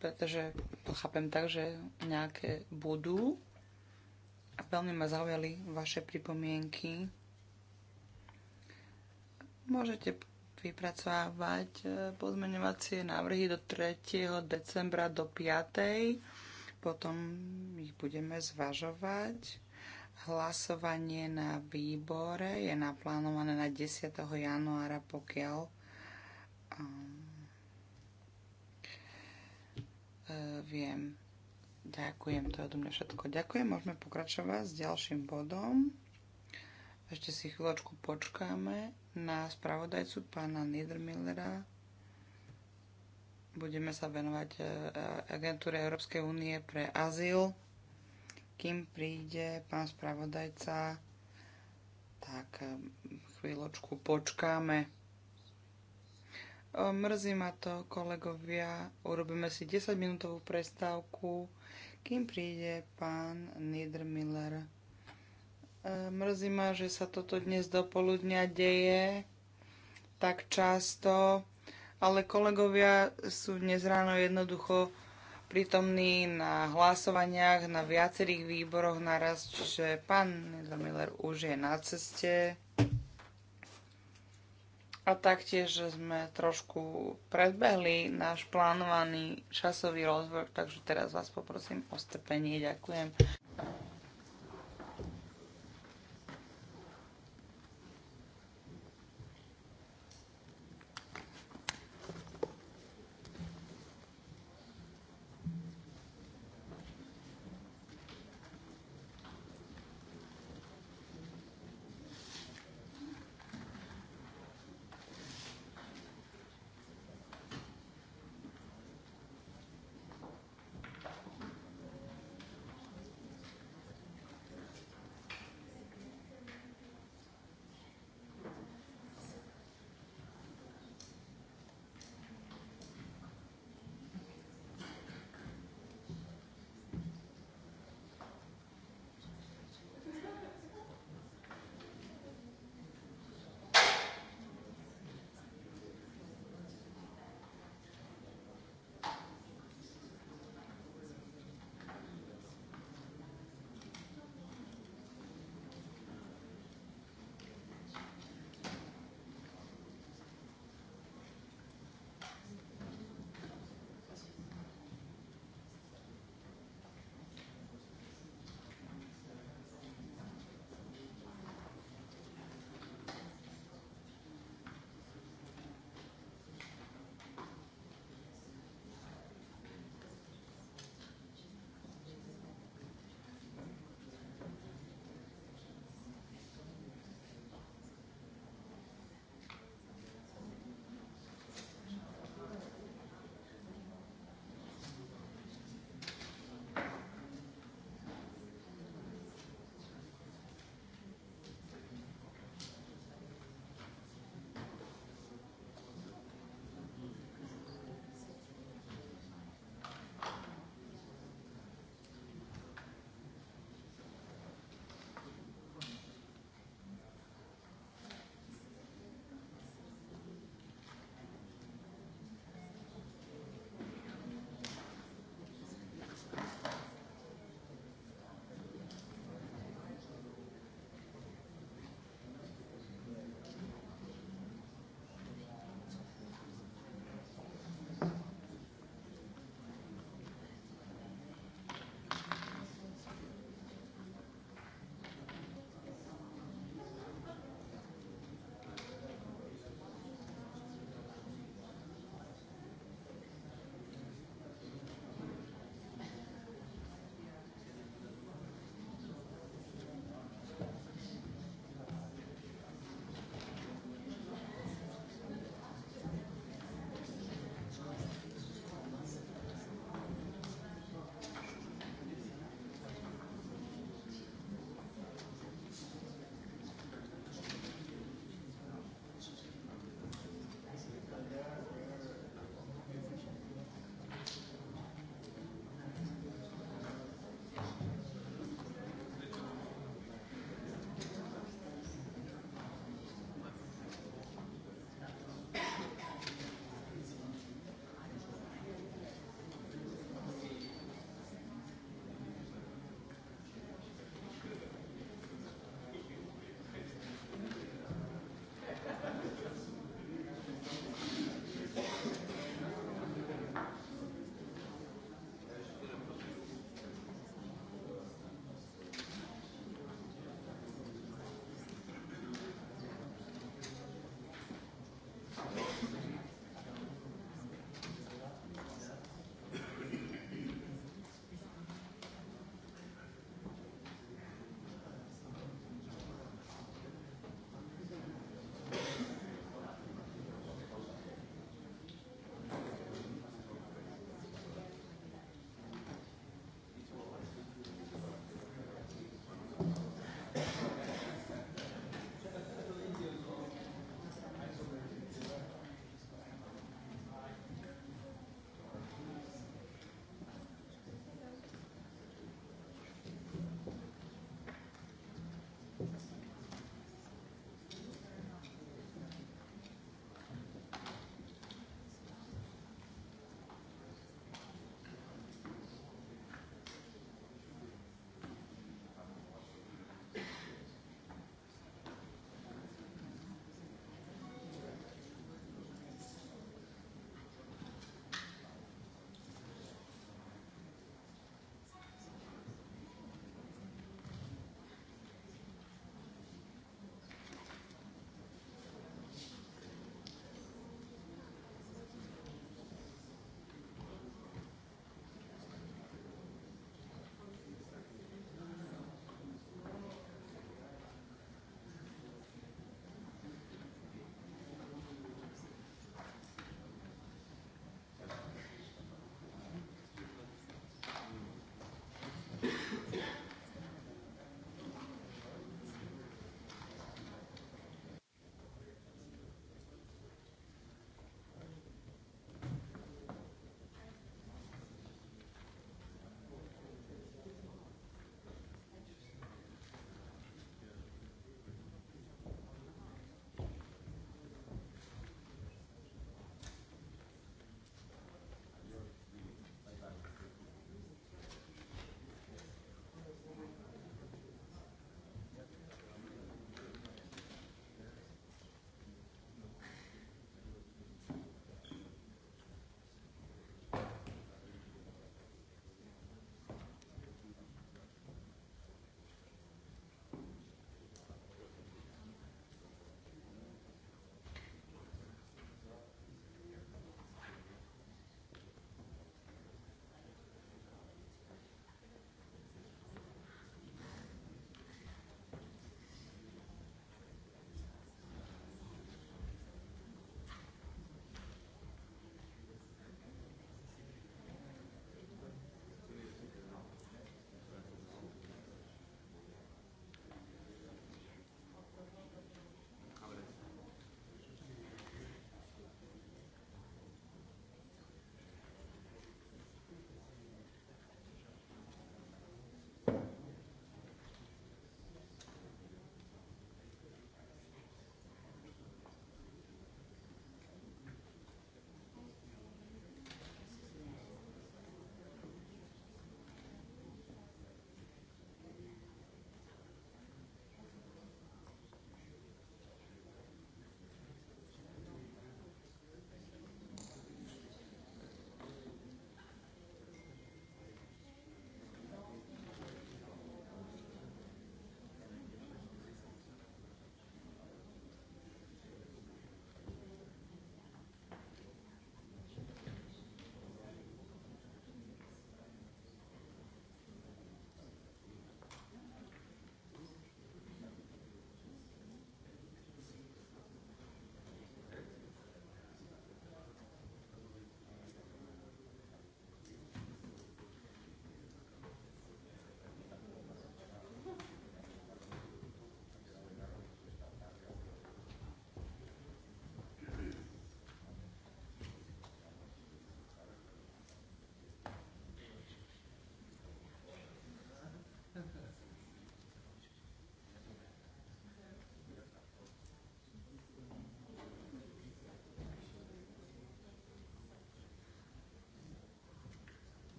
pretože to chápem tak, že nejaké budú. A veľmi ma zaujali vaše pripomienky. Môžete vypracovávať eh, pozmeňovacie návrhy do 3. decembra do 5 potom ich budeme zvažovať. Hlasovanie na výbore je naplánované na 10. januára, pokiaľ um, uh, viem. Ďakujem, to je od mňa všetko. Ďakujem, môžeme pokračovať s ďalším bodom. Ešte si chvíľočku počkáme na spravodajcu pána Niedermillera. Budeme sa venovať e, e, agentúre Európskej únie pre azyl. Kým príde pán spravodajca, tak e, chvíľočku počkáme. Mrzí ma to, kolegovia. Urobíme si 10-minútovú prestávku, kým príde pán Niedermiller. Mrzí ma, že sa toto dnes do poludnia deje tak často ale kolegovia sú dnes ráno jednoducho prítomní na hlasovaniach na viacerých výboroch naraz, čiže pán Miller už je na ceste. A taktiež sme trošku predbehli náš plánovaný časový rozvrh, takže teraz vás poprosím o strpenie. Ďakujem.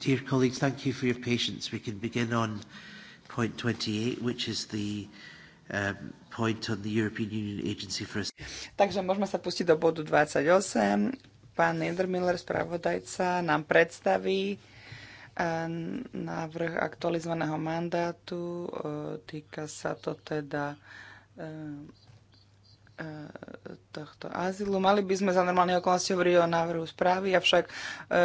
Dear colleagues, thank you for your patience. We can begin on point 28, which is the um, point on the European Union Agency for... Takže môžeme sa pustiť do bodu 28. Pán Niedermiller, spravodajca, nám predstaví eh, návrh aktualizovaného mandátu. Eh, týka sa to teda eh, tohto azylu. Mali by sme za normálne okolnosti hovoriť o návrhu správy, avšak e,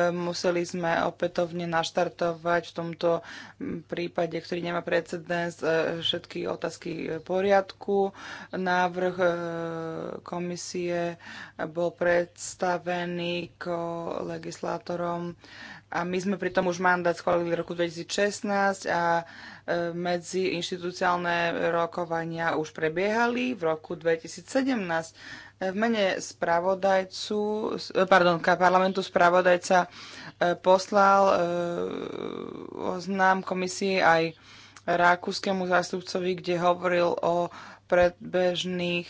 museli sme opätovne naštartovať v tomto prípade, ktorý nemá precedens, e, všetky otázky poriadku. Návrh e, komisie bol predstavený ko legislátorom a my sme pritom už mandát schválili v roku 2016 a e, medzi inštitúciálne rokovania už prebiehali v roku 2017. E, v mene spravodajcu, e, pardon, parlamentu spravodajca poslal oznám komisii aj rakúskému zástupcovi, kde hovoril o predbežných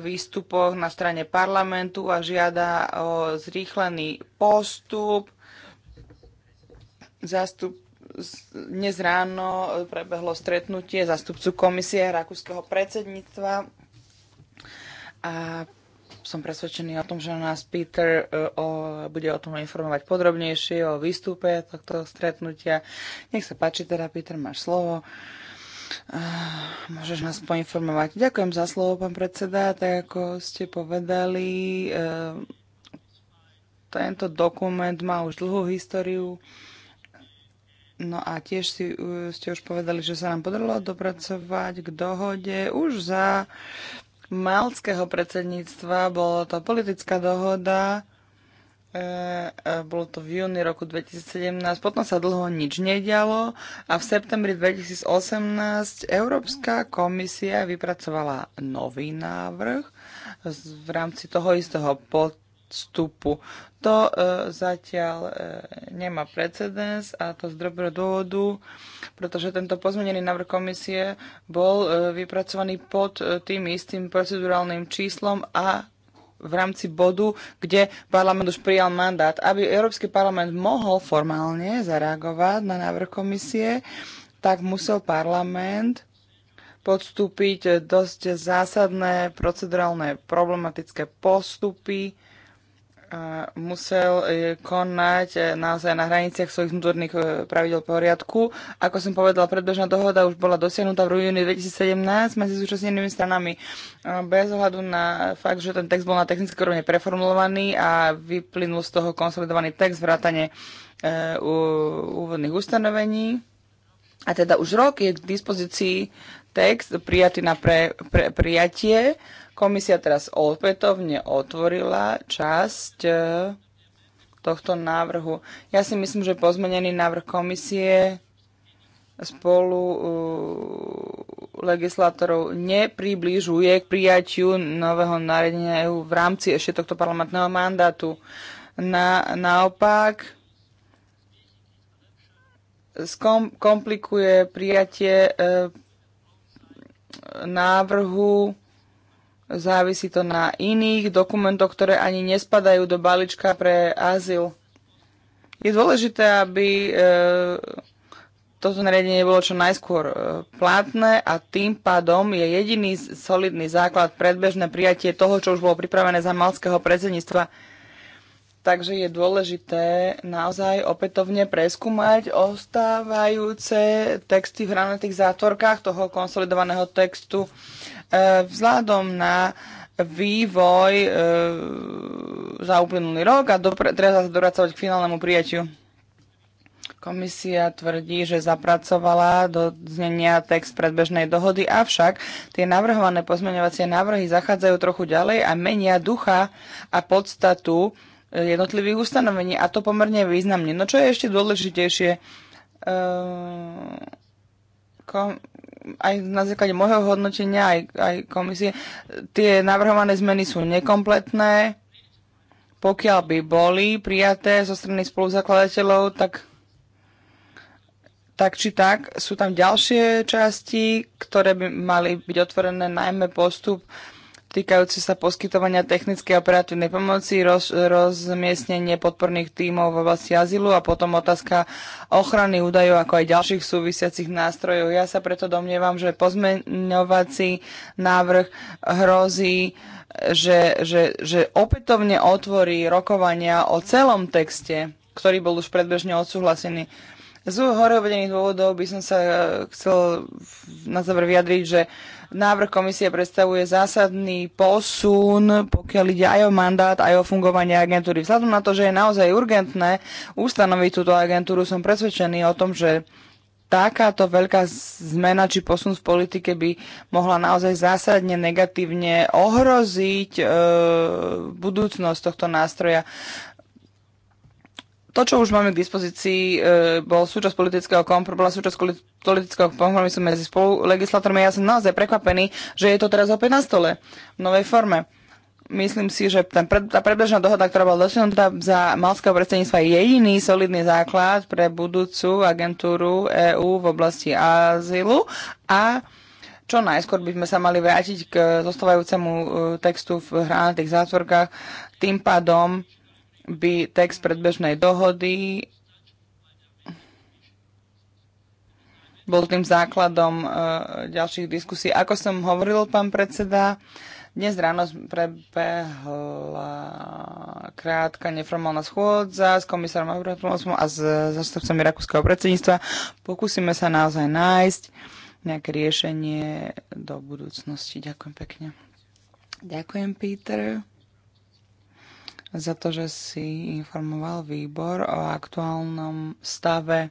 výstupoch na strane parlamentu a žiada o zrýchlený postup Zástup dnes ráno prebehlo stretnutie zástupcu komisie rakúskeho predsedníctva a som presvedčený o tom, že nás Peter e, o, bude o tom informovať podrobnejšie o výstupe tohto stretnutia. Nech sa páči teda, Peter, máš slovo. Môžeš nás poinformovať. Ďakujem za slovo, pán predseda. Tak ako ste povedali, e, tento dokument má už dlhú históriu. No a tiež si, e, ste už povedali, že sa nám podarilo dopracovať k dohode už za malckého predsedníctva. Bola to politická dohoda, e, e, bolo to v júni roku 2017, potom sa dlho nič nedialo a v septembri 2018 Európska komisia vypracovala nový návrh v rámci toho istého pod vstupu. To e, zatiaľ e, nemá precedens a to z dobrého dôvodu, pretože tento pozmenený návrh komisie bol e, vypracovaný pod e, tým istým procedurálnym číslom a v rámci bodu, kde parlament už prijal mandát. Aby Európsky parlament mohol formálne zareagovať na návrh komisie, tak musel parlament podstúpiť dosť zásadné procedurálne problematické postupy, musel e, konať e, naozaj na hraniciach svojich vnútorných e, pravidel poriadku. Ako som povedal, predbežná dohoda už bola dosiahnutá v júni 2017 medzi zúčastnenými stranami. Bez ohľadu na fakt, že ten text bol na technické rovne preformulovaný a vyplynul z toho konsolidovaný text vrátane úvodných ustanovení. A teda už rok je k dispozícii text prijatý na pre, pre, prijatie. Komisia teraz opätovne otvorila časť e, tohto návrhu. Ja si myslím, že pozmenený návrh komisie spolu e, legislátorov nepribližuje k prijaťu nového nariadenia EÚ v rámci ešte tohto parlamentného mandátu. Na, naopak skom, komplikuje prijatie e, návrhu závisí to na iných dokumentoch, ktoré ani nespadajú do balíčka pre azyl. Je dôležité, aby e, toto nariadenie bolo čo najskôr e, platné a tým pádom je jediný solidný základ predbežné prijatie toho, čo už bolo pripravené za malského predsedníctva. Takže je dôležité naozaj opätovne preskúmať ostávajúce texty v hranatých zátvorkách toho konsolidovaného textu Eh, vzhľadom na vývoj e, za uplynulý rok a treba sa doracovať k finálnemu prijaťu. Komisia tvrdí, že zapracovala do znenia text predbežnej dohody, avšak tie navrhované pozmeňovacie návrhy zachádzajú trochu ďalej a menia ducha a podstatu eh, jednotlivých ustanovení a to pomerne významne. No čo je ešte dôležitejšie? E, kom, aj na základe môjho hodnotenia, aj, aj komisie, tie navrhované zmeny sú nekompletné. Pokiaľ by boli prijaté zo strany spoluzakladateľov, tak, tak či tak sú tam ďalšie časti, ktoré by mali byť otvorené najmä postup týkajúci sa poskytovania technickej operatívnej pomoci, roz, rozmiestnenie podporných tímov v oblasti azylu a potom otázka ochrany údajov, ako aj ďalších súvisiacich nástrojov. Ja sa preto domnievam, že pozmeňovací návrh hrozí, že, že, že opätovne otvorí rokovania o celom texte, ktorý bol už predbežne odsúhlasený. Z hore uvedených dôvodov by som sa eh, chcel na záver vyjadriť, že Návrh komisie predstavuje zásadný posun, pokiaľ ide aj o mandát, aj o fungovanie agentúry. Vzhľadom na to, že je naozaj urgentné ustanoviť túto agentúru, som presvedčený o tom, že takáto veľká zmena či posun v politike by mohla naozaj zásadne negatívne ohroziť e, budúcnosť tohto nástroja to, čo už máme k dispozícii, e, bol súčasť politického kompromisu, bola súčasť politického kompromisu medzi spolulegislátormi. Ja som naozaj prekvapený, že je to teraz opäť na stole v novej forme. Myslím si, že ten, tá predbežná dohoda, ktorá bola dosiahnutá teda za malského predsedníctva, je jediný solidný základ pre budúcu agentúru EÚ v oblasti azylu a čo najskôr by sme sa mali vrátiť k zostávajúcemu e, textu v hranatých zátvorkách. Tým pádom by text predbežnej dohody bol tým základom e, ďalších diskusí. Ako som hovoril, pán predseda, dnes ráno prebehla krátka neformálna schôdza s komisárom Avratomom a s zastupcami rakúskeho predsedníctva. Pokúsime sa naozaj nájsť nejaké riešenie do budúcnosti. Ďakujem pekne. Ďakujem, Peter za to, že si informoval výbor o aktuálnom stave.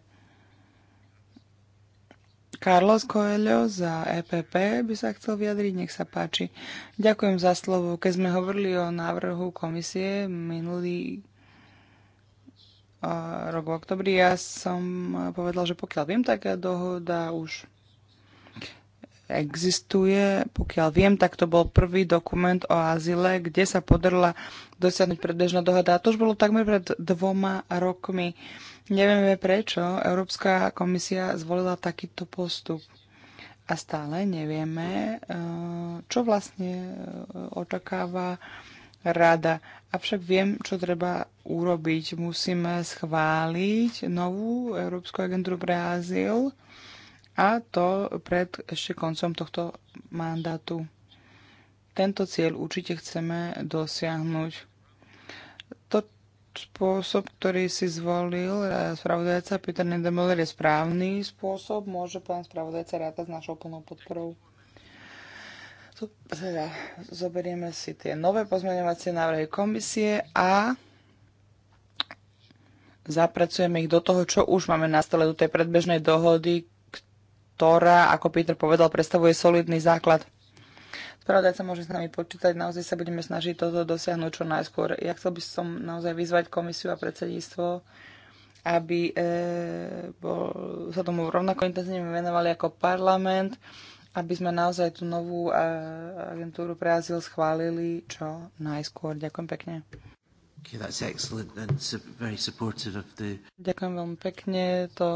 Carlos Coelho za EPP by sa chcel vyjadriť, nech sa páči. Ďakujem za slovo. Keď sme hovorili o návrhu komisie minulý eh, rok v oktobri, ja som povedal, že pokiaľ viem, tak dohoda už existuje. Pokiaľ viem, tak to bol prvý dokument o azyle, kde sa podarila dosiahnuť predbežná dohoda. A to už bolo takmer pred dvoma rokmi. Nevieme prečo Európska komisia zvolila takýto postup. A stále nevieme, e, čo vlastne e, očakáva rada. Avšak viem, čo treba urobiť. Musíme schváliť novú Európsku agentúru pre azyl a to pred ešte koncom tohto mandátu. Tento cieľ určite chceme dosiahnuť. To spôsob, ktorý si zvolil eh, spravodajca Peter Nedemoller je správny spôsob. Môže pán spravodajca rátať s našou plnou podporou. Teda, zoberieme si tie nové pozmeňovacie návrhy komisie a zapracujeme ich do toho, čo už máme na stole, do tej predbežnej dohody, ktorá, ako Peter povedal, predstavuje solidný základ. sa môže s nami počítať, naozaj sa budeme snažiť toto dosiahnuť čo najskôr. Ja chcel by som naozaj vyzvať komisiu a predsedníctvo, aby e, bol, sa tomu rovnako intenzívne venovali ako parlament, aby sme naozaj tú novú e, agentúru pre azyl schválili čo najskôr. Ďakujem pekne. Okay, that's excellent and very supportive of the... Ďakujem veľmi pekne, to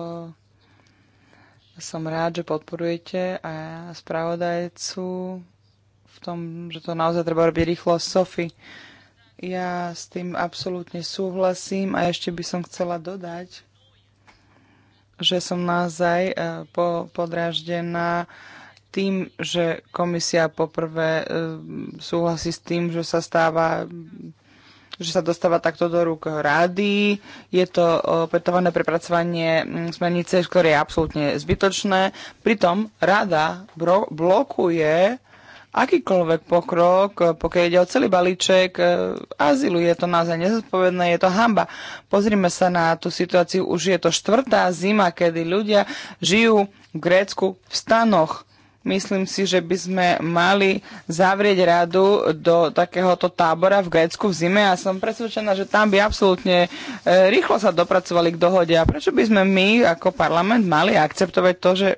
som rád, že podporujete a spravodajcu v tom, že to naozaj treba robiť rýchlo. Sofy, ja s tým absolútne súhlasím a ešte by som chcela dodať, že som naozaj e, podráždená tým, že komisia poprvé e, súhlasí s tým, že sa stáva že sa dostáva takto do rúk rady. Je to e, opätované prepracovanie mm, smernice, ktoré je absolútne zbytočné. Pritom rada blokuje akýkoľvek pokrok, e, pokiaľ ide o celý balíček e, azylu. Je to naozaj nezodpovedné, je to hamba. Pozrime sa na tú situáciu. Už je to štvrtá zima, kedy ľudia žijú v Grécku v stanoch Myslím si, že by sme mali zavrieť radu do takéhoto tábora v Grécku v zime a som presvedčená, že tam by absolútne e, rýchlo sa dopracovali k dohode. A prečo by sme my ako parlament mali akceptovať to, že e,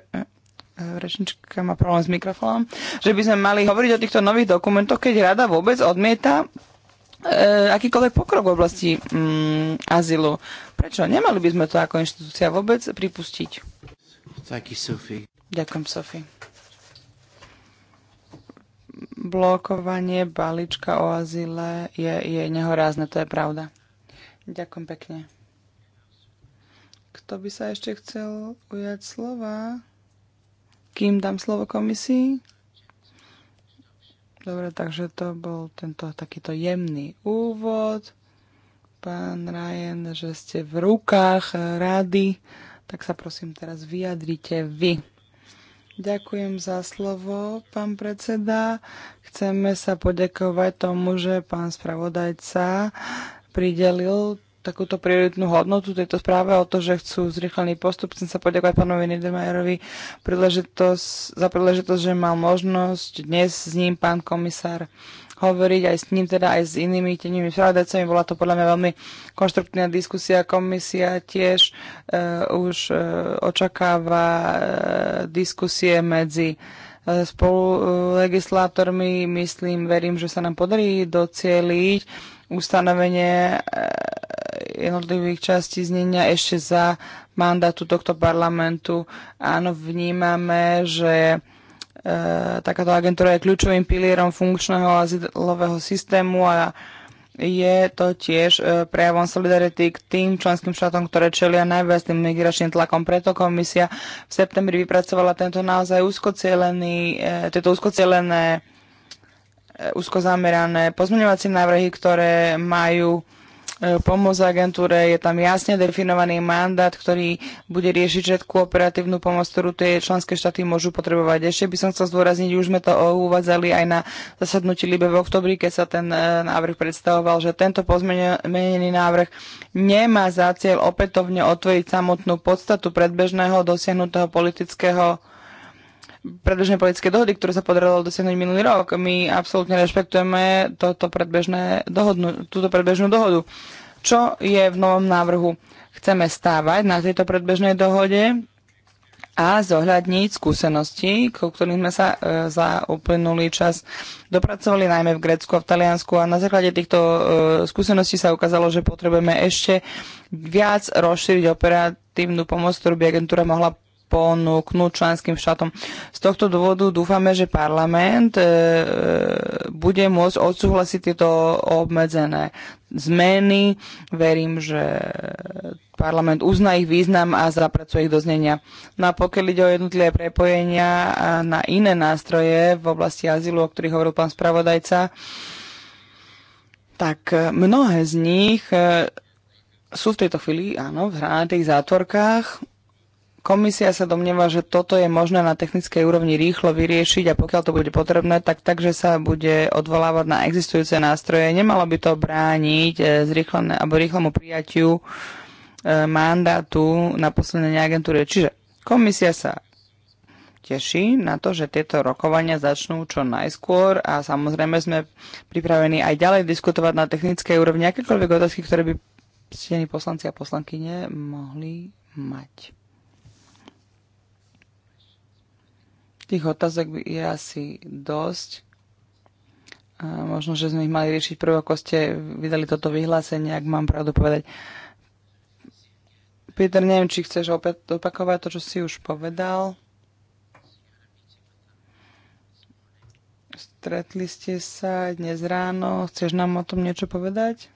rečnička má problém s mikrofónom, že by sme mali hovoriť o týchto nových dokumentoch, keď rada vôbec odmieta e, akýkoľvek pokrok v oblasti mm, azylu. Prečo? Nemali by sme to ako inštitúcia vôbec pripustiť. Taký Sophie. Ďakujem, Sophie blokovanie balíčka o azile je, je nehorázne, to je pravda. Ďakujem pekne. Kto by sa ešte chcel ujať slova? Kým dám slovo komisii? Dobre, takže to bol tento takýto jemný úvod. Pán Ryan, že ste v rukách rady, tak sa prosím teraz vyjadrite vy. Ďakujem za slovo, pán predseda. Chceme sa podekovať tomu, že pán spravodajca pridelil takúto prioritnú hodnotu tejto správe o to, že chcú zrýchlený postup. Chcem sa poďakovať pánovi Niedermajerovi príležitosť, za príležitosť, že mal možnosť dnes s ním pán komisár hovoriť aj s ním, teda aj s inými tenými spravodajcami. Bola to podľa mňa veľmi konštruktívna diskusia. Komisia tiež uh, už uh, očakáva uh, diskusie medzi spolu spolulegislátormi. Uh, Myslím, verím, že sa nám podarí docieliť ustanovenie jednotlivých častí znenia ešte za mandátu tohto parlamentu. Áno, vnímame, že E, takáto agentúra je kľúčovým pilierom funkčného azylového systému a je to tiež e, prejavom solidarity k tým členským štátom, ktoré čelia najviac tým migračným tlakom. Preto komisia v septembri vypracovala tento naozaj úzkocielený, e, tieto úzkocielené, úzko zamerané pozmeňovacie návrhy, ktoré majú E, pomoc agentúre, je tam jasne definovaný mandát, ktorý bude riešiť všetku operatívnu pomoc, ktorú tie členské štáty môžu potrebovať. Ešte by som chcel zdôrazniť, už sme to uvádzali aj na zasadnutí Libe v oktobri, keď sa ten e, návrh predstavoval, že tento pozmenený návrh nemá za cieľ opätovne otvoriť samotnú podstatu predbežného dosiahnutého politického predbežné politické dohody, ktoré sa podarilo dosiahnuť minulý rok. My absolútne rešpektujeme toto predbežné dohodnú, túto predbežnú dohodu. Čo je v novom návrhu? Chceme stávať na tejto predbežnej dohode a zohľadniť skúsenosti, ku ktorým sme sa e, za uplynulý čas dopracovali, najmä v Grécku a v Taliansku. A na základe týchto e, skúseností sa ukázalo, že potrebujeme ešte viac rozšíriť operatívnu pomoc, ktorú by agentúra mohla ponúknuť členským štátom. Z tohto dôvodu dúfame, že parlament e, e, bude môcť odsúhlasiť tieto obmedzené zmeny. Verím, že parlament uzná ich význam a zapracuje ich do znenia. No a pokiaľ ide o jednotlivé prepojenia e, na iné nástroje v oblasti azylu, o ktorých hovoril pán spravodajca, tak e, mnohé z nich sú v tejto chvíli, áno, v hranatých zátvorkách, Komisia sa domnieva, že toto je možné na technickej úrovni rýchlo vyriešiť a pokiaľ to bude potrebné, tak takže sa bude odvolávať na existujúce nástroje. Nemalo by to brániť e, zrýchlené, alebo rýchlemu prijatiu e, mandátu na poslednej agentúre. Čiže komisia sa teší na to, že tieto rokovania začnú čo najskôr a samozrejme sme pripravení aj ďalej diskutovať na technickej úrovni akékoľvek otázky, ktoré by ctení poslanci a poslankyne mohli mať. Tých otázok je asi dosť. A možno, že sme ich mali riešiť prvé, ako ste vydali toto vyhlásenie, ak mám pravdu povedať. Peter, neviem, či chceš opäť opakovať to, čo si už povedal. Stretli ste sa dnes ráno. Chceš nám o tom niečo povedať?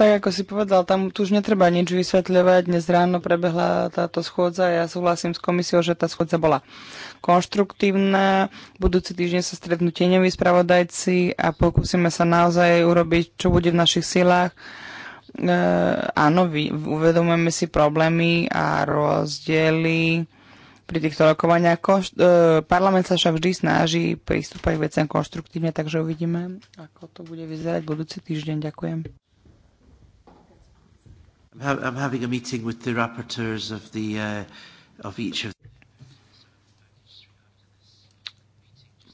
Tak ako si povedal, tam tu už netreba nič vysvetľovať. Dnes ráno prebehla táto schôdza ja súhlasím s komisiou, že tá schôdza bola konštruktívna. Budúci týždeň sa stretnú tieňoví spravodajci a pokúsime sa naozaj urobiť, čo bude v našich silách. E, áno, vy, uvedomujeme si problémy a rozdiely pri týchto rokovaniach. e, parlament sa však vždy snaží pristúpať k veciam konštruktívne, takže uvidíme, ako to bude vyzerať budúci týždeň. Ďakujem. I'm, ha- I'm having a meeting with the rapporteurs of the uh, of each of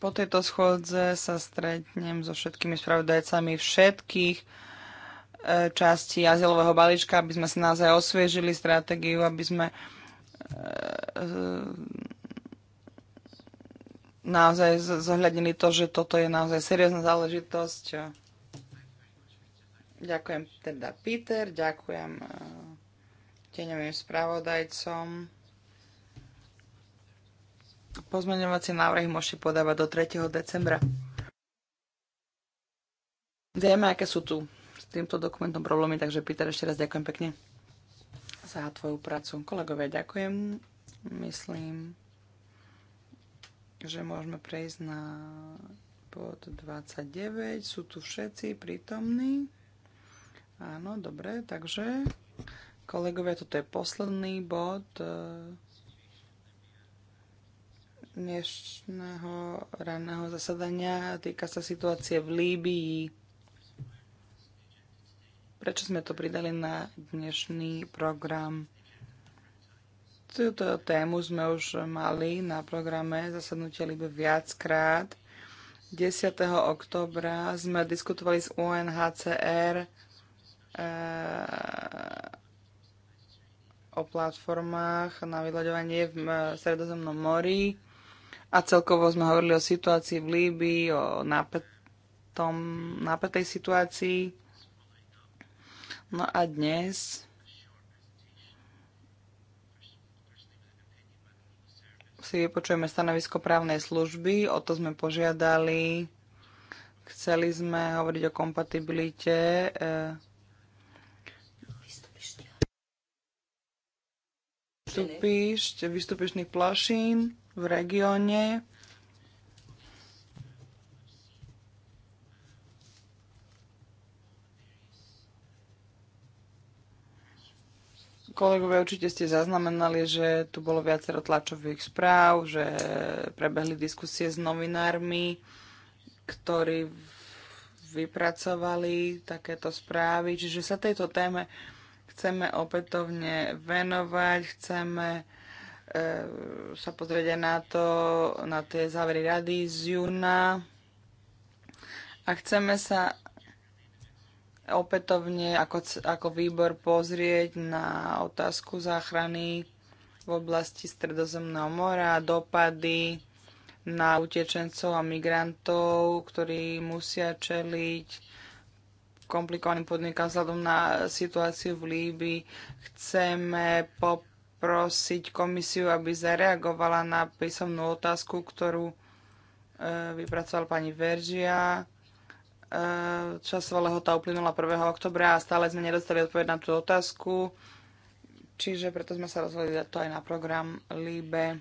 po tejto schôdze sa stretnem so všetkými spravodajcami všetkých e, častí azylového balíčka, aby sme sa naozaj osviežili stratégiu, aby sme e, e, naozaj zohľadnili to, že toto je naozaj seriózna záležitosť. Ďakujem teda Peter, ďakujem e, teňovým spravodajcom. Pozmeňovacie návrhy môžete podávať do 3. decembra. Vieme, aké sú tu s týmto dokumentom problémy, takže Peter, ešte raz ďakujem pekne za tvoju prácu. Kolegovia, ďakujem. Myslím, že môžeme prejsť na pod 29. Sú tu všetci prítomní. Áno, dobre, takže kolegovia, toto je posledný bod e, dnešného ranného zasadania. Týka sa situácie v Líbii. Prečo sme to pridali na dnešný program? Túto tému sme už mali na programe zasadnutia Líbe viackrát. 10. oktobra sme diskutovali s UNHCR o platformách na vyľaďovanie v Sredozemnom mori a celkovo sme hovorili o situácii v Líbii, o napätom, napätej situácii. No a dnes si vypočujeme stanovisko právnej služby, o to sme požiadali. Chceli sme hovoriť o kompatibilite e, vystúpiš, vystúpiš plašín v regióne. Kolegovia, určite ste zaznamenali, že tu bolo viacero tlačových správ, že prebehli diskusie s novinármi, ktorí vypracovali takéto správy, čiže sa tejto téme chceme opätovne venovať, chceme e, sa pozrieť aj na to, na tie závery rady z júna a chceme sa opätovne ako, ako výbor pozrieť na otázku záchrany v oblasti Stredozemného mora, dopady na utečencov a migrantov, ktorí musia čeliť komplikovaným podmienkam vzhľadom na situáciu v Líbii. Chceme poprosiť komisiu, aby zareagovala na písomnú otázku, ktorú e, vypracovala pani Veržia. E, časová lehota uplynula 1. oktobra a stále sme nedostali odpoveď na tú otázku. Čiže preto sme sa rozhodli dať to aj na program Líbe.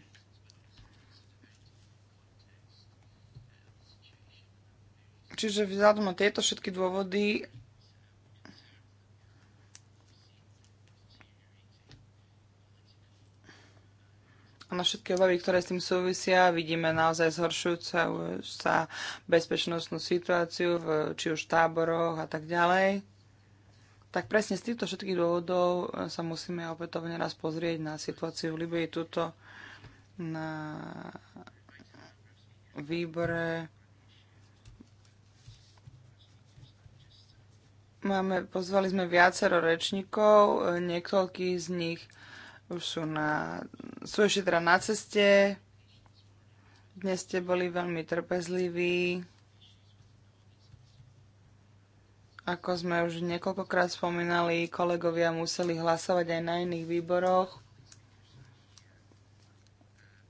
Čiže vzhľadom na tieto všetky dôvody a na všetky obavy, ktoré s tým súvisia, vidíme naozaj zhoršujúcu sa bezpečnostnú situáciu, v, či už v táboroch a tak ďalej. Tak presne z týchto všetkých dôvodov e, sa musíme opätovne raz pozrieť na situáciu v Libii, tuto na výbore Máme, pozvali sme viacero rečníkov, e, niekoľkých z nich už sú, na, sú ešte teda na ceste. Dnes ste boli veľmi trpezliví. Ako sme už niekoľkokrát spomínali, kolegovia museli hlasovať aj na iných výboroch.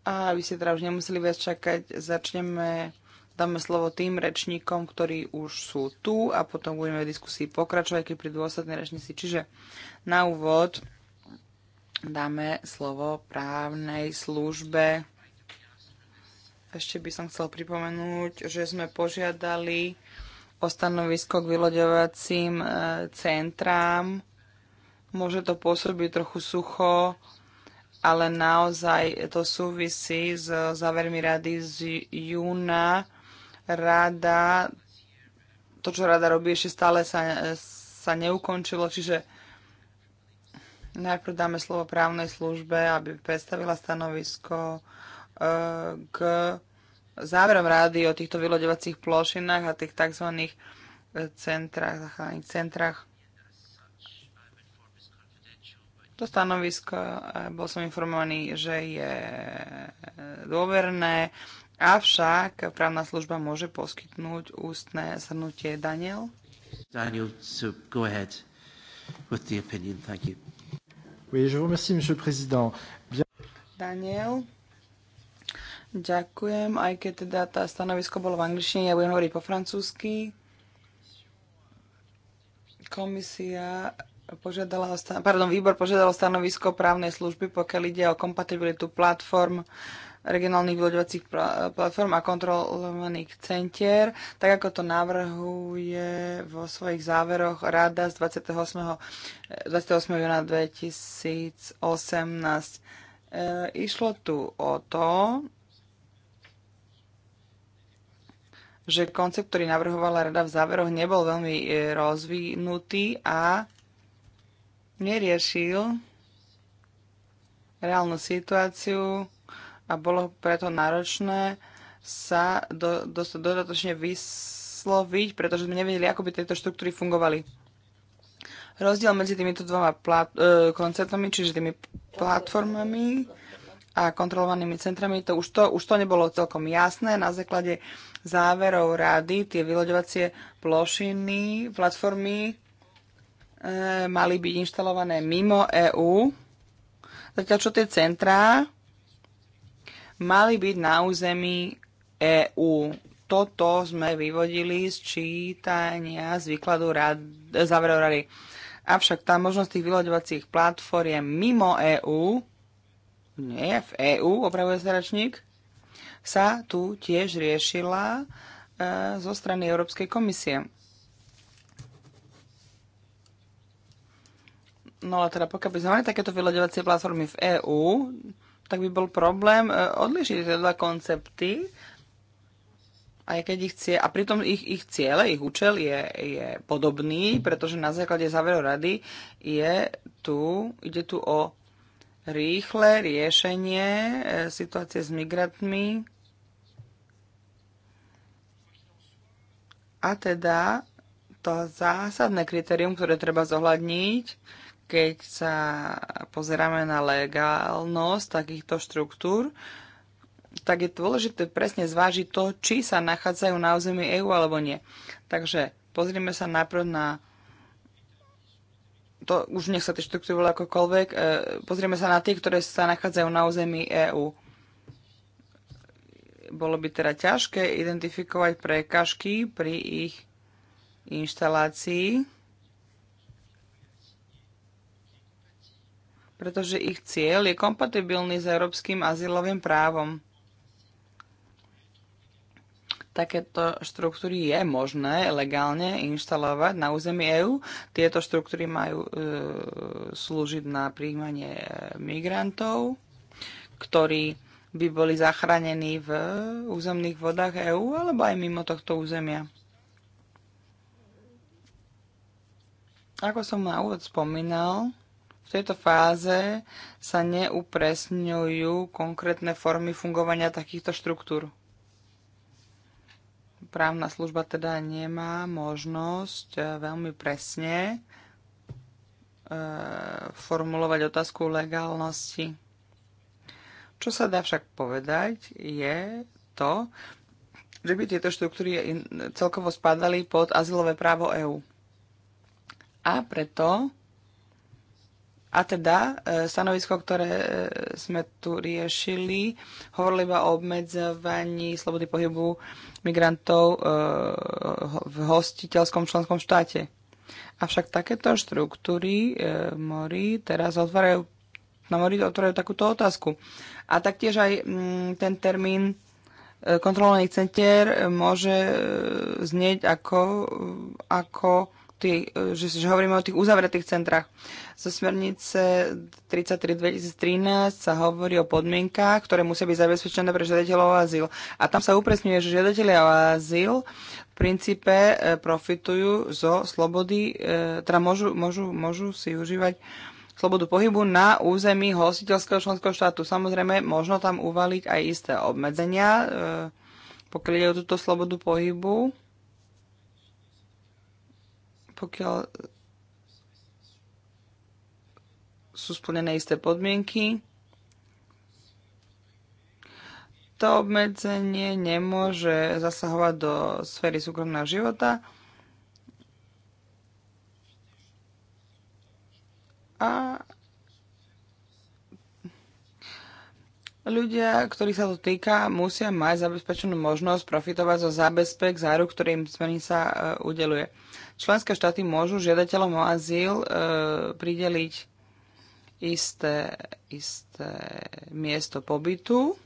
A aby ste teda už nemuseli viac čakať, začneme dáme slovo tým rečníkom, ktorí už sú tu a potom budeme v diskusii pokračovať, keď prídu ostatní rečníci. Čiže na úvod dáme slovo právnej službe. Ešte by som chcel pripomenúť, že sme požiadali o stanovisko k vyloďovacím e, centrám. Môže to pôsobiť trochu sucho, ale naozaj to súvisí s závermi rady z júna rada, to, čo rada robí, ešte stále sa, sa neukončilo, čiže najprv dáme slovo právnej službe, aby predstavila stanovisko e, k záverom rády o týchto vyloďovacích plošinách a tých tzv. E, centrách, zachránených centrách. To stanovisko, e, bol som informovaný, že je dôverné, Avšak právna služba môže poskytnúť ústne zhrnutie. Daniel? Daniel, so go ahead with the opinion. Thank you. Oui, je vous remercie, monsieur le président. Bien... Daniel? Ďakujem, aj keď teda tá stanovisko bolo v angličtine, ja budem hovoriť po francúzsky. Komisia požiadala, pardon, výbor požiadal stanovisko právnej služby, pokiaľ ide o kompatibilitu platform uh, regionálnych vyloďovacích platform a kontrolovaných centier, tak ako to navrhuje vo svojich záveroch Rada z 28. 28. Eh, júna 2018. E, eh, išlo tu o to, že koncept, ktorý navrhovala Rada v záveroch, nebol veľmi eh, rozvinutý a neriešil reálnu situáciu a bolo preto náročné sa do, dosť dodatočne vysloviť, pretože sme nevedeli, ako by tieto štruktúry fungovali. Rozdiel medzi týmito dvoma plat, e, konceptami, čiže tými platformami a kontrolovanými centrami, to už, to už to nebolo celkom jasné. Na základe záverov rady tie vyloďovacie plošiny, platformy e, mali byť inštalované mimo EÚ, zatiaľ čo tie centrá mali byť na území EÚ. Toto sme vyvodili z čítania z výkladu záverov rady. Avšak tá možnosť tých vyloďovacích platform mimo EÚ, nie v EÚ, opravuje sa račník, sa tu tiež riešila e, zo strany Európskej komisie. No a teda pokiaľ by sme mali takéto vyloďovacie platformy v EÚ, tak by bol problém e, odlišiť tie dva koncepty, aj keď ich cie, a pritom ich, ich ciele, ich účel je, je podobný, pretože na základe záveru rady je tu, ide tu o rýchle riešenie e, situácie s migrantmi a teda to zásadné kritérium, ktoré treba zohľadniť, keď sa pozeráme na legálnosť takýchto štruktúr, tak je dôležité presne zvážiť to, či sa nachádzajú na území EÚ alebo nie. Takže pozrieme sa najprv na to už nech sa tie štruktúry volajú akokoľvek, e, pozrieme sa na tie, ktoré sa nachádzajú na území EÚ. Bolo by teda ťažké identifikovať prekažky pri ich inštalácii pretože ich cieľ je kompatibilný s európskym azylovým právom. Takéto štruktúry je možné legálne inštalovať na území EÚ. Tieto štruktúry majú e, slúžiť na príjmanie migrantov, ktorí by boli zachránení v územných vodách EÚ alebo aj mimo tohto územia. Ako som na úvod spomínal, v tejto fáze sa neupresňujú konkrétne formy fungovania takýchto štruktúr. Právna služba teda nemá možnosť e, veľmi presne e, formulovať otázku legálnosti. Čo sa dá však povedať je to, že by tieto štruktúry celkovo spadali pod azylové právo EÚ. A preto a teda e, stanovisko, ktoré e, sme tu riešili, hovorilo iba o obmedzovaní slobody pohybu migrantov e, v hostiteľskom členskom štáte. Avšak takéto štruktúry mori teraz otvárajú, na mori otvárajú takúto otázku. A taktiež aj mm, ten termín kontrolovaný centier môže znieť ako, ako tý, že, že hovoríme o tých uzavretých centrách. Zo smernice 33-2013 sa hovorí o podmienkách, ktoré musia byť zabezpečené pre žiadateľov o azyl. A tam sa upresňuje, že žiadatelia o azyl v princípe e, profitujú zo slobody, e, teda môžu, môžu, môžu si užívať slobodu pohybu na území hostiteľského členského štátu. Samozrejme, možno tam uvaliť aj isté obmedzenia, e, pokiaľ ide o túto slobodu pohybu pokiaľ sú splnené isté podmienky, to obmedzenie nemôže zasahovať do sféry súkromného života a ľudia, ktorých sa to týka, musia mať zabezpečenú možnosť profitovať zo zábezpek záruk, ktorým sa e, udeluje. Členské štáty môžu žiadateľom o azyl e, prideliť isté, isté miesto pobytu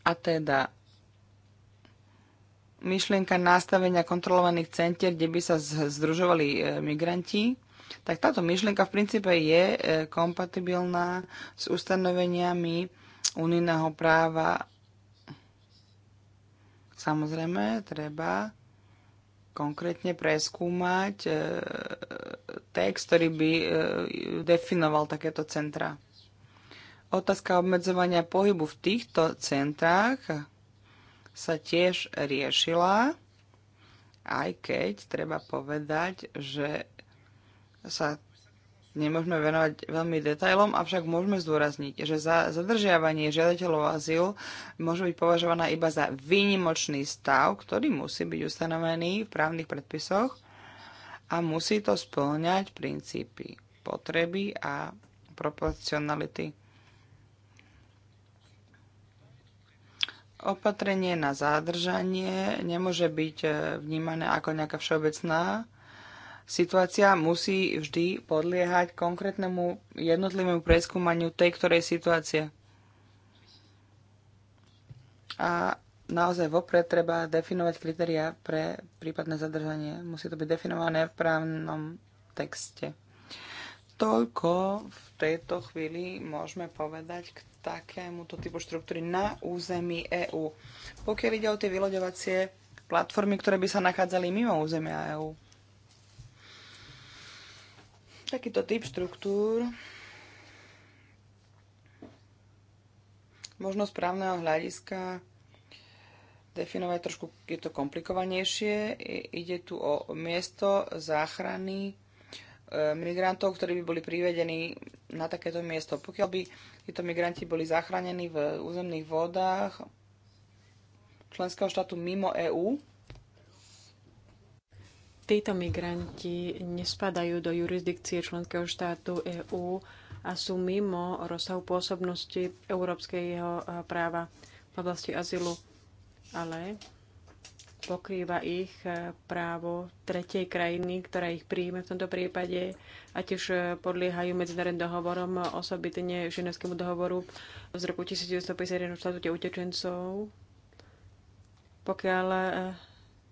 a teda myšlienka nastavenia kontrolovaných centier, kde by sa združovali e, migranti, tak táto myšlienka v princípe je e, kompatibilná s ustanoveniami unijného práva. Samozrejme, treba konkrétne preskúmať e, text, ktorý by e, definoval takéto centra. Otázka obmedzovania pohybu v týchto centrách sa tiež riešila, aj keď treba povedať, že sa nemôžeme venovať veľmi detailom, avšak môžeme zdôrazniť, že za zadržiavanie žiadateľov azyl môže byť považovaná iba za výnimočný stav, ktorý musí byť ustanovený v právnych predpisoch a musí to splňať princípy potreby a proporcionality. Opatrenie na zadržanie nemôže byť eh, vnímané ako nejaká všeobecná Situácia musí vždy podliehať konkrétnemu jednotlivému preskúmaniu tej ktorej situácie. A naozaj vopred treba definovať kritériá pre prípadné zadržanie. Musí to byť definované v právnom texte. Toľko v tejto chvíli môžeme povedať k takémuto typu štruktúry na území EÚ. Pokiaľ ide o tie vyloďovacie platformy, ktoré by sa nachádzali mimo územia EÚ, Takýto typ štruktúr možno správneho hľadiska definovať trošku, je to komplikovanejšie. Ide tu o miesto záchrany e, migrantov, ktorí by boli privedení na takéto miesto. Pokiaľ by títo migranti boli zachránení v územných vodách členského štátu mimo EÚ, Títo migranti nespadajú do jurisdikcie členského štátu EÚ a sú mimo rozsahu pôsobnosti európskeho e, práva v oblasti azylu, ale pokrýva ich e, právo tretej krajiny, ktorá ich príjme v tomto prípade a tiež e, podliehajú medzinárodným dohovorom, osobitne Ženevskému dohovoru z roku 1951 v štatute utečencov. Pokiaľ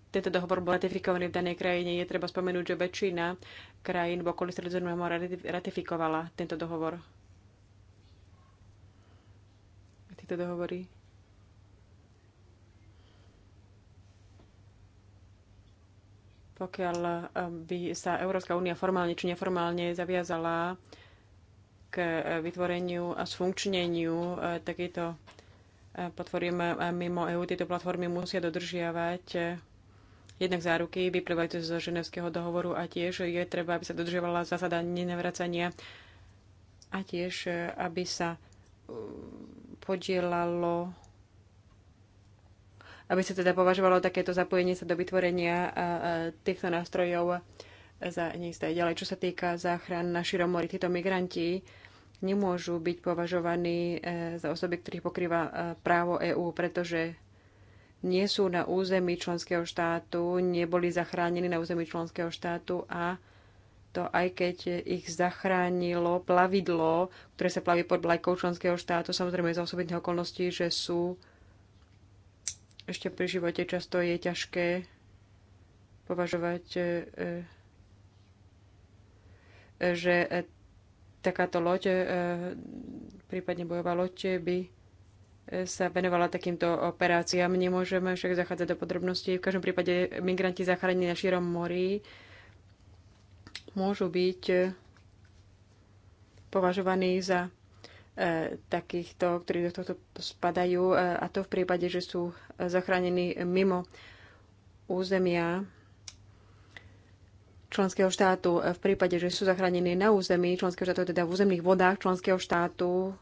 tento dohovor bol ratifikovaný v danej krajine, je treba spomenúť, že väčšina krajín v okolí Stredozemného mora ratifikovala tento dohovor. Tieto dohovory. Pokiaľ um, by sa Európska únia formálne či neformálne zaviazala k uh, vytvoreniu a sfunkčneniu uh, takéto uh, platformy mimo EU, tieto platformy musia dodržiavať jednak záruky vyplývajúce zo ženevského dohovoru a tiež je treba, aby sa dodržovala zásada nenavracania a tiež, e, aby sa e, podielalo aby sa teda považovalo takéto zapojenie sa do vytvorenia e, týchto nástrojov za neisté. Ďalej, čo sa týka záchran na širom mori, títo migranti nemôžu byť považovaní za osoby, ktorých pokrýva právo EÚ, pretože nie sú na území členského štátu, neboli zachránení na území členského štátu a to aj keď ich zachránilo plavidlo, ktoré sa plaví pod vlajkou členského štátu, samozrejme za osobitných okolností, že sú ešte pri živote často je ťažké považovať, e, e, že takáto loď, e, prípadne bojová loď by sa venovala takýmto operáciám. Nemôžeme však zachádzať do podrobností. V každom prípade migranti zachránení na širom mori môžu byť eh, považovaní za eh, takýchto, ktorí do tohto spadajú, eh, a to v prípade, že sú zachránení mimo územia členského štátu. V prípade, že sú zachránení na území členského štátu, teda v územných vodách členského štátu,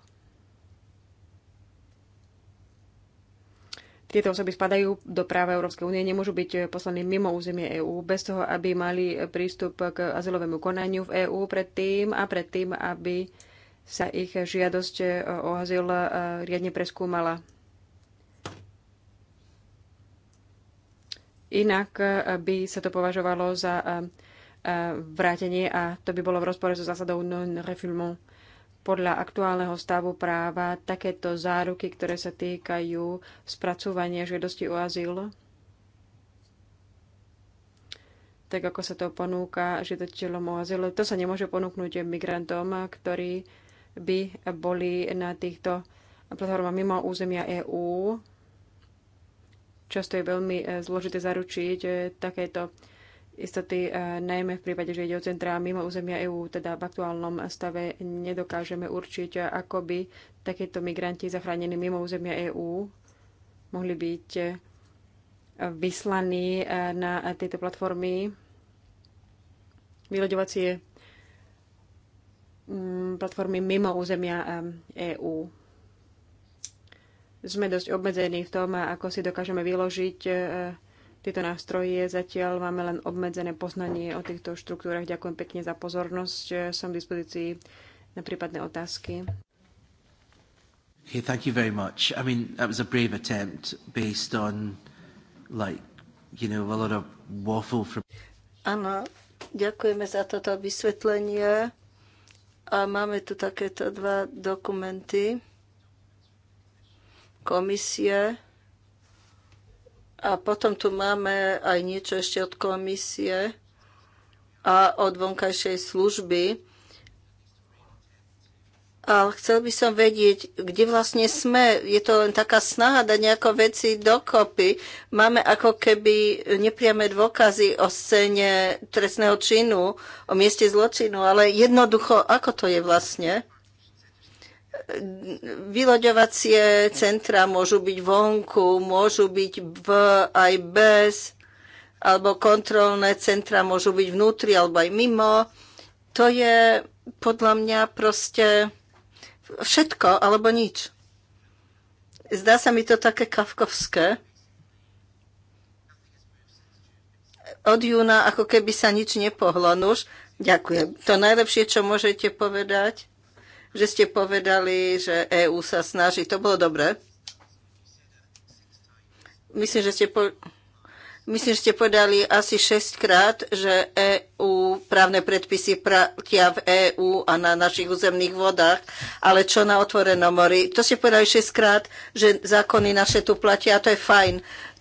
Tieto osoby spadajú do práva Európskej únie, nemôžu byť eh, poslaní mimo územie EÚ bez toho, aby mali eh, prístup k azylovému konaniu v EÚ predtým a predtým, aby sa ich žiadosť eh, o azyl riadne preskúmala. Inak by sa to považovalo za vrátenie a to by bolo v rozpore so zásadou non-refoulement podľa aktuálneho stavu práva takéto záruky, ktoré sa týkajú spracúvania žiadosti o azyl, tak ako sa to ponúka žiadateľom o azyl. To sa nemôže ponúknuť migrantom, ktorí by boli na týchto platformách mimo územia EÚ. Často je veľmi eh, zložité zaručiť eh, takéto istoty, e, najmä v prípade, že ide o centrá mimo územia EÚ, teda v aktuálnom stave nedokážeme určiť, ako by takéto migranti zachránení mimo územia EÚ mohli byť e, vyslaní e, na tieto platformy. vyľadovacie mm, platformy mimo územia EÚ. Sme dosť obmedzení v tom, ako si dokážeme vyložiť tieto nástroje. Zatiaľ máme len obmedzené poznanie o týchto štruktúrach. Ďakujem pekne za pozornosť. Som v dispozícii na prípadné otázky. Okay, thank you very much. I mean, that was a brave attempt based on, like, you know, a lot of waffle from... Áno, ďakujeme za toto vysvetlenie. A máme tu takéto dva dokumenty komisie a potom tu máme aj niečo ešte od komisie a od vonkajšej služby. Ale chcel by som vedieť, kde vlastne sme. Je to len taká snaha dať nejako veci dokopy. Máme ako keby nepriame dôkazy o scéne trestného činu, o mieste zločinu, ale jednoducho, ako to je vlastne? vyloďovacie centra môžu byť vonku, môžu byť v aj bez, alebo kontrolné centra môžu byť vnútri alebo aj mimo. To je podľa mňa proste všetko alebo nič. Zdá sa mi to také kafkovské. Od júna ako keby sa nič nepohlo. Nuž, ďakujem. To najlepšie, čo môžete povedať že ste povedali, že EÚ sa snaží. To bolo dobré. Myslím, že ste, po... Myslím, že ste povedali asi 6 krát, že EÚ právne predpisy platia v EÚ a na našich územných vodách, ale čo na otvorenom mori. To ste povedali 6 krát, že zákony naše tu platia a to je fajn.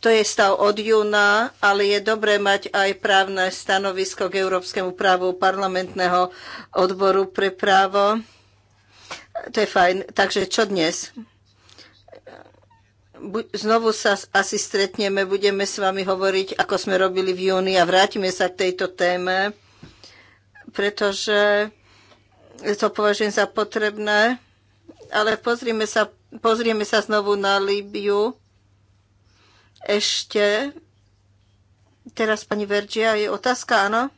To je stav od júna, ale je dobré mať aj právne stanovisko k Európskemu právu parlamentného odboru pre právo to je fajn. Takže čo dnes? Znovu sa asi stretneme, budeme s vami hovoriť, ako sme robili v júni a vrátime sa k tejto téme, pretože to považujem za potrebné. Ale pozrieme sa, pozrieme sa znovu na Líbiu. Ešte teraz pani Vergia je otázka, áno?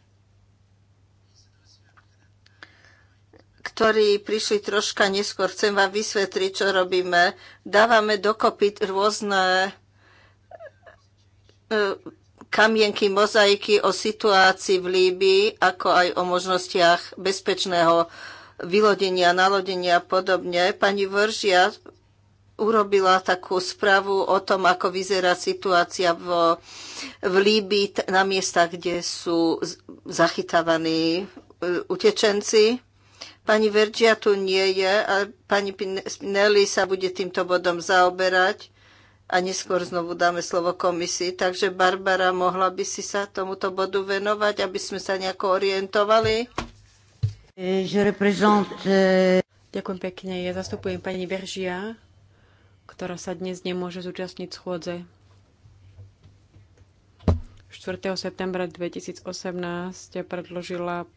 ktorí prišli troška neskôr, chcem vám vysvetliť, čo robíme. Dávame dokopy rôzne e, kamienky, mozaiky o situácii v Líbii, ako aj o možnostiach bezpečného vylodenia, nalodenia a podobne. Pani Vržia urobila takú správu o tom, ako vyzerá situácia v, v Líbii na miestach, kde sú zachytávaní e, utečenci. Pani Vergia tu nie je, ale pani Spinelli sa bude týmto bodom zaoberať a neskôr znovu dáme slovo komisii. Takže Barbara, mohla by si sa tomuto bodu venovať, aby sme sa nejako orientovali? Ďakujem pekne. Ja zastupujem pani Veržia, ktorá sa dnes nemôže zúčastniť schôdze. 4. septembra 2018 predložila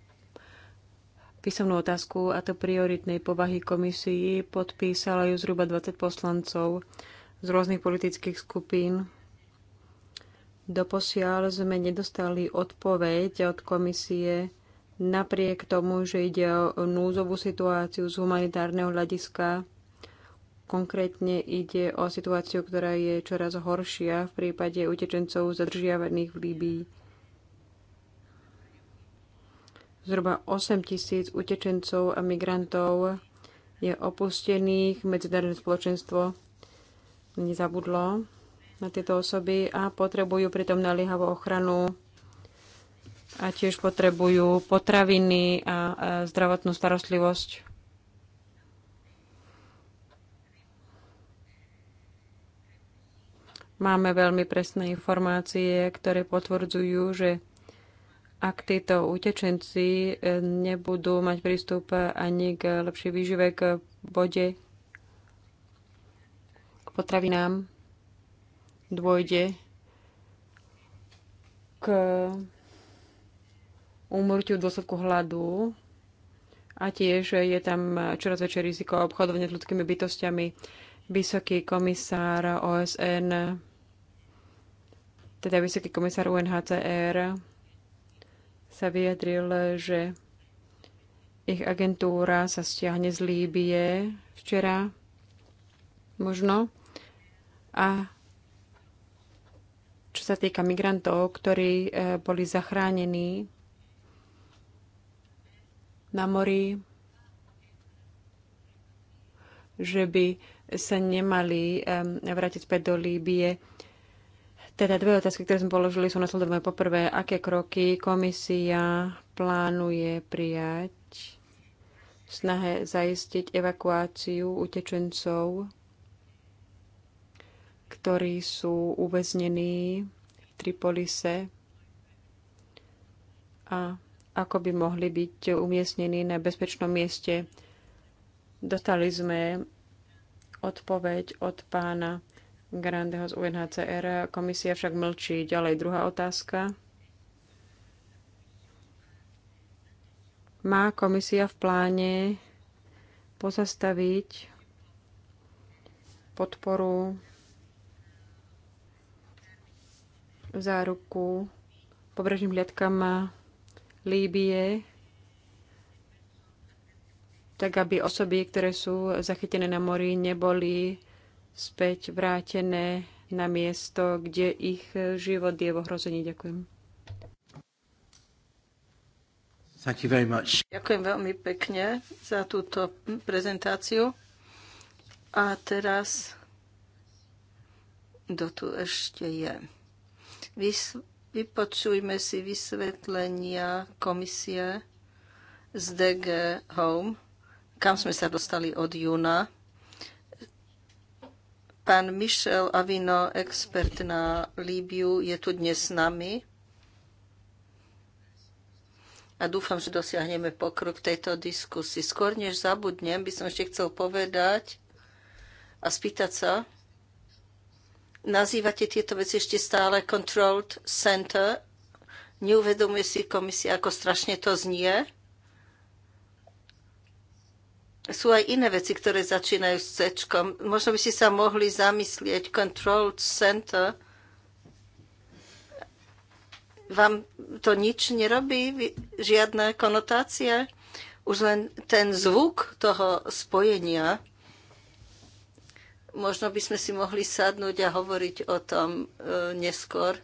písomnú otázku, a to prioritnej povahy komisii. Podpísalo ju zhruba 20 poslancov z rôznych politických skupín. Doposiaľ sme nedostali odpoveď od komisie napriek tomu, že ide o núzovú situáciu z humanitárneho hľadiska. Konkrétne ide o situáciu, ktorá je čoraz horšia v prípade utečencov zadržiavaných v Líbii. Zhruba 8 tisíc utečencov a migrantov je opustených. Medzinárodné spoločenstvo nezabudlo na tieto osoby a potrebujú pritom naliehavú ochranu a tiež potrebujú potraviny a zdravotnú starostlivosť. Máme veľmi presné informácie, ktoré potvrdzujú, že ak títo utečenci eh, nebudú mať prístup ani k lepšej výžive, k vode, k potravinám, dôjde k úmrtiu v dôsledku hladu a tiež je tam čoraz väčšie riziko obchodovania s ľudskými bytostiami. Vysoký komisár OSN, teda vysoký komisár UNHCR, sa vyjadril, že ich agentúra sa stiahne z Líbie včera, možno. A čo sa týka migrantov, ktorí e, boli zachránení na mori, že by sa nemali e, vrátiť späť do Líbie teda dve otázky, ktoré sme položili, sú nasledovné. Poprvé, aké kroky komisia plánuje prijať v snahe zaistiť evakuáciu utečencov, ktorí sú uväznení v Tripolise a ako by mohli byť umiestnení na bezpečnom mieste. Dostali sme odpoveď od pána Grandeho z UNHCR. Komisia však mlčí. Ďalej druhá otázka. Má komisia v pláne pozastaviť podporu záruku pobrežným hliadkam Líbie, tak aby osoby, ktoré sú zachytené na mori, neboli späť vrátené na miesto, kde ich život je v ohrození. Ďakujem. Thank you very much. Ďakujem veľmi pekne za túto prezentáciu. A teraz, kto tu ešte je? Vys- vypočujme si vysvetlenia komisie z DG Home, kam sme sa dostali od júna Pán Michel Avino, expert na Líbiu, je tu dnes s nami. A dúfam, že dosiahneme pokrok tejto diskusii. Skôr než zabudnem, by som ešte chcel povedať a spýtať sa, nazývate tieto veci ešte stále Controlled Center. Neuvedomuje si komisia, ako strašne to znie sú aj iné veci, ktoré začínajú s C. Možno by si sa mohli zamyslieť Control Center. Vám to nič nerobí? Žiadne konotácie? Už len ten zvuk toho spojenia. Možno by sme si mohli sadnúť a hovoriť o tom e, neskôr.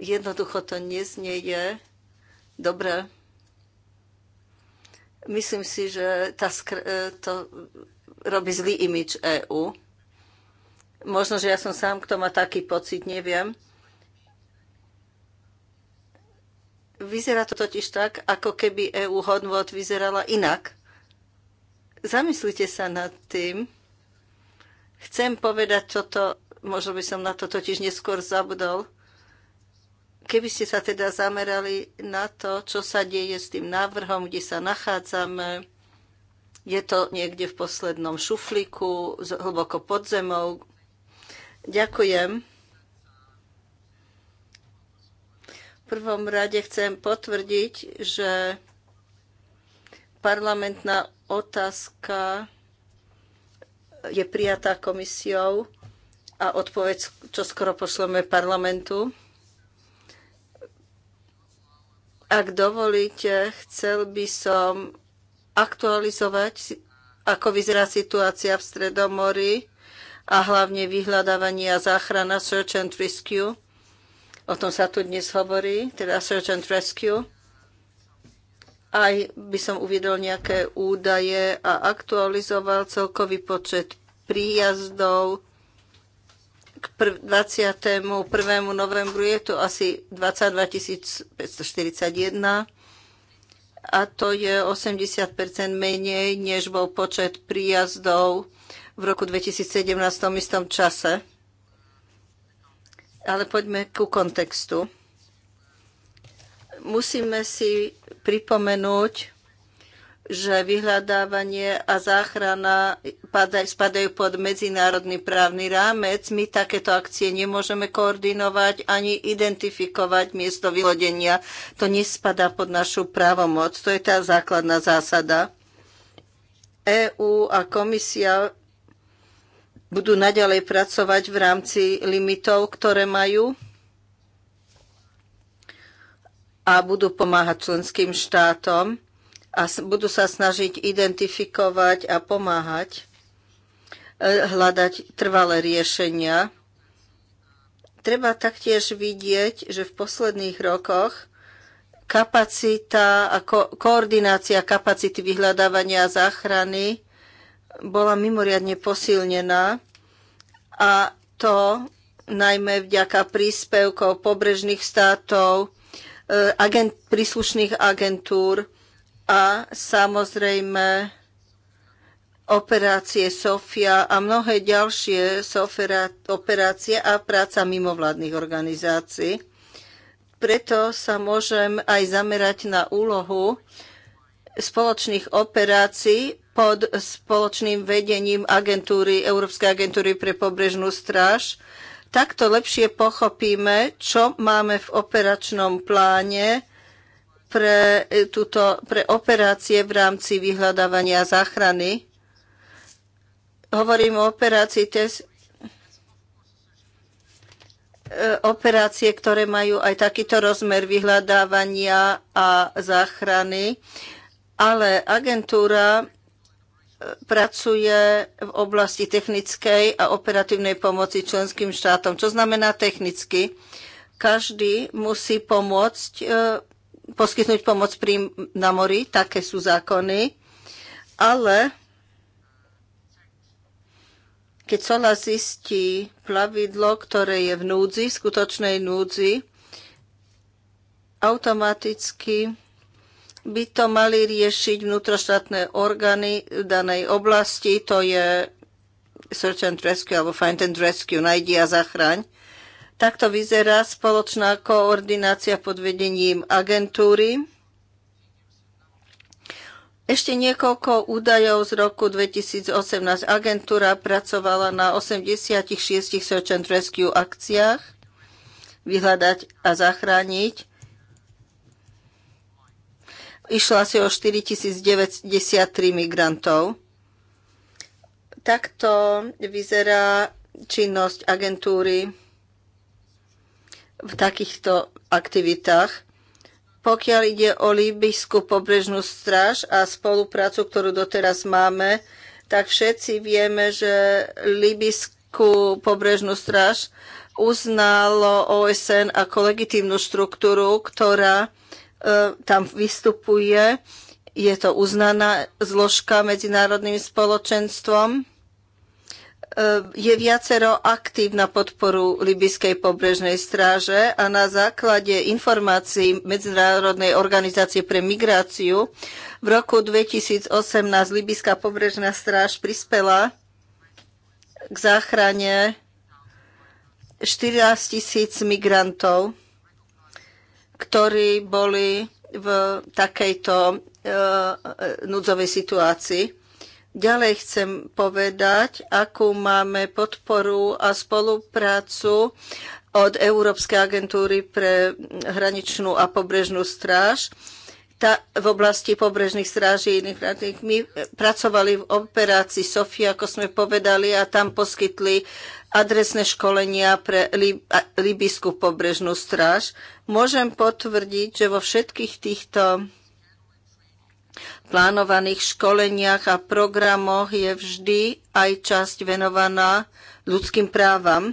Jednoducho to neznieje. Dobre. Myslím si, že tá e, to robí zlý imič EÚ. Možno, že ja som sám, kto má taký pocit, neviem. Vyzerá to totiž tak, ako keby EU hodnot vyzerala inak. Zamyslite sa nad tým. Chcem povedať toto, možno by som na to totiž neskôr zabudol. Keby ste sa teda zamerali na to, čo sa deje s tým návrhom, kde sa nachádzame, je to niekde v poslednom šuflíku, hlboko pod zemou. Ďakujem. V prvom rade chcem potvrdiť, že parlamentná otázka je prijatá komisiou a odpoveď čo skoro pošleme parlamentu. Ak dovolíte, chcel by som aktualizovať, ako vyzerá situácia v Stredomori a hlavne vyhľadávanie a záchrana Search and Rescue. O tom sa tu dnes hovorí, teda Search and Rescue. Aj by som uvedol nejaké údaje a aktualizoval celkový počet príjazdov, k 21. novembru je to asi 22 541 a to je 80 menej, než bol počet príjazdov v roku 2017 v istom čase. Ale poďme ku kontextu. Musíme si pripomenúť, že vyhľadávanie a záchrana spadajú pod medzinárodný právny rámec. My takéto akcie nemôžeme koordinovať ani identifikovať miesto vylodenia. To nespadá pod našu právomoc. To je tá základná zásada. EÚ a komisia budú naďalej pracovať v rámci limitov, ktoré majú a budú pomáhať členským štátom a budú sa snažiť identifikovať a pomáhať e, hľadať trvalé riešenia. Treba taktiež vidieť, že v posledných rokoch kapacita a ko- koordinácia kapacity vyhľadávania a záchrany bola mimoriadne posilnená a to najmä vďaka príspevkov pobrežných státov, e, agent, príslušných agentúr a samozrejme operácie SOFIA a mnohé ďalšie operácie a práca mimovládnych organizácií. Preto sa môžem aj zamerať na úlohu spoločných operácií pod spoločným vedením agentúry, Európskej agentúry pre pobrežnú stráž. Takto lepšie pochopíme, čo máme v operačnom pláne, pre, e, tuto, pre operácie v rámci vyhľadávania záchrany. Hovorím o operácii TES, e, operácie, ktoré majú aj takýto rozmer vyhľadávania a záchrany, ale agentúra e, pracuje v oblasti technickej a operatívnej pomoci členským štátom. Čo znamená technicky? Každý musí pomôcť poskytnúť pomoc pri, na mori, také sú zákony, ale keď Sola zistí plavidlo, ktoré je v núdzi, skutočnej núdzi, automaticky by to mali riešiť vnútroštátne orgány v danej oblasti, to je Search and Rescue alebo Find and Rescue, najdi a zachraň. Takto vyzerá spoločná koordinácia pod vedením agentúry. Ešte niekoľko údajov z roku 2018. Agentúra pracovala na 86 search and rescue akciách vyhľadať a zachrániť. Išla si o 4093 migrantov. Takto vyzerá činnosť agentúry v takýchto aktivitách. Pokiaľ ide o Líbyskú pobrežnú stráž a spoluprácu, ktorú doteraz máme, tak všetci vieme, že Líbyskú pobrežnú stráž uznalo OSN ako legitímnu štruktúru, ktorá e, tam vystupuje. Je to uznaná zložka medzinárodným spoločenstvom E, je viacero aktív na podporu Libyskej pobrežnej stráže a na základe informácií Medzinárodnej organizácie pre migráciu v roku 2018 Libyská pobrežná stráž prispela k záchrane 14 tisíc migrantov, ktorí boli v takejto e, e núdzovej situácii. Ďalej chcem povedať, akú máme podporu a spoluprácu od Európskej agentúry pre hraničnú a pobrežnú stráž tá, v oblasti pobrežných stráží iných hraničných. My pracovali v operácii Sofia, ako sme povedali, a tam poskytli adresné školenia pre Libisku pobrežnú stráž. Môžem potvrdiť, že vo všetkých týchto plánovaných školeniach a programoch je vždy aj časť venovaná ľudským právam.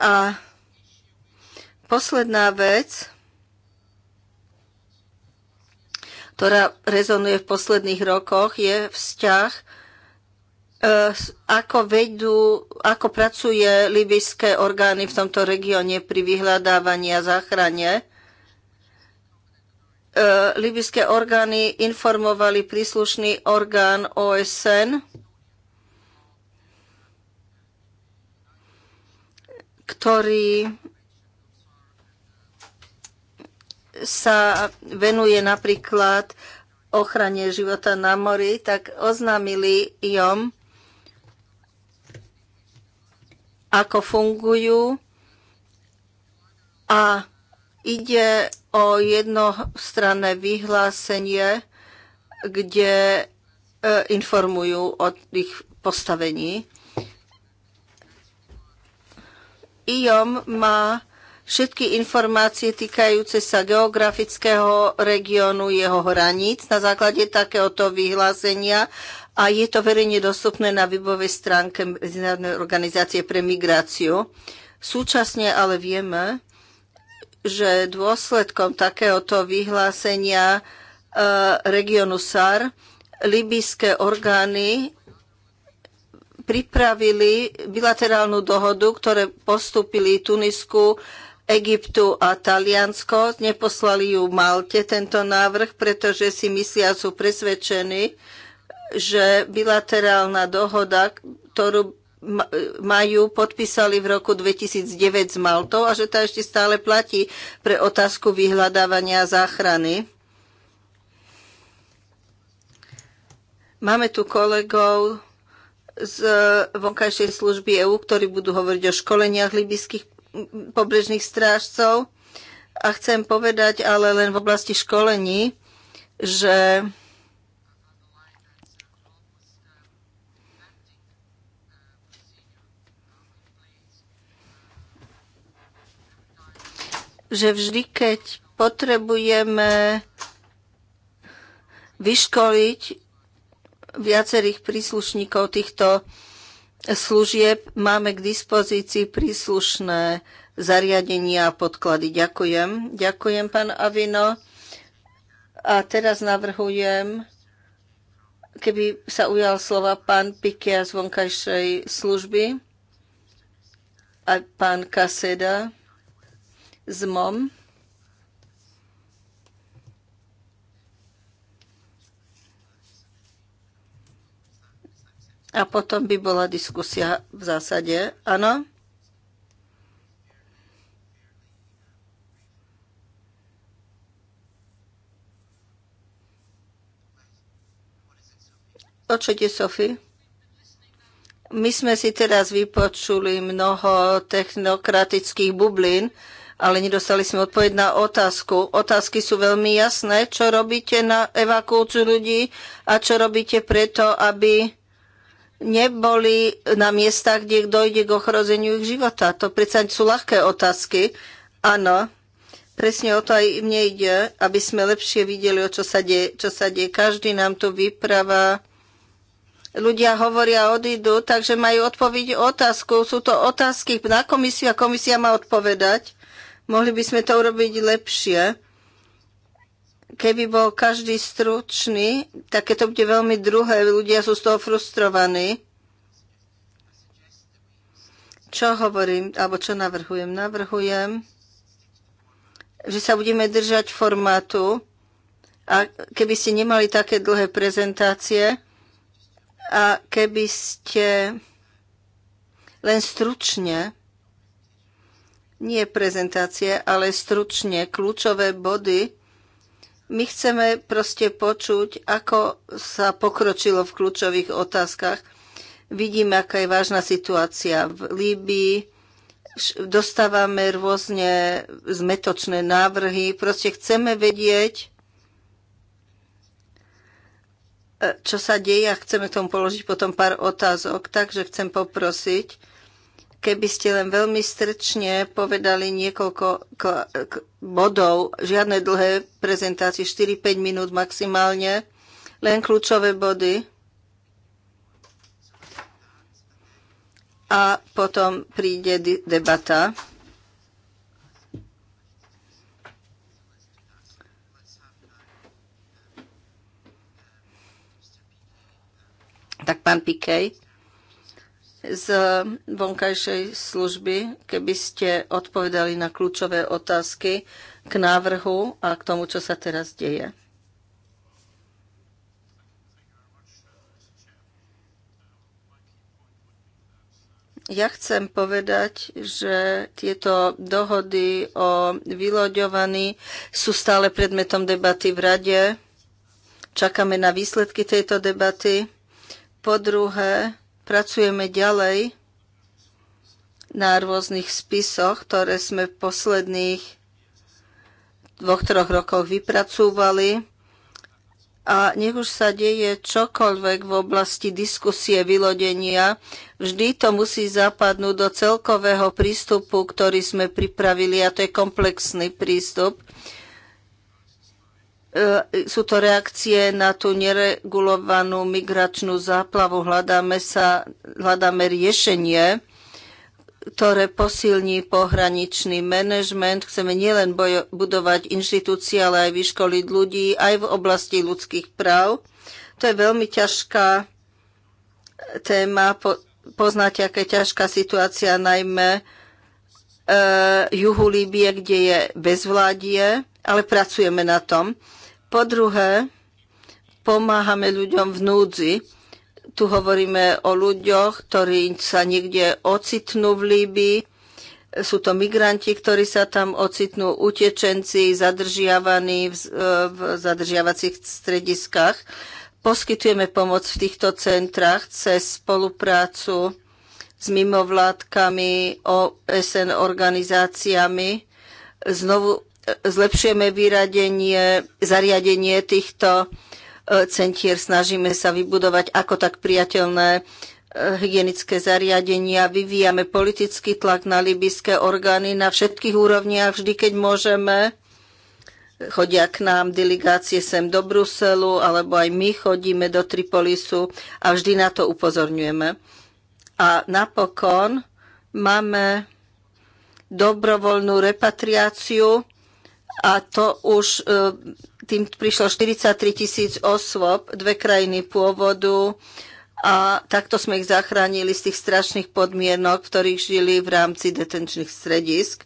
A posledná vec, ktorá rezonuje v posledných rokoch, je vzťah, e, ako vedú, ako pracuje libyské orgány v tomto regióne pri vyhľadávaní a záchrane. E, libyské orgány informovali príslušný orgán OSN, ktorý sa venuje napríklad ochrane života na mori, tak oznámili jom, ako fungujú a ide o jednostranné vyhlásenie, kde e, informujú o ich postavení. IOM má všetky informácie týkajúce sa geografického regiónu, jeho hraníc na základe takéhoto vyhlásenia a je to verejne dostupné na webovej stránke Medzinárodnej organizácie pre migráciu. Súčasne ale vieme, že dôsledkom takéhoto vyhlásenia e, regionu SAR libyské orgány pripravili bilaterálnu dohodu, ktoré postúpili Tunisku, Egyptu a Taliansko. Neposlali ju Malte tento návrh, pretože si myslia, sú presvedčení, že bilaterálna dohoda, ktorú majú, podpísali v roku 2009 s Maltou a že tá ešte stále platí pre otázku vyhľadávania záchrany. Máme tu kolegov z vonkajšej služby EÚ, ktorí budú hovoriť o školeniach libyských pobrežných strážcov. A chcem povedať ale len v oblasti školení, že že vždy, keď potrebujeme vyškoliť viacerých príslušníkov týchto služieb, máme k dispozícii príslušné zariadenia a podklady. Ďakujem. Ďakujem, pán Avino. A teraz navrhujem, keby sa ujal slova pán Pikia z vonkajšej služby a pán Kaseda MOM. A potom by bola diskusia v zásade. Áno? Počujte, Sofie. My sme si teraz vypočuli mnoho technokratických bublín, ale nedostali sme odpoveď na otázku. Otázky sú veľmi jasné. Čo robíte na evakuáciu ľudí a čo robíte preto, aby neboli na miestach, kde dojde k ochrozeniu ich života? To predsa sú ľahké otázky. Áno, presne o to aj mne ide, aby sme lepšie videli, o čo sa deje. Čo sa deje. Každý nám tu vyprava. ľudia hovoria, odídu, takže majú odpovedť otázku. Sú to otázky na komisiu a komisia má odpovedať. Mohli by sme to urobiť lepšie. Keby bol každý stručný, tak to bude veľmi druhé. Ľudia sú z toho frustrovaní. Čo hovorím, alebo čo navrhujem? Navrhujem, že sa budeme držať formátu a keby ste nemali také dlhé prezentácie a keby ste len stručne nie prezentácie, ale stručne kľúčové body. My chceme proste počuť, ako sa pokročilo v kľúčových otázkach. Vidíme, aká je vážna situácia v Líbii. Dostávame rôzne zmetočné návrhy. Proste chceme vedieť, e, čo sa deje a chceme tomu položiť potom pár otázok. Takže chcem poprosiť, keby ste len veľmi strčne povedali niekoľko bodov, žiadne dlhé prezentácie, 4-5 minút maximálne, len kľúčové body. A potom príde debata. Tak pán Pikej z vonkajšej služby, keby ste odpovedali na kľúčové otázky k návrhu a k tomu, čo sa teraz deje. Ja chcem povedať, že tieto dohody o vyloďovaní sú stále predmetom debaty v Rade. Čakáme na výsledky tejto debaty. Po druhé, Pracujeme ďalej na rôznych spisoch, ktoré sme v posledných dvoch, troch rokoch vypracúvali. A nech už sa deje čokoľvek v oblasti diskusie, vylodenia, vždy to musí zapadnúť do celkového prístupu, ktorý sme pripravili, a to je komplexný prístup. E, sú to reakcie na tú neregulovanú migračnú záplavu. Hľadáme, sa, hľadáme riešenie, ktoré posilní pohraničný manažment. Chceme nielen bojo, budovať inštitúcie, ale aj vyškoliť ľudí aj v oblasti ľudských práv. To je veľmi ťažká téma. Po, poznáte, aká je ťažká situácia, najmä e, juhu Líbie, kde je bezvládie, ale pracujeme na tom. Po druhé, pomáhame ľuďom v núdzi. Tu hovoríme o ľuďoch, ktorí sa niekde ocitnú v Líbii. Sú to migranti, ktorí sa tam ocitnú, utečenci, zadržiavaní v, e, v zadržiavacích strediskách. Poskytujeme pomoc v týchto centrách cez spoluprácu s mimovládkami, OSN organizáciami. Znovu zlepšujeme vyradenie, zariadenie týchto e, centier, snažíme sa vybudovať ako tak priateľné e, hygienické zariadenia, vyvíjame politický tlak na libyské orgány na všetkých úrovniach, vždy keď môžeme. Chodia k nám delegácie sem do Bruselu, alebo aj my chodíme do Tripolisu a vždy na to upozorňujeme. A napokon máme dobrovoľnú repatriáciu a to už e, tým prišlo 43 tisíc osôb, dve krajiny pôvodu a takto sme ich zachránili z tých strašných podmienok, v ktorých žili v rámci detenčných stredisk.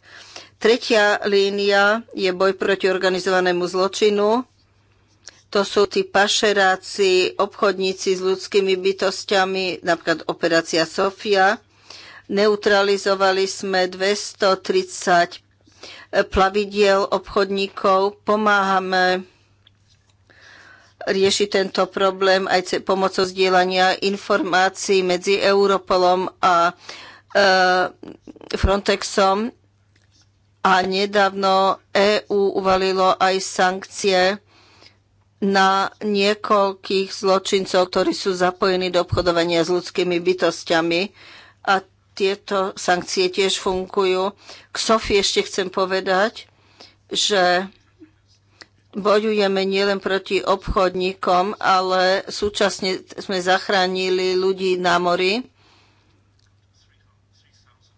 Tretia línia je boj proti organizovanému zločinu. To sú tí pašeráci, obchodníci s ľudskými bytostiami, napríklad operácia Sofia. Neutralizovali sme 235 plavidiel obchodníkov. Pomáhame rieši tento problém aj pomocou zdieľania informácií medzi Europolom a e, Frontexom. A nedávno EÚ uvalilo aj sankcie na niekoľkých zločincov, ktorí sú zapojení do obchodovania s ľudskými bytostiami. A tieto sankcie tiež fungujú. K Sofii ešte chcem povedať, že bojujeme nielen proti obchodníkom, ale súčasne sme zachránili ľudí na mori.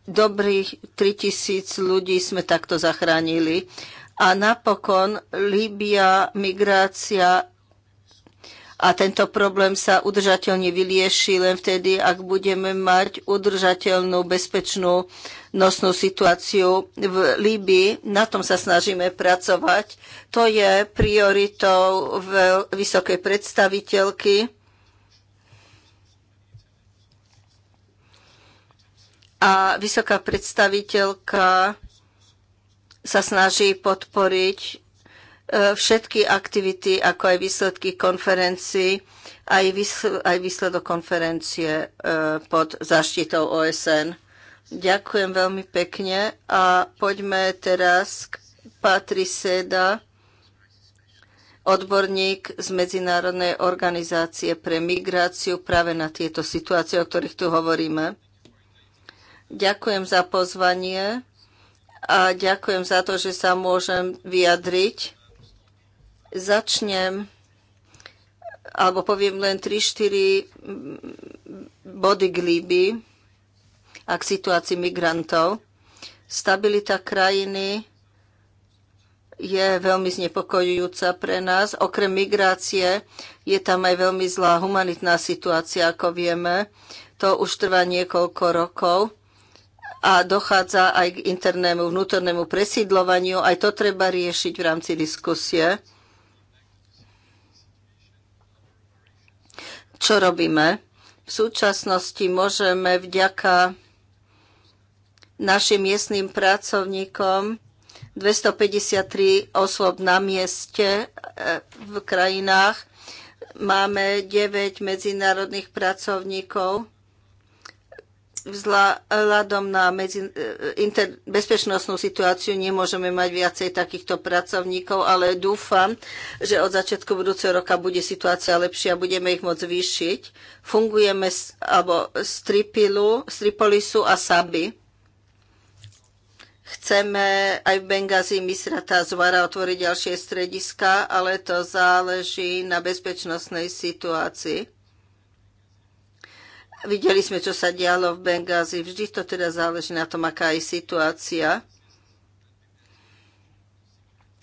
Dobrých 3000 ľudí sme takto zachránili. A napokon Líbia, migrácia, a tento problém sa udržateľne vylieši len vtedy, ak budeme mať udržateľnú bezpečnú nosnú situáciu v Líbii. Na tom sa snažíme pracovať. To je prioritou vysokej predstaviteľky. A vysoká predstaviteľka sa snaží podporiť E, všetky aktivity, ako aj výsledky konferencií, aj, výsledok konferencie e, pod zaštitou OSN. Ďakujem veľmi pekne a poďme teraz k Patri Seda, odborník z Medzinárodnej organizácie pre migráciu práve na tieto situácie, o ktorých tu hovoríme. Ďakujem za pozvanie a ďakujem za to, že sa môžem vyjadriť Začnem alebo poviem len 3-4 body k Líbii a k situácii migrantov. Stabilita krajiny je veľmi znepokojujúca pre nás. Okrem migrácie je tam aj veľmi zlá humanitná situácia, ako vieme. To už trvá niekoľko rokov a dochádza aj k internému vnútornému presídlovaniu. Aj to treba riešiť v rámci diskusie. čo robíme? V súčasnosti môžeme vďaka našim miestnym pracovníkom 253 osôb na mieste e, v krajinách. Máme 9 medzinárodných pracovníkov vzhľadom na medzi, e, inter, bezpečnostnú situáciu nemôžeme mať viacej takýchto pracovníkov, ale dúfam, že od začiatku budúceho roka bude situácia lepšia a budeme ich môcť zvýšiť. Fungujeme z, alebo z, Tripilu, z Tripolisu a Saby. Chceme aj v Bengazi, Misrata a Zvara otvoriť ďalšie strediska, ale to záleží na bezpečnostnej situácii Videli sme, čo sa dialo v Bengázi. Vždy to teda záleží na tom, aká je situácia.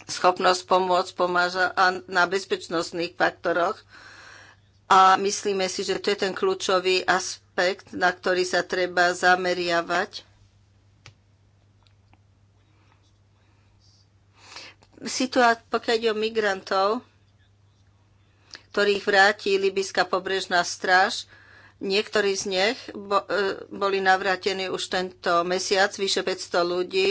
Schopnosť pomôcť pomáža na bezpečnostných faktoroch. A myslíme si, že to je ten kľúčový aspekt, na ktorý sa treba zameriavať. Situácia, pokiaľ ide o migrantov, ktorých vráti Libyská pobrežná stráž, Niektorí z nich e, boli navrátení už tento mesiac, vyše 500 ľudí.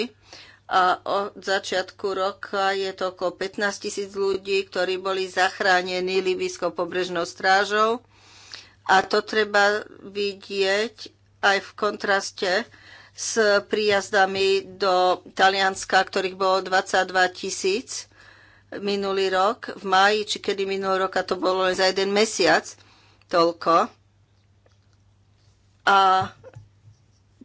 A od začiatku roka je to okolo 15 tisíc ľudí, ktorí boli zachránení Libyskou pobrežnou strážou. A to treba vidieť aj v kontraste s príjazdami do Talianska, ktorých bolo 22 tisíc minulý rok, v máji, či kedy minulý roka to bolo len za jeden mesiac, toľko a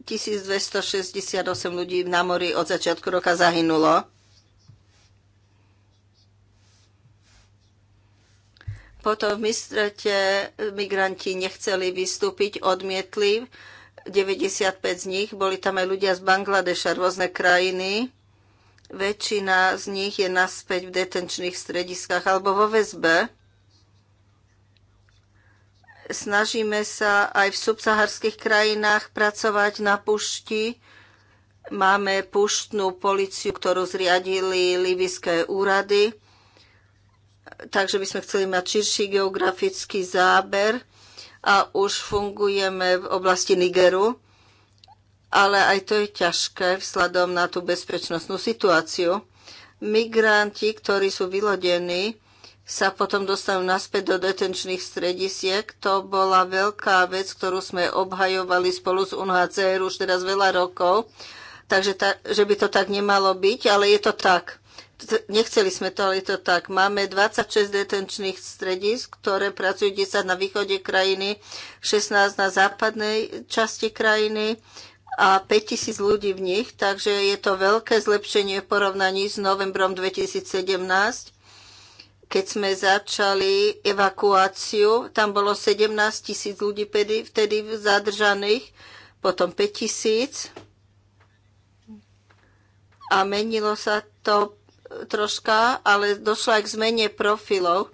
1268 ľudí na mori od začiatku roka zahynulo. Potom v Mistrete migranti nechceli vystúpiť, odmietli. 95 z nich, boli tam aj ľudia z Bangladeša, rôzne krajiny. Väčšina z nich je naspäť v detenčných strediskách alebo vo väzbe. Snažíme sa aj v subsaharských krajinách pracovať na pušti. Máme puštnú policiu, ktorú zriadili libyské úrady. Takže by sme chceli mať širší geografický záber a už fungujeme v oblasti Nigeru, ale aj to je ťažké vzhľadom na tú bezpečnostnú situáciu. Migranti, ktorí sú vylodení, sa potom dostanú naspäť do detenčných stredisiek. To bola veľká vec, ktorú sme obhajovali spolu s UNHCR už teraz veľa rokov, takže ta, že by to tak nemalo byť, ale je to tak. Nechceli sme to, ale je to tak. Máme 26 detenčných stredisk, ktoré pracujú 10 na východe krajiny, 16 na západnej časti krajiny a 5000 ľudí v nich, takže je to veľké zlepšenie v porovnaní s novembrom 2017 keď sme začali evakuáciu, tam bolo 17 tisíc ľudí vtedy zadržaných, potom 5 tisíc. A menilo sa to troška, ale došlo aj k zmene profilov.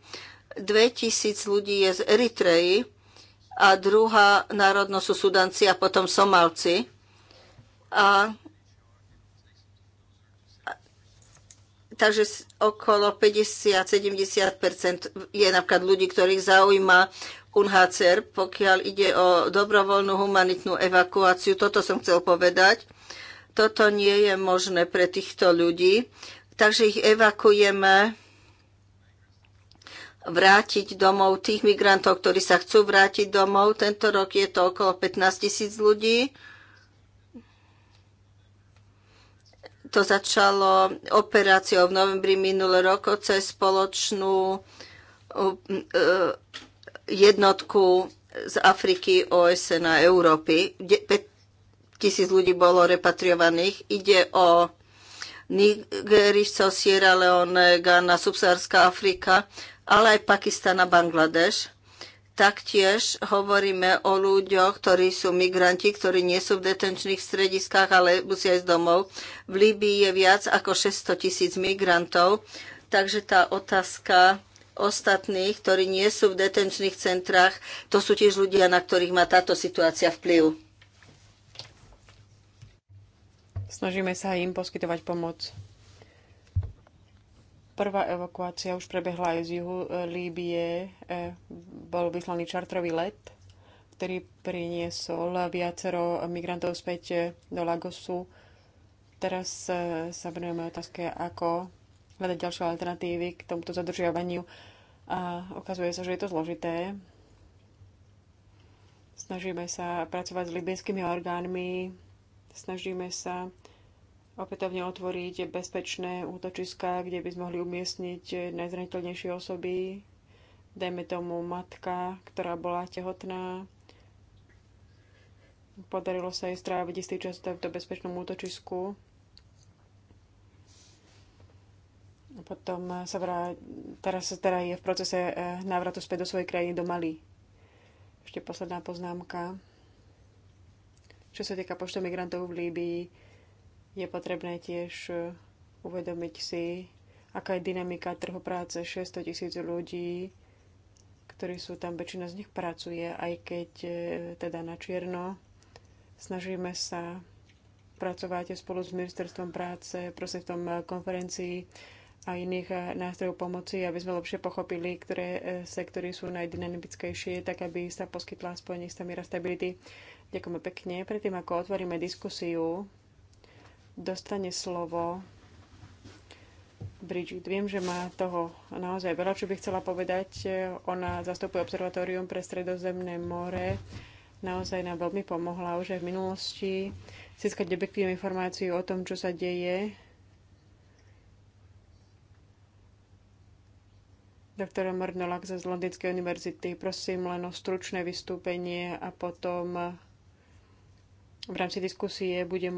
2000 ľudí je z Eritreji a druhá národnosť sú Sudanci a potom Somalci. A takže okolo 50-70 je napríklad ľudí, ktorých zaujíma UNHCR, pokiaľ ide o dobrovoľnú humanitnú evakuáciu. Toto som chcel povedať. Toto nie je možné pre týchto ľudí, takže ich evakujeme vrátiť domov tých migrantov, ktorí sa chcú vrátiť domov. Tento rok je to okolo 15 tisíc ľudí to začalo operáciou v novembri minulého roku cez spoločnú e, jednotku z Afriky, OSN a Európy. 5 tisíc ľudí bolo repatriovaných. Ide o Nigerisco, Sierra Leone, Ghana, Subsaharská Afrika, ale aj Pakistan a Bangladeš. Taktiež hovoríme o ľuďoch, ktorí sú migranti, ktorí nie sú v detenčných strediskách, ale musia ísť domov. V Líbii je viac ako 600 tisíc migrantov, takže tá otázka ostatných, ktorí nie sú v detenčných centrách, to sú tiež ľudia, na ktorých má táto situácia vplyv. Snažíme sa im poskytovať pomoc Prvá evakuácia už prebehla aj z juhu e, Líbie. E, bol vyslaný čartrový let, ktorý priniesol viacero migrantov späť e, do Lagosu. Teraz sa venujeme otázke, ako hľadať ďalšie alternatívy k tomuto zadržiavaniu. A ukazuje sa, že je to zložité. Snažíme sa pracovať s libijskými orgánmi, snažíme sa opätovne otvoriť bezpečné útočiska, kde by sme mohli umiestniť najzraniteľnejšie osoby, dajme tomu matka, ktorá bola tehotná. Podarilo sa jej stráviť istý čas v bezpečnom útočisku. Potom sa vrá... teraz teda je v procese eh, návratu späť do svojej krajiny, do Mali. Ešte posledná poznámka. Čo sa týka počtu migrantov v Líbii, je potrebné tiež e, uvedomiť si, aká je dynamika trhu práce. 600 tisíc ľudí, ktorí sú tam, väčšina z nich pracuje, aj keď e, teda na čierno. Snažíme sa pracovať spolu s Ministerstvom práce, tom e, konferencií a iných nástrojov pomoci, aby sme lepšie pochopili, ktoré sektory sú najdynamickejšie, tak aby sa poskytla aspoň istá miera stability. Ďakujeme pekne. Predtým, ako otvoríme diskusiu, dostane slovo. Bridget, viem, že má toho naozaj veľa, čo by chcela povedať. Ona zastupuje Observatórium pre Stredozemné more. Naozaj nám veľmi pomohla už aj v minulosti získať debektívnu informáciu o tom, čo sa deje Doktor Mrnolak z Londýnskej univerzity, prosím len o stručné vystúpenie a potom v rámci diskusie bude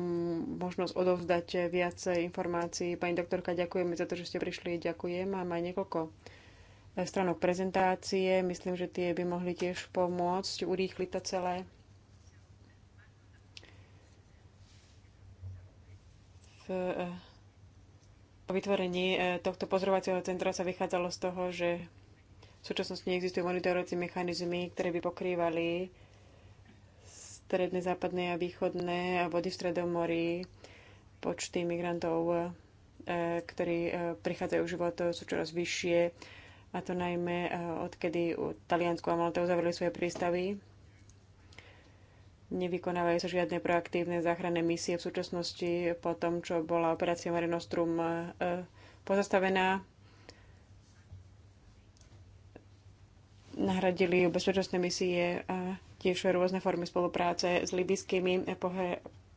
možnosť odovzdať viac informácií. Pani doktorka, ďakujeme za to, že ste prišli. Ďakujem. Mám aj niekoľko e, stranok prezentácie. Myslím, že tie by mohli tiež pomôcť urýchliť to celé. V e, vytvorení e, tohto pozorovacieho centra sa vychádzalo z toho, že v súčasnosti neexistujú monitorovací mechanizmy, ktoré by pokrývali stredné, západné a východné a vody v mori, počty migrantov, e, ktorí e, prichádzajú v život, e, sú čoraz vyššie, a to najmä odkedy Taliansko a Malta uzavreli svoje prístavy. Nevykonávajú sa žiadne proaktívne záchranné misie v súčasnosti po tom, čo bola operácia Mare Nostrum pozastavená. Nahradili bezpečnostné misie a tiež rôzne formy spolupráce s libyskými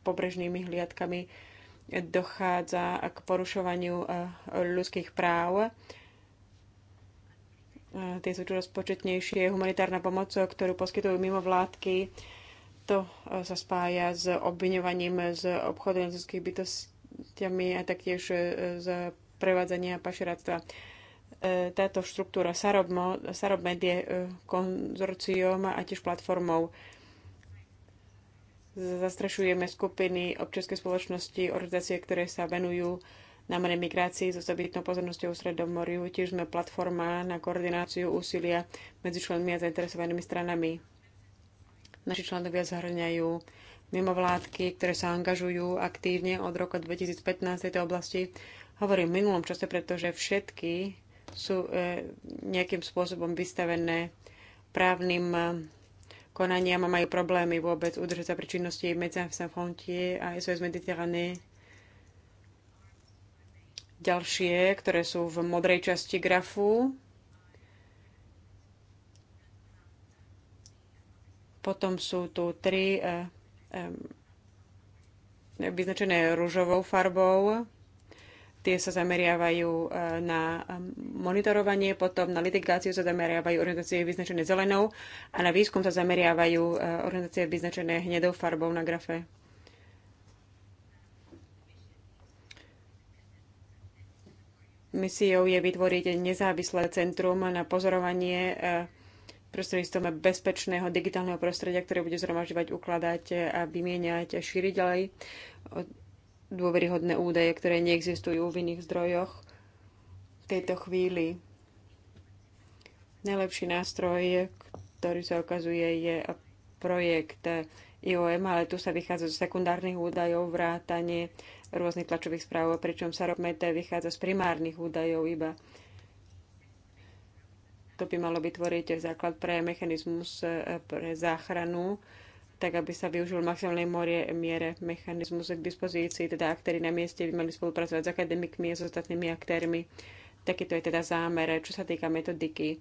pobrežnými hliadkami dochádza k porušovaniu eh, ľudských práv. Eh, tie sú čoraz početnejšie. Humanitárna pomoc, eh, ktorú poskytujú mimo vládky, to sa spája s obviňovaním z obchodu ľudských bytostiami a taktiež z prevádzania pašeráctva. E, táto štruktúra Sarob Media e, konzorciom a tiež platformou. Zastrešujeme skupiny občianskej spoločnosti, organizácie, ktoré sa venujú mene migrácii s osobitnou pozornosťou v Sredom moriu. Tiež sme platforma na koordináciu úsilia medzi členmi a zainteresovanými stranami. Naši členovia zahrňajú mimovládky, ktoré sa angažujú aktívne od roku 2015 v tejto oblasti. Hovorím v minulom čase, pretože všetky sú e, nejakým spôsobom vystavené právnym e, konaniam a majú problémy vôbec udržať sa pri činnosti Médecins Sans Frontier a SOS Mediterranée. Ďalšie, ktoré sú v modrej časti grafu. Potom sú tu tri e, vyznačené rúžovou farbou Tie sa zameriavajú e, na um, monitorovanie, potom na litigáciu sa zameriavajú organizácie vyznačené zelenou a na výskum sa zameriavajú e, organizácie vyznačené hnedou farbou na grafe. Misiou je vytvoriť nezávislé centrum na pozorovanie e, prostredníctvom bezpečného digitálneho prostredia, ktoré bude zhromažďovať, ukladať a vymieňať a šíriť ďalej dôveryhodné údaje, ktoré neexistujú v iných zdrojoch v tejto chvíli. Najlepší nástroj, ktorý sa ukazuje, je projekt IOM, ale tu sa vychádza z sekundárnych údajov, vrátanie rôznych tlačových správ, pričom sa robmete vychádza z primárnych údajov iba. To by malo vytvoriť základ pre mechanizmus eh, pre záchranu tak aby sa využil v maximálnej more, miere mechanizmus k dispozícii, teda aktéry na mieste by mali spolupracovať s akademikmi a s ostatnými aktérmi. Takýto je teda zámer, čo sa týka metodiky.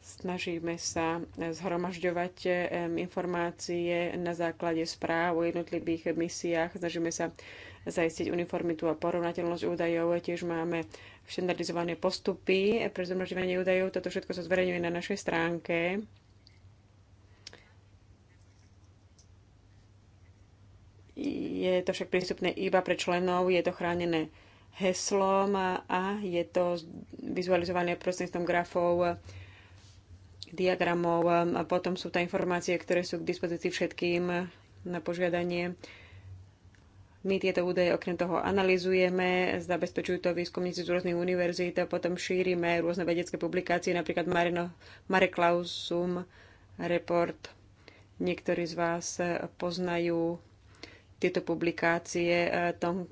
Snažíme sa zhromažďovať informácie na základe správ o jednotlivých misiách. Snažíme sa zaistiť uniformitu a porovnateľnosť údajov. Tiež máme štandardizované postupy pre zhromažďovanie údajov. Toto všetko sa zverejňuje na našej stránke Je to však prístupné iba pre členov, je to chránené heslom a je to vizualizované prostredníctvom grafov, diagramov a potom sú tam informácie, ktoré sú k dispozícii všetkým na požiadanie. My tieto údaje okrem toho analizujeme, zabezpečujú to výskumníci z rôznych univerzít a potom šírime rôzne vedecké publikácie, napríklad Marino, Mare Clausum Report. Niektorí z vás poznajú tieto publikácie. E,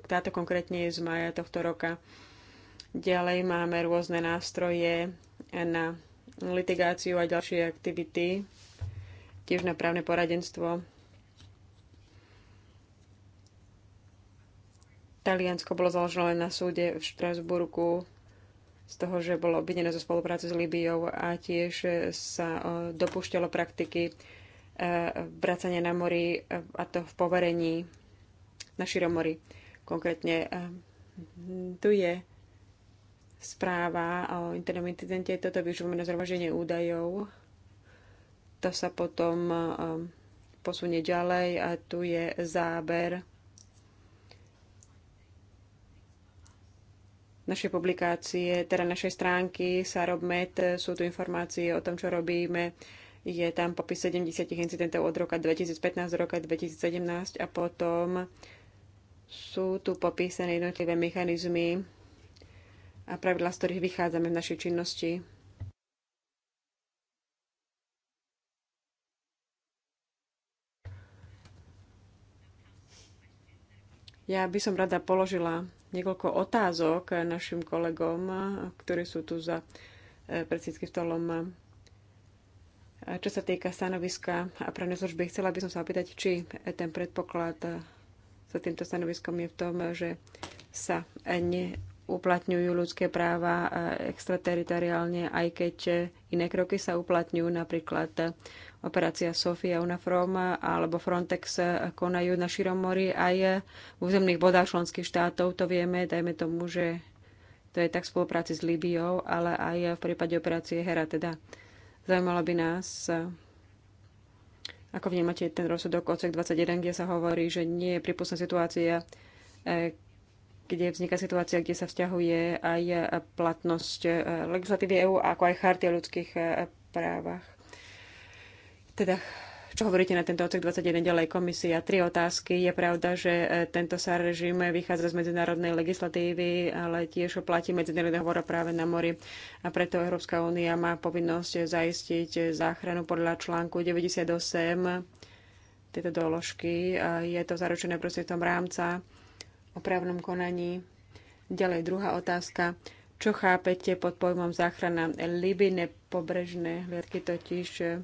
táto konkrétne je z maja tohto roka. Ďalej máme rôzne nástroje na litigáciu a ďalšie aktivity, tiež na právne poradenstvo. Taliansko bolo založené na súde v Štrasburku z toho, že bolo obvinené zo spolupráce s Libiou a tiež sa e, dopúšťalo praktiky E, vracania na mori e, a to v poverení na Širomori. Konkrétne e, tu je správa o internom incidente, toto využívame na zhromaždenie údajov. To sa potom posunie ďalej a tu je záber našej publikácie, teda našej stránky Sarob.med. Sú tu informácie o tom, čo robíme, je tam popis 70 incidentov od roka 2015 do roka 2017 a potom sú tu popísané jednotlivé mechanizmy a pravidla, z ktorých vychádzame v našej činnosti. Ja by som rada položila niekoľko otázok našim kolegom, ktorí sú tu za eh, predsedským stolom. Čo sa týka stanoviska a právnej služby, chcela by som sa opýtať, či ten predpoklad za týmto stanoviskom je v tom, že sa neuplatňujú ľudské práva extrateritoriálne, aj keď iné kroky sa uplatňujú, napríklad operácia Sofia Unafrom alebo Frontex konajú na širom mori aj v územných vodách členských štátov. To vieme, dajme tomu, že to je tak v spolupráci s Líbiou, ale aj v prípade operácie Hera, teda Zaujímalo by nás, ako vnímate ten rozsudok odsek 21, kde sa hovorí, že nie je pripustná situácia, e, kde vzniká situácia, kde sa vzťahuje aj platnosť e, legislatívy EÚ, ako aj charty o ľudských e, právach. Teda čo hovoríte na tento odsek 21 ďalej komisia? Tri otázky. Je pravda, že e, tento sa režim vychádza z medzinárodnej legislatívy, ale tiež platí medzinárodné hovor práve na mori a preto Európska únia má povinnosť zaistiť záchranu podľa článku 98 tieto doložky. Je to zaručené tom rámca o právnom konaní. Ďalej druhá otázka. Čo chápete pod pojmom záchrana Libine pobrežné hliadky totiž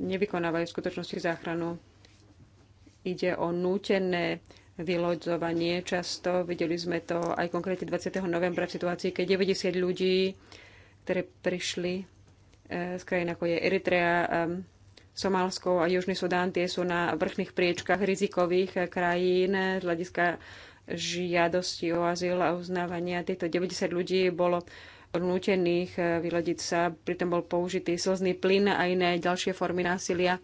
nevykonávajú v skutočnosti záchranu. Ide o nútené vyloďovanie. Často videli sme to aj konkrétne 20. novembra v situácii, keď 90 ľudí, ktoré prišli eh, z krajín ako je Eritrea, eh, Somálsko a Južný Sudán, tie sú na vrchných priečkách rizikových eh, krajín z hľadiska žiadosti o azyl a uznávania. Týchto 90 ľudí bolo nútených eh, vyladiť sa. Pritom bol použitý slzný plyn a iné ďalšie formy násilia.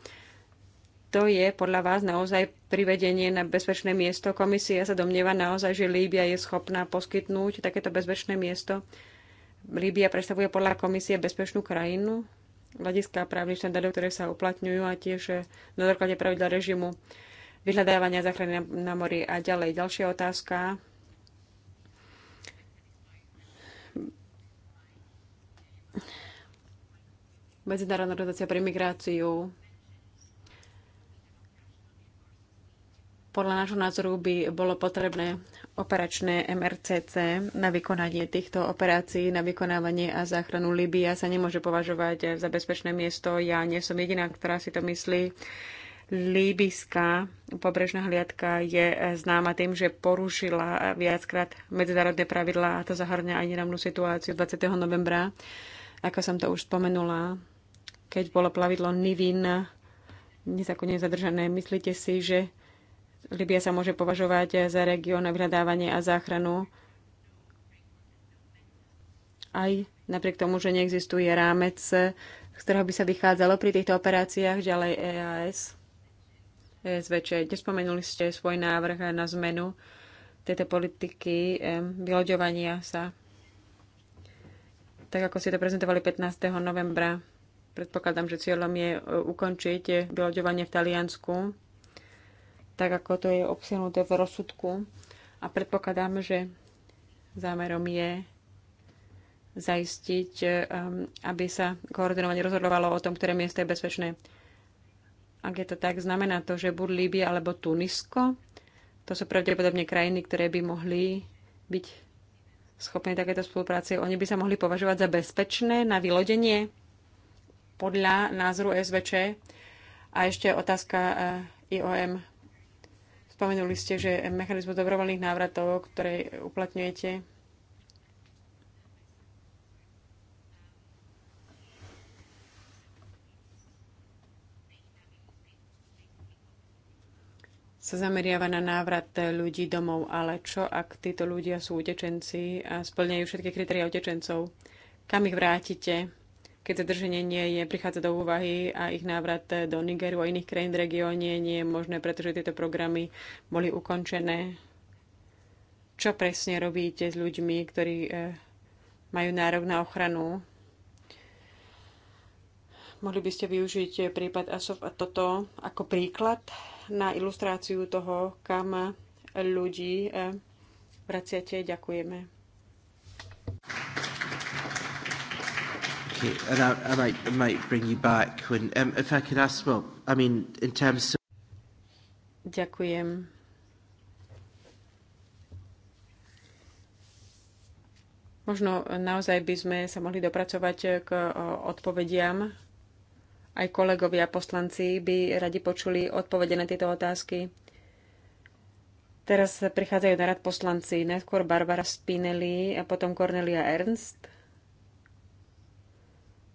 To je podľa vás naozaj privedenie na bezpečné miesto? Komisia sa domnieva naozaj, že Líbia je schopná poskytnúť takéto bezpečné miesto? Líbia predstavuje podľa komisie bezpečnú krajinu? hľadiska právnych štandardov, ktoré sa uplatňujú a tiež eh, na základe pravidla režimu vyhľadávania záchrany na, na mori. A ďalej, ďalšia otázka Medzinárodná organizácia pre migráciu. Podľa nášho názoru by bolo potrebné operačné MRCC na vykonanie týchto operácií, na vykonávanie a záchranu Libia sa nemôže považovať za bezpečné miesto. Ja nie som jediná, ktorá si to myslí. Líbyská pobrežná hliadka je známa tým, že porušila viackrát medzinárodné pravidlá a to zahrňa aj neravnú situáciu 20. novembra, ako som to už spomenula keď bolo plavidlo Nivin nezakonne zadržané. Myslíte si, že Libia sa môže považovať za región na vyhľadávanie a záchranu aj napriek tomu, že neexistuje rámec, z ktorého by sa vychádzalo pri týchto operáciách, ďalej EAS, ESVČ. Nespomenuli ste svoj návrh na zmenu tejto politiky vyloďovania sa, tak ako ste to prezentovali 15. novembra Predpokladám, že cieľom je e, ukončiť e, vyloďovanie v Taliansku, tak ako to je obsiahnuté v rozsudku. A predpokladám, že zámerom je zaistiť, e, aby sa koordinovanie rozhodovalo o tom, ktoré miesto je bezpečné. Ak je to tak, znamená to, že buď Líbia alebo Tunisko, to sú pravdepodobne krajiny, ktoré by mohli byť schopné takéto spolupráce. Oni by sa mohli považovať za bezpečné na vylodenie podľa názoru SVČ. A ešte otázka eh, IOM. Spomenuli ste, že mechanizmus dobrovoľných návratov, ktoré uplatňujete, sa zameriava na návrat ľudí domov, ale čo ak títo ľudia sú utečenci a splňajú všetky kritéria utečencov? Kam ich vrátite? keď zadrženie nie je, prichádza do úvahy a ich návrat do Nigeru a iných krajín v regióne nie je možné, pretože tieto programy boli ukončené. Čo presne robíte s ľuďmi, ktorí eh, majú nárok na ochranu? Mohli by ste využiť eh, prípad ASOF a toto ako príklad na ilustráciu toho, kam ľudí eh, vraciate. Ďakujeme. Okay, and I, I, might, I might bring you back when, um, if I could ask, well, I mean, in terms of... Ďakujem. Možno naozaj by sme sa mohli dopracovať k odpovediam. Aj kolegovia poslanci by radi počuli odpovede na tieto otázky. Teraz prichádzajú na rad poslanci. Najskôr Barbara Spinelli a potom Cornelia Ernst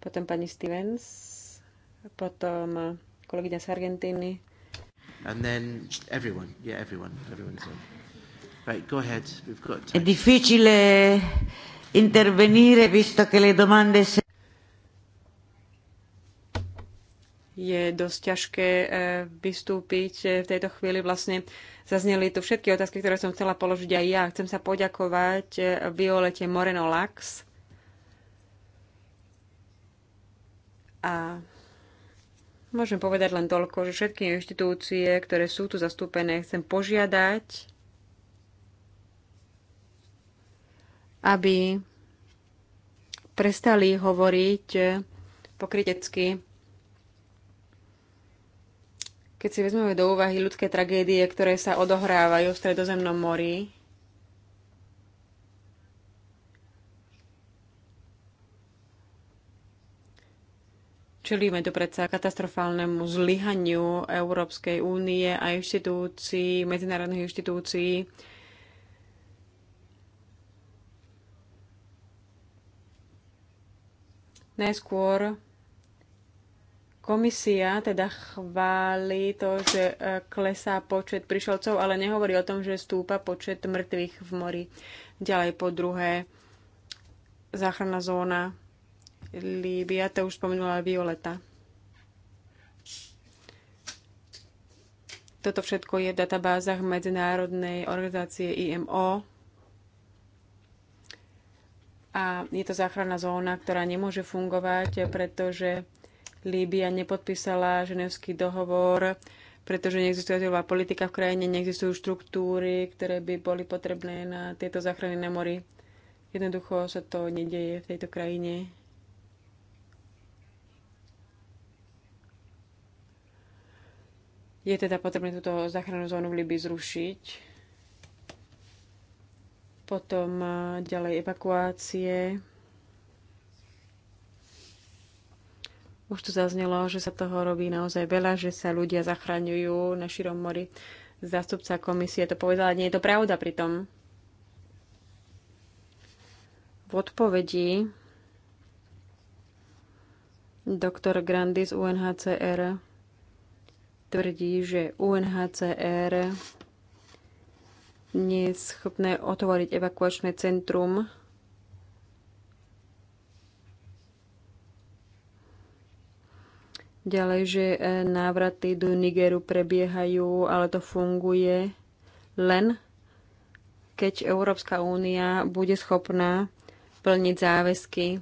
potom pani Stevens, potom kolegyňa z Argentíny. And then everyone, yeah, everyone, Right, go ahead, we've got time. È difficile intervenire visto che le domande se... je dosť ťažké eh, vystúpiť eh, v tejto chvíli. Vlastne zazneli tu všetky otázky, ktoré som chcela položiť aj ja. Chcem sa poďakovať eh, Violete Moreno Lax A môžem povedať len toľko, že všetky inštitúcie, ktoré sú tu zastúpené, chcem požiadať, aby prestali hovoriť pokrytecky. Keď si vezmeme do úvahy ľudské tragédie, ktoré sa odohrávajú v Stredozemnom mori, Čelíme tu predsa katastrofálnemu zlyhaniu Európskej únie a inštitúcií, medzinárodných inštitúcií. Najskôr komisia teda chváli to, že e, klesá počet prišelcov, ale nehovorí o tom, že stúpa počet mŕtvych v mori. Ďalej po druhé, záchranná zóna Líbia, to už spomenula Violeta. Toto všetko je v databázach Medzinárodnej organizácie IMO a je to záchranná zóna, ktorá nemôže fungovať, pretože Líbia nepodpísala ženevský dohovor, pretože neexistuje azylová politika v krajine, neexistujú štruktúry, ktoré by boli potrebné na tieto záchranné mori. Jednoducho sa to nedieje v tejto krajine. Je teda potrebné túto záchrannú zónu v Libii zrušiť. Potom eh, ďalej evakuácie. Už tu zaznelo, že sa toho robí naozaj veľa, že sa ľudia zachraňujú na širom mori. Zástupca komisie to povedala, nie je to pravda pritom. V odpovedi doktor Grandis UNHCR tvrdí, že UNHCR nie je schopné otvoriť evakuačné centrum Ďalej, že e, návraty do Nigeru prebiehajú, ale to funguje len, keď Európska únia bude schopná plniť záväzky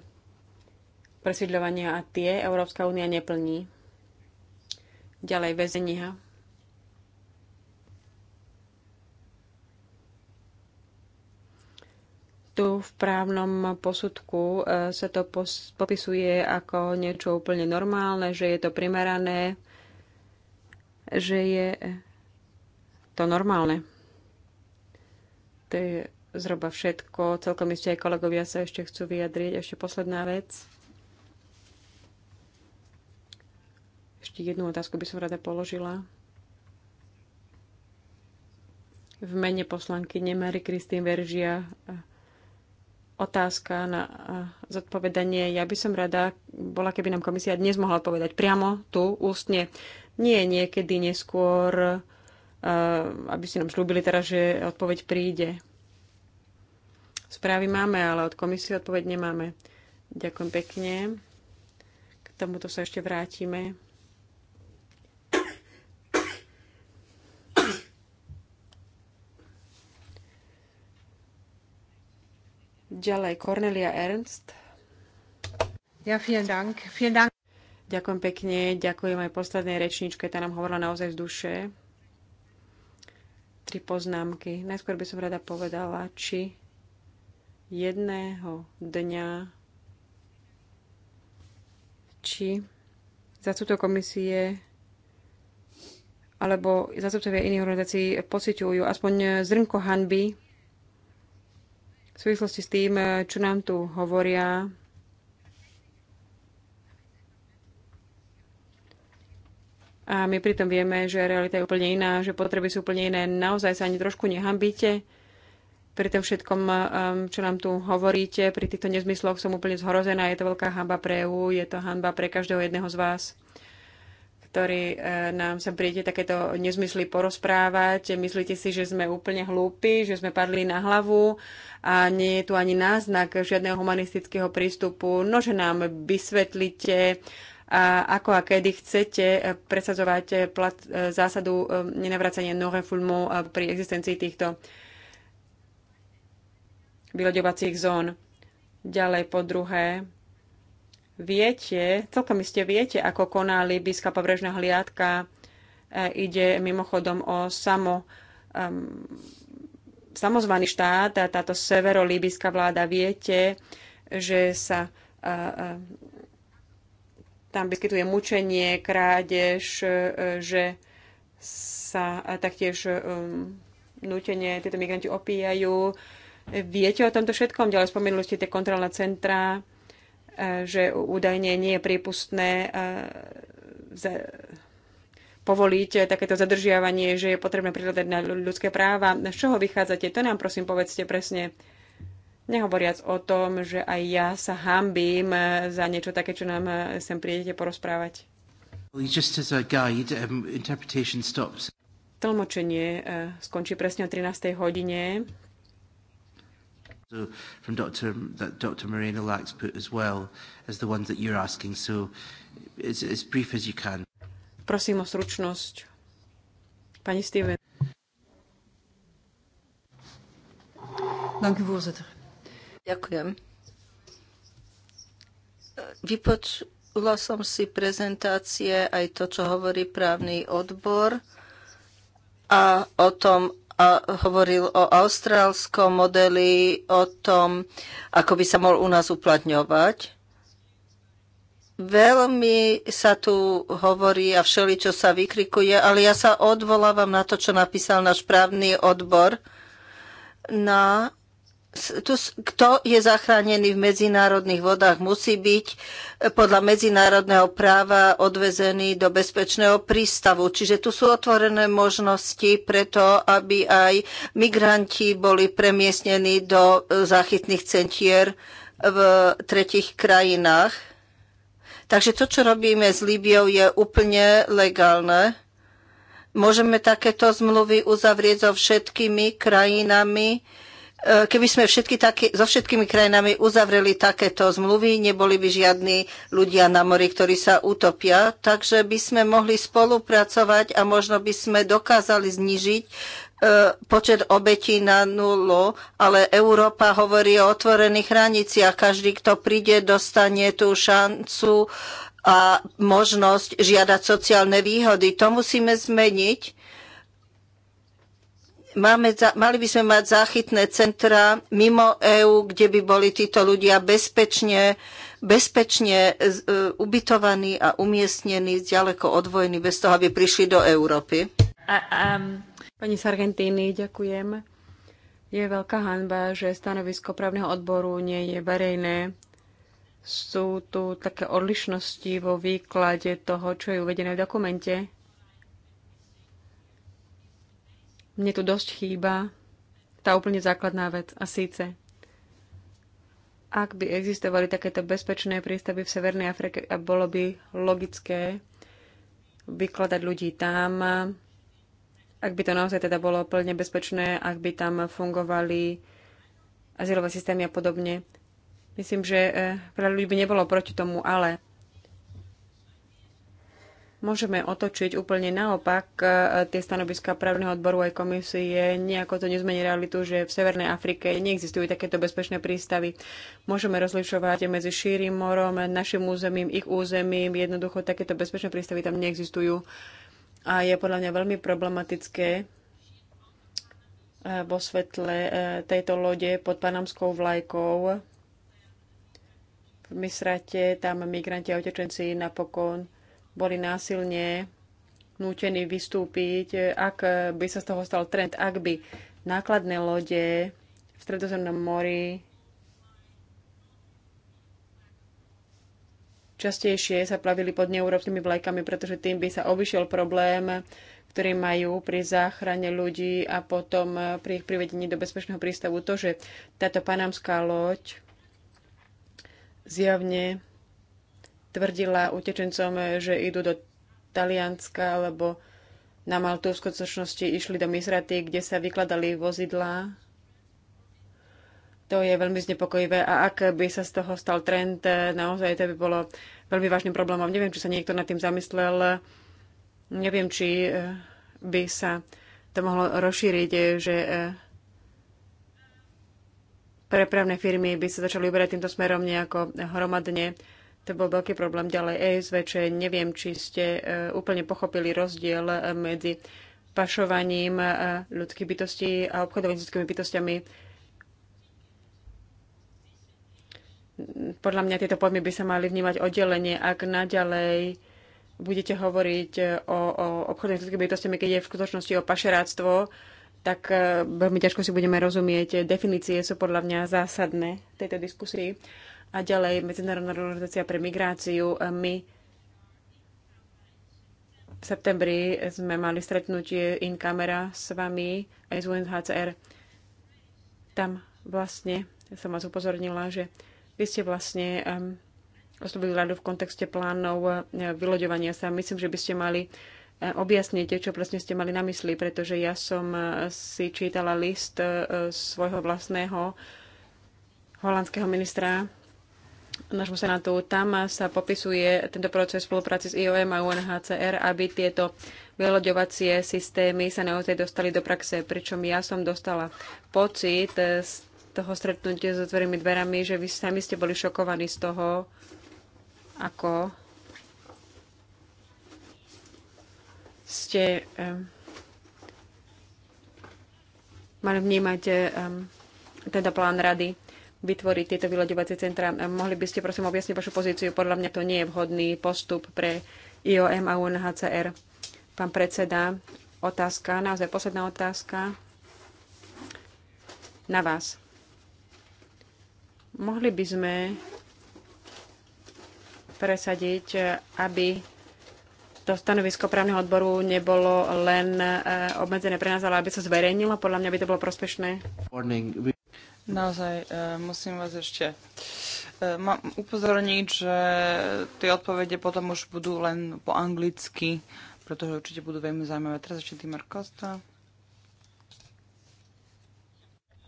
presídľovania a tie Európska únia neplní. Ďalej väzenia. Tu v právnom posudku e, sa to popisuje ako niečo úplne normálne, že je to primerané, že je e, to normálne. To je zhruba všetko. Celkom ešte aj kolegovia sa ešte chcú vyjadriť. Ešte posledná vec. Ešte jednu otázku by som rada položila. V mene poslanky Nemary Kristýn Veržia otázka na zodpovedanie. Ja by som rada bola, keby nám komisia dnes mohla odpovedať priamo tu, ústne. Nie niekedy neskôr, aby si nám slúbili teraz, že odpoveď príde. Správy máme, ale od komisie odpoveď nemáme. Ďakujem pekne. K tomuto sa ešte vrátime. Ďalej Cornelia Ernst. Ja, vielen Dank. Vielen Dank. Ďakujem pekne, ďakujem aj poslednej rečničke, tá nám hovorila naozaj z duše. Tri poznámky. Najskôr by som rada povedala, či jedného dňa, či za túto komisie alebo zastupcovia iných organizácií pociťujú aspoň zrnko hanby v súvislosti s tým, e, čo nám tu hovoria A my pritom vieme, že realita je úplne iná, že potreby sú úplne iné. Naozaj sa ani trošku nehambíte pri tom všetkom, e, čo nám tu hovoríte. Pri týchto nezmysloch som úplne zhorozená. Je to veľká hamba pre EU, je to hamba pre každého jedného z vás ktorý e, nám sa príde takéto nezmysly porozprávať. Myslíte si, že sme úplne hlúpi, že sme padli na hlavu a nie je tu ani náznak žiadneho humanistického prístupu. No, že nám vysvetlíte, a ako a kedy chcete e, presadzovať e, plat, zásadu nenavracania fulmu pri existencii týchto vyloďovacích zón. Ďalej po druhé, viete, celkom iste viete, ako koná libyská pobrežná hliadka. E, ide mimochodom o samo, um, samozvaný štát a táto severolíbyská vláda viete, že sa uh, uh, tam vyskytuje mučenie, krádež, uh, že sa uh, taktiež um, nutenie tieto migranti opíjajú. Viete o tomto všetkom? Ďalej spomenuli ste tie kontrolné centrá. E, že údajne nie je prípustné e, povoliť takéto zadržiavanie, že je potrebné prihľadať na ľudské práva. Z čoho vychádzate? To nám prosím povedzte presne. Nehovoriac o tom, že aj ja sa hambím e, za niečo také, čo nám sem prídete porozprávať. Um, Tlmočenie skončí presne o 13. hodine also from Dr. that Dr. Moreno Lacks put as well as the ones that you're asking. So it's as brief as you can. Prosím o stručnosť. Pani Steven. Dank u voorzitter. Ďakujem. Vypočula som si prezentácie aj to, čo hovorí právny odbor a o tom, a hovoril o austrálskom modeli, o tom, ako by sa mohol u nás uplatňovať. Veľmi sa tu hovorí a všeli, čo sa vykrikuje, ale ja sa odvolávam na to, čo napísal náš právny odbor na tu, kto je zachránený v medzinárodných vodách, musí byť eh, podľa medzinárodného práva odvezený do bezpečného prístavu. Čiže tu sú otvorené možnosti preto, aby aj migranti boli premiestnení do eh, záchytných centier eh, v tretich krajinách. Takže to, čo robíme s Líbiou, je úplne legálne. Môžeme takéto zmluvy uzavrieť so všetkými krajinami, E, keby sme všetky také, so všetkými krajinami uzavreli takéto zmluvy, neboli by žiadni ľudia na mori, ktorí sa utopia, takže by sme mohli spolupracovať a možno by sme dokázali znižiť e, počet obetí na nulu, ale Európa hovorí o otvorených hraniciach. Každý, kto príde, dostane tú šancu a možnosť žiadať sociálne výhody. To musíme zmeniť Máme, mali by sme mať záchytné centra mimo EÚ, kde by boli títo ľudia bezpečne, bezpečne e, ubytovaní a umiestnení, ďaleko odvojení, bez toho, aby prišli do Európy. um, pani Sargentini ďakujem. Je veľká hanba, že stanovisko právneho odboru nie je verejné. Sú tu také odlišnosti vo výklade toho, čo je uvedené v dokumente mne tu dosť chýba tá úplne základná vec a síce ak by existovali takéto bezpečné prístavy v Severnej Afrike a bolo by logické vykladať ľudí tam, ak by to naozaj teda bolo plne bezpečné, ak by tam fungovali azylové systémy a podobne. Myslím, že eh, veľa ľudí by nebolo proti tomu, ale môžeme otočiť úplne naopak e, tie stanoviska právneho odboru aj komisie. Nejako to nezmení realitu, že v Severnej Afrike neexistujú takéto bezpečné prístavy. Môžeme rozlišovať medzi šírym morom, našim územím, ich územím. Jednoducho takéto bezpečné prístavy tam neexistujú. A je podľa mňa veľmi problematické e, vo svetle e, tejto lode pod panamskou vlajkou v Misrate, tam migranti a utečenci napokon boli násilne nútení vystúpiť, ak by sa z toho stal trend, ak by nákladné lode v Stredozemnom mori častejšie sa plavili pod neeurópskymi vlajkami, pretože tým by sa obišiel problém, ktorý majú pri záchrane ľudí a potom pri ich privedení do bezpečného prístavu. To, že táto panamská loď zjavne tvrdila utečencom, že idú do Talianska alebo na Maltu v skutočnosti išli do Misraty, kde sa vykladali vozidlá. To je veľmi znepokojivé a ak by sa z toho stal trend, naozaj to by bolo veľmi vážnym problémom. Neviem, či sa niekto nad tým zamyslel. Neviem, či eh, by sa to mohlo rozšíriť, eh, že eh, prepravné firmy by sa začali uberať týmto smerom nejako hromadne. To bol veľký problém. Ďalej ESVČ, neviem, či ste e, úplne pochopili rozdiel e, medzi pašovaním e, ľudských bytostí a obchodovaním s ľudskými bytostiami. Podľa mňa tieto pojmy by sa mali vnímať oddelenie, ak naďalej budete hovoriť o, o obchodovaní s ľudskými bytostiami, keď je v skutočnosti o pašeráctvo, tak veľmi ťažko si budeme rozumieť. Definície sú podľa mňa zásadné v tejto diskusii. A ďalej Medzinárodná organizácia pre migráciu. My v septembri sme mali stretnutie in camera s vami aj z UNHCR. Tam vlastne som vás upozornila, že vy ste vlastne um, oslovili radu v kontexte plánov uh, vyloďovania sa. Myslím, že by ste mali uh, objasniť, čo presne ste mali na mysli, pretože ja som uh, si čítala list svojho vlastného holandského ministra nášmu senátu. Tam sa popisuje tento proces spolupráci s IOM a UNHCR, aby tieto vyloďovacie systémy sa naozaj dostali do praxe. Pričom ja som dostala pocit z toho stretnutia s otvorenými dverami, že vy sami ste boli šokovaní z toho, ako ste um, mali vnímať um, teda plán rady vytvoriť tieto vyloďovacie centra. Mohli by ste prosím objasniť vašu pozíciu? Podľa mňa to nie je vhodný postup pre IOM a UNHCR. Pán predseda, otázka, naozaj posledná otázka na vás. Mohli by sme presadiť, aby to stanovisko právneho odboru nebolo len eh, obmedzené pre nás, ale aby sa zverejnilo. Podľa mňa by to bolo prospešné. Naozaj e, musím vás ešte e, mám upozorniť, že tie odpovede potom už budú len po anglicky, pretože určite budú veľmi zaujímavé. Teraz ešte Timar Kosta.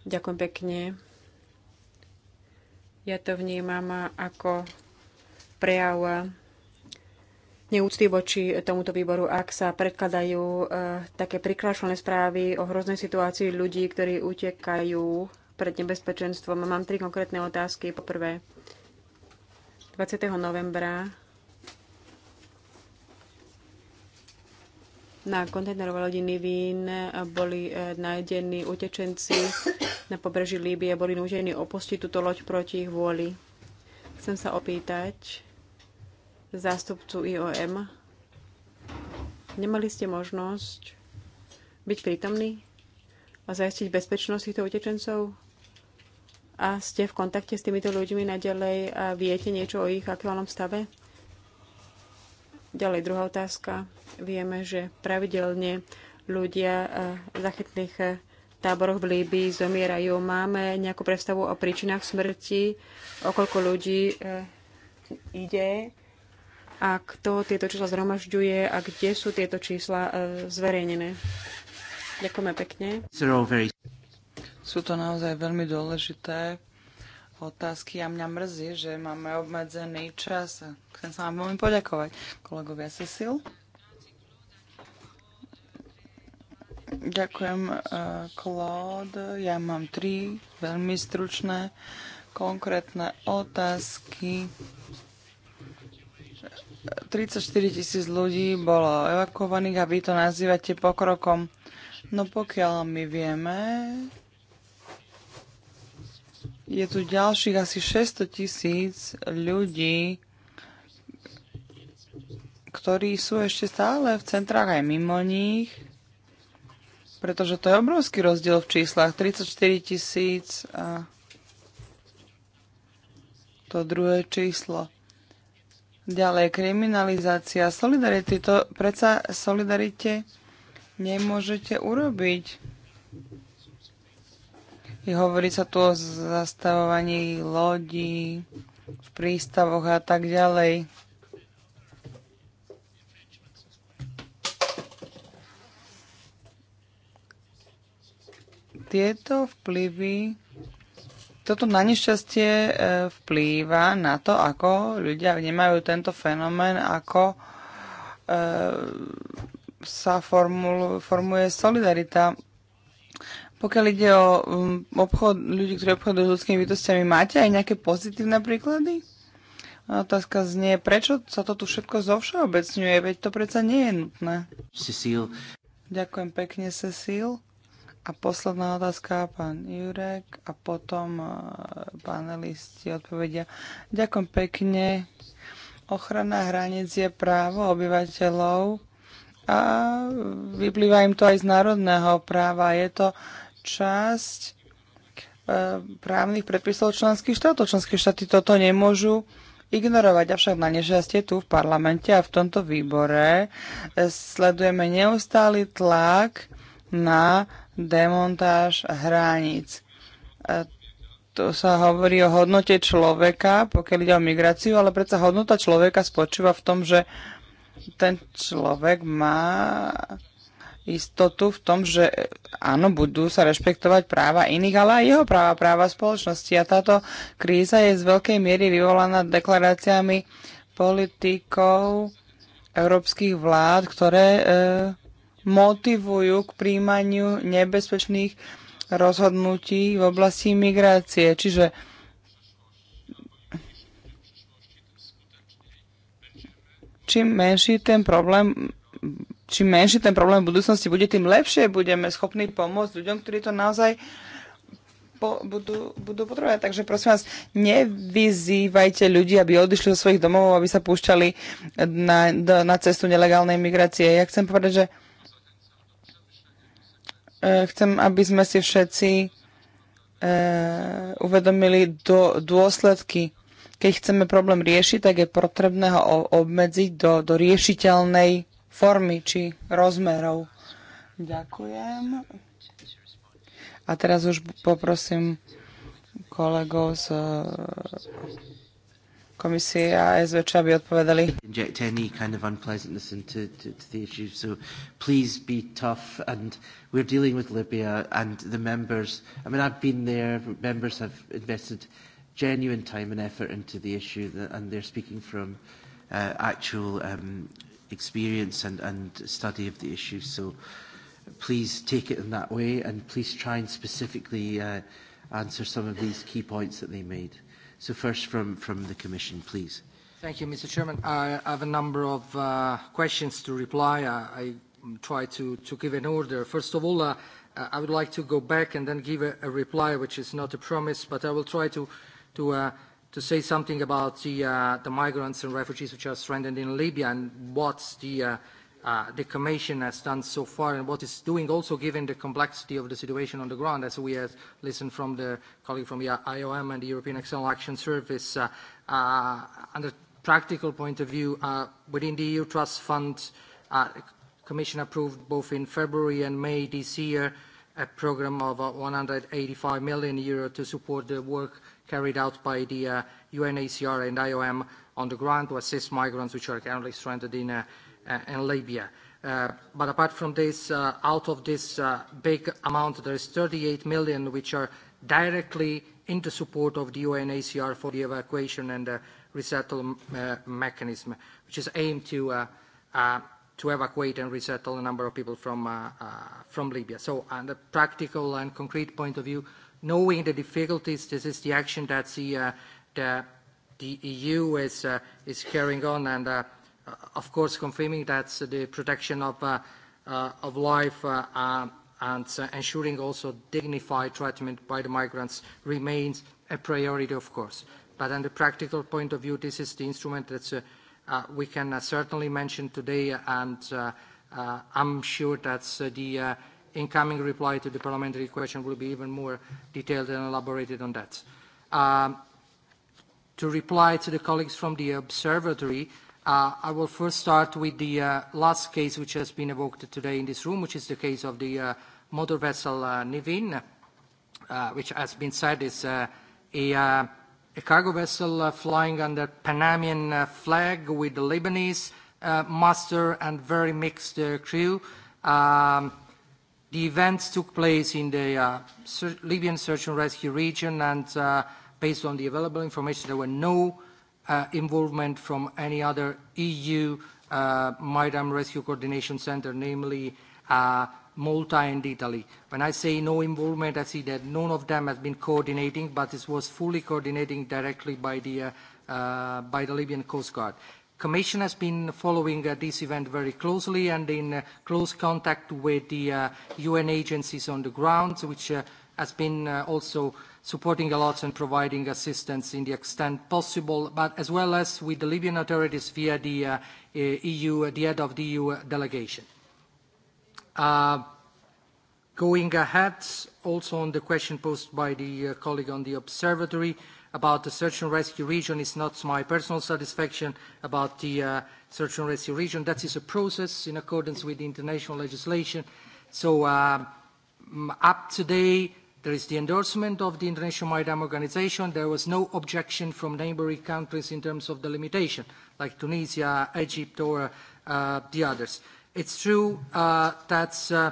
Ďakujem pekne. Ja to vnímam ako prejav neúcty voči tomuto výboru, ak sa predkladajú e, také prikrášlené správy o hroznej situácii ľudí, ktorí utekajú pred nebezpečenstvom. Mám tri konkrétne otázky. Poprvé, 20. novembra na kontejnerové lodi Nivín boli eh, nájdení utečenci na pobreží Líbie, boli nútení opustiť túto loď proti ich vôli. Chcem sa opýtať zástupcu IOM, nemali ste možnosť byť prítomní? a zajistiť bezpečnosť týchto utečencov? A ste v kontakte s týmito ľuďmi naďalej a viete niečo o ich aktuálnom stave? Ďalej druhá otázka. Vieme, že pravidelne ľudia eh, v zachytných eh, táboroch v Líbii zomierajú. Máme nejakú predstavu o príčinách smrti, o koľko ľudí eh, ide a kto tieto čísla zhromažďuje a kde sú tieto čísla zverejnené. Ďakujeme pekne. Sú to naozaj veľmi dôležité otázky a mňa mrzí, že máme obmedzený čas. Chcem sa vám veľmi poďakovať, kolegovia Cecil. Ďakujem, eh, Claude. Ja mám tri veľmi stručné, konkrétne otázky. 34 tisíc ľudí bolo evakuovaných a vy to nazývate pokrokom. No pokiaľ my vieme, je tu ďalších asi 600 tisíc ľudí, ktorí sú ešte stále v centrách aj mimo nich, pretože to je obrovský rozdiel v číslach. 34 tisíc a to druhé číslo. Ďalej, kriminalizácia solidarity. To predsa solidarite nemôžete urobiť. I hovorí sa tu o zastavovaní lodí v prístavoch a tak ďalej. Tieto vplyvy toto na nešťastie e, vplýva na to, ako ľudia vnímajú tento fenomén ako e, sa formul, formuje solidarita. Pokiaľ ide o um, obchod, ľudí, ktorí obchodujú s ľudskými bytostiami, máte aj nejaké pozitívne príklady? A otázka znie, prečo sa to tu všetko zovšeobecňuje, veď to predsa nie je nutné. Cecil. Ďakujem pekne, Cecil. A posledná otázka, pán Jurek, a potom uh, panelisti odpovedia. Ďakujem pekne. Ochrana hraníc je právo obyvateľov a vyplýva im to aj z národného práva. Je to časť e, právnych predpisov členských štátov. Členské štáty toto nemôžu ignorovať. Avšak na nešťastie tu v parlamente a v tomto výbore e, sledujeme neustály tlak na demontáž hraníc. E, to sa hovorí o hodnote človeka, pokiaľ ide o migráciu, ale predsa hodnota človeka spočíva v tom, že ten človek má istotu v tom, že áno, budú sa rešpektovať práva iných, ale aj jeho práva, práva spoločnosti. A táto kríza je z veľkej miery vyvolaná deklaráciami politikov európskych vlád, ktoré e, motivujú k príjmaniu nebezpečných rozhodnutí v oblasti migrácie. Čiže čím menší ten problém, čím menší ten problém v budúcnosti bude, tým lepšie budeme schopní pomôcť ľuďom, ktorí to naozaj po, budú, budú potrebovať. Takže prosím vás, nevyzývajte ľudí, aby odišli zo svojich domov, aby sa púšťali na, na cestu nelegálnej migrácie. Ja chcem povedať, že e, chcem, aby sme si všetci e, uvedomili do, dôsledky keď chceme problém riešiť, tak je potrebné ho obmedziť do, do riešiteľnej formy či rozmerov. Ďakujem. A teraz už poprosím kolegov z e, komisie a SVČ, aby odpovedali. kind of unpleasantness into to, to the issue, so please be tough. And we're dealing with Libya and the members. I mean, I've been there. Members have invested genuine time and effort into the issue that, and they're speaking from uh, actual um, experience and, and study of the issue. So please take it in that way and please try and specifically uh, answer some of these key points that they made. So first from, from the Commission, please. Thank you, Mr. Chairman. I have a number of uh, questions to reply. I, I try to, to give an order. First of all, uh, I would like to go back and then give a, a reply, which is not a promise, but I will try to uh, to, uh, to say something about the, uh, the migrants and refugees which are stranded in Libya and what the, uh, uh, the Commission has done so far and what it's doing also given the complexity of the situation on the ground as we have listened from the colleague from the IOM and the European External Action Service uh, uh, under practical point of view, uh, within the EU Trust Fund, uh, Commission approved both in February and May this year a program of uh, 185 million euro to support the work carried out by the uh, UNHCR and IOM on the ground to assist migrants which are currently stranded in, uh, uh, in Libya. Uh, but apart from this, uh, out of this uh, big amount, there is 38 million which are directly in the support of the UNHCR for the evacuation and uh, resettlement uh, mechanism, which is aimed to, uh, uh, to evacuate and resettle a number of people from, uh, uh, from Libya. So on the practical and concrete point of view, knowing the difficulties, this is the action that the, uh, the, the EU is, uh, is carrying on and, uh, uh, of course, confirming that the protection of, uh, uh, of life uh, uh, and uh, ensuring also dignified treatment by the migrants remains a priority, of course. But on the practical point of view, this is the instrument that uh, uh, we can uh, certainly mention today, and uh, uh, I'm sure that uh, the uh, incoming reply to the parliamentary question will be even more detailed and elaborated on that. Um, to reply to the colleagues from the observatory, uh, I will first start with the uh, last case which has been evoked today in this room, which is the case of the uh, motor vessel uh, Nivin, uh, which has been said is uh, a, uh, a cargo vessel uh, flying under Panamian uh, flag with the Lebanese uh, master and very mixed uh, crew. Um, The events took place in the uh, Libyan search and rescue region and uh, based on the available information, there were no uh, involvement from any other EU uh, Maritime Rescue Coordination Center, namely uh, Malta and Italy. When I say no involvement, I see that none of them has been coordinating, but this was fully coordinating directly by the, uh, uh, by the Libyan Coast Guard. Commission has been following uh, this event very closely and in uh, close contact with the uh, UN agencies on the ground, which uh, has been uh, also supporting a lot and providing assistance in the extent possible, but as well as with the Libyan authorities via the uh, uh EU, uh, the head of the EU uh, delegation. Uh, going ahead, also on the question posed by the uh, colleague on the observatory, uh, about the search and rescue region. It's not my personal satisfaction about the uh, search and rescue region. That is a process in accordance with international legislation. So uh, up today, there is the endorsement of the International Maritime Organization. There was no objection from neighboring countries in terms of the limitation, like Tunisia, Egypt, or uh, the others. It's true uh, that uh,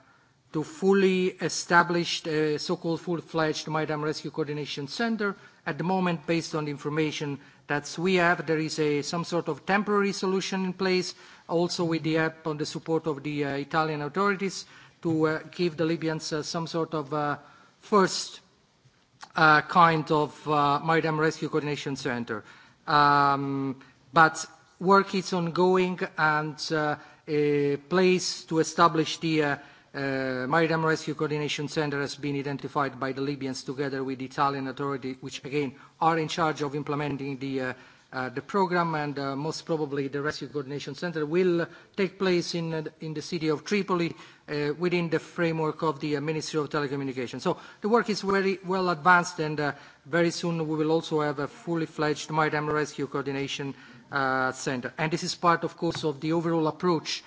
to fully establish a uh, so-called full-fledged maritime rescue coordination center. At the moment, based on the information that we have, there is a, some sort of temporary solution in place, also with the help on the support of the uh, Italian authorities to uh, give the Libyans uh, some sort of uh, first uh, kind of uh, maritime rescue coordination center. Um, but work is ongoing and uh, a place to establish the uh, Uh, Maritime Rescue Coordination Center has been identified by the Libyans together with the Italian authority, which again are in charge of implementing the, uh, uh, the program, and uh, most probably the Rescue Coordination Center will take place in, uh, in the city of Tripoli uh, within the framework of the uh, Ministry of Telecommunications. So the work is very well advanced, and uh, very soon we will also have a fully fledged Maritime Rescue Coordination uh, Center. And this is part, of course, of the overall approach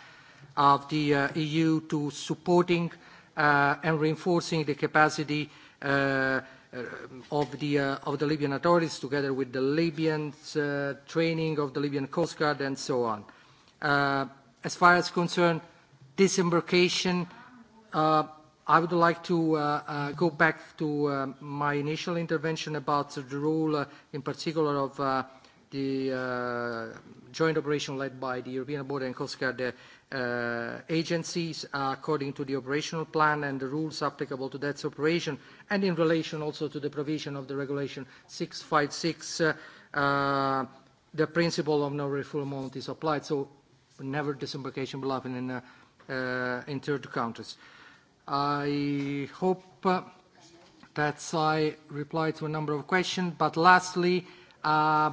of the uh, EU to supporting uh, and reinforcing the capacity uh, uh, of, the, uh, of the Libyan authorities together with the Libyan uh, training of the Libyan Coast Guard and so on. Uh, as far as concerned disembarkation, uh, I would like to uh, uh, go back to uh, my initial intervention about the role uh, in particular of uh, the uh, joint operation led by the European Border and Coast Guard uh, uh, agencies uh, according to the operational plan and the rules applicable to that operation, and in relation also to the provision of the Regulation 656, six uh, uh, the principle of no refoulement is applied, so never disembarkation will happen in, uh, uh, in third countries. I hope uh, that I replied to a number of questions, but lastly, uh,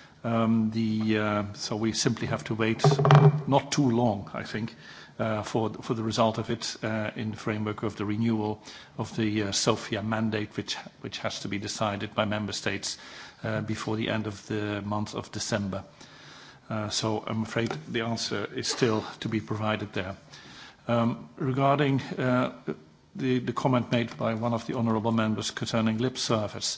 Um, the, uh, so we simply have to wait not too long, I think, uh, for, for the result of it uh, in the framework of the renewal of the uh, Sofia mandate, which, which has to be decided by member states uh, before the end of the month of December. Uh, so I'm afraid the answer is still to be provided there. Um, regarding uh, the, the comment made by one of the honourable members concerning lip service,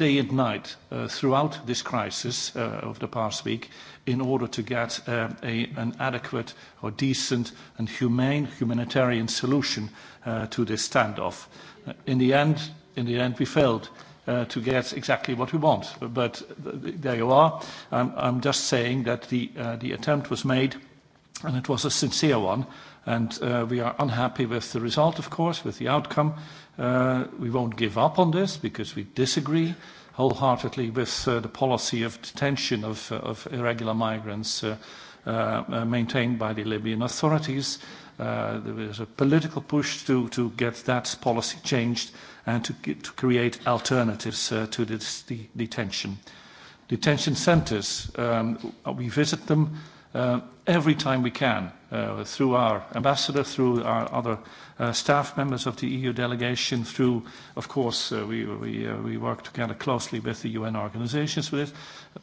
day and night uh, throughout this crisis uh, of the past week in order to get uh, a, an adequate or decent and humane humanitarian solution uh, to this standoff. Uh, in the end, in the end, we failed. Uh, to get exactly what we want. But th there you are. I'm, I'm just saying that the, uh, the attempt was made, and it was a sincere one. And uh, we are unhappy with the result, of course, with the outcome Uh, we won't give up on this because we disagree wholeheartedly with uh, the policy of detention of, uh, of irregular migrants uh, uh, uh, maintained by the Libyan authorities. Uh, there is a political push to, to get that policy changed and to, get, to create alternatives uh, to this the detention. Detention centres, um, we visit them uh, every time we can uh, through our ambassador, through our other Uh, staff members of the EU delegation through, of course, uh, we, we, uh, we work together closely with the UN organizations for this.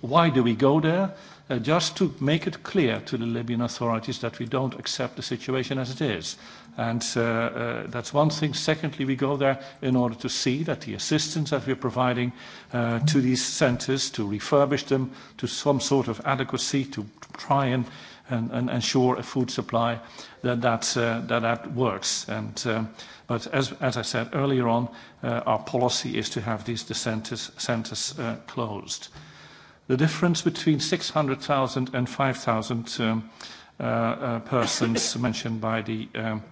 Why do we go there? Uh, just to make it clear to the Libyan authorities that we don't accept the situation as it is. And uh, uh, that's one thing. Secondly, we go there in order to see that the assistance that we're providing uh, to these centers, to refurbish them to some sort of adequacy, to try and and, and ensure a food supply that that, uh, that, that works. And, uh, but as, as I said earlier on, uh, our policy is to have these the centers, centers uh, closed. The difference between 600,000 and 5,000 um, uh, uh, persons mentioned by the, um,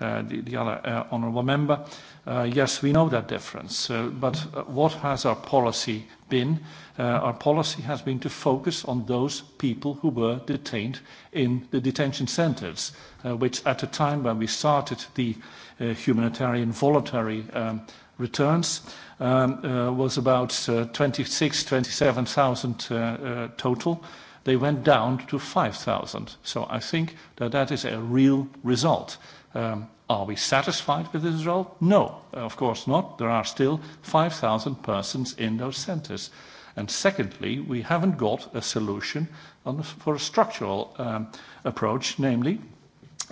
uh, the, the other uh, honourable member Uh, yes, we know that difference, uh, but uh, what has our policy been? Uh, our policy has been to focus on those people who were detained in the detention centres, uh, which at the time when we started the uh, humanitarian voluntary um, returns um, uh, was about uh, 27,000 uh, uh, total. They went down to 5,000. So I think that that is a real result. Um, Are we satisfied with result? No, of course not. There are still 5,000 persons in those centres. And secondly, we haven't got a solution on, the for a structural um, approach, namely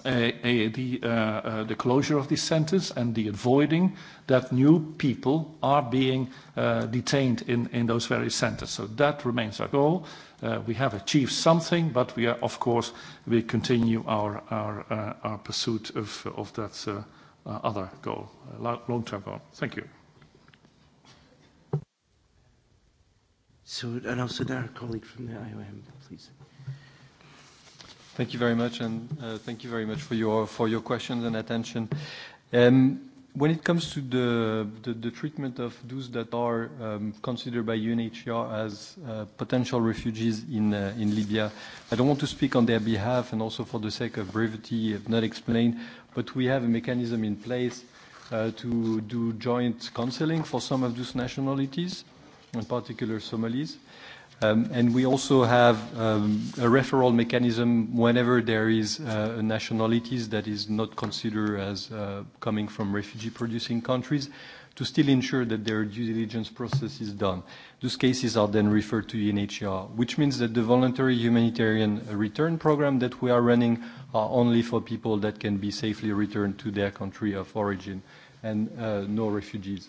a, the, uh, uh, the closure of these centers and the avoiding that new people are being uh, detained in, in those very centers. So that remains our goal. Uh, we have achieved something, but we are, of course, we continue our, our, uh, our pursuit of, of that uh, uh, other goal, uh, long-term goal. Thank you. So, and also our colleague from the IOM, please. Thank you very much, and uh, thank you very much for your, for your questions and attention. Um, When it comes to the, the, the treatment of those that are um, considered by UNHCR as uh, potential refugees in, uh, in Libya, I don't want to speak on their behalf and also for the sake of brevity, if not explained, but we have a mechanism in place uh, to do joint counseling for some of those nationalities, in particular Somalis. Uh, Um, and we also have um, a referral mechanism whenever there is uh, a nationalities that is not considered as uh, coming from refugee-producing countries to still ensure that their due diligence process is done. Those cases are then referred to UNHCR, which means that the voluntary humanitarian return program that we are running are only for people that can be safely returned to their country of origin and uh, no refugees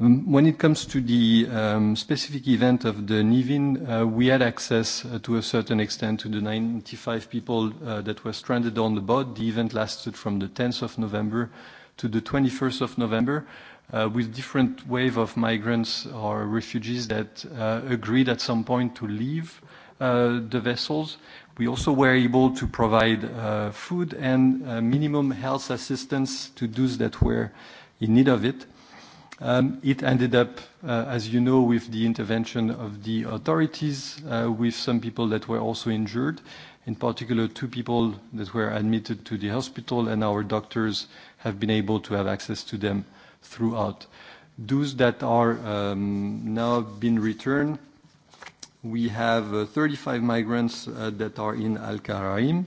Um, when it comes to the um, specific event of the Nivin, uh, we had access uh, to a certain extent to the 95 people uh, that were stranded on the boat. The event lasted from the 10th of November to the 21st of November with different wave of migrants or refugees that uh, agreed at some point to leave uh, the vessels. We also were able to provide uh, food and uh, minimum health assistance to those that were in need of it. Um, it ended up, uh, as you know, with the intervention of the authorities, uh, with some people that were also injured, in particular two people that were admitted to the hospital, and our doctors have been able to have access to them throughout. Those that are um, now been returned, we have uh, 35 migrants uh, that are in Al-Karaim.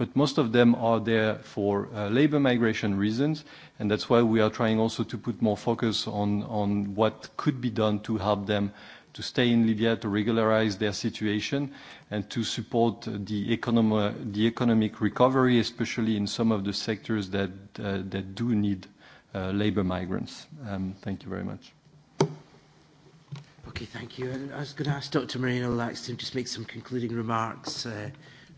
but most of them are there for uh, labor migration reasons, and that's why we are trying also to put more focus on, on what could be done to help them to stay in Libya, to regularize their situation, and to support the, the economic recovery, especially in some of the sectors that, uh, that do need uh, labor migrants. Um, thank you very much. Okay, thank you. And I was gonna ask Dr. Moreno Laxton just make some concluding remarks. Uh,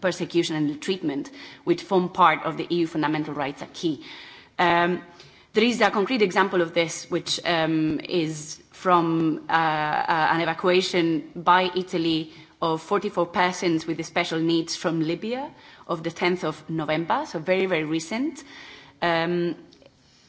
persecution and treatment, which form part of the EU Fundamental Rights Acquis. Um, there is a concrete example of this, which um, is from uh, uh, an evacuation by Italy of 44 persons with special needs from Libya of the 10th of November, so very, very recent. Um,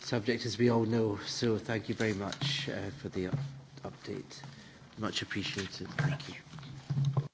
subject, as we all know. So thank you very much uh, for the up update. Much appreciated. Thank you.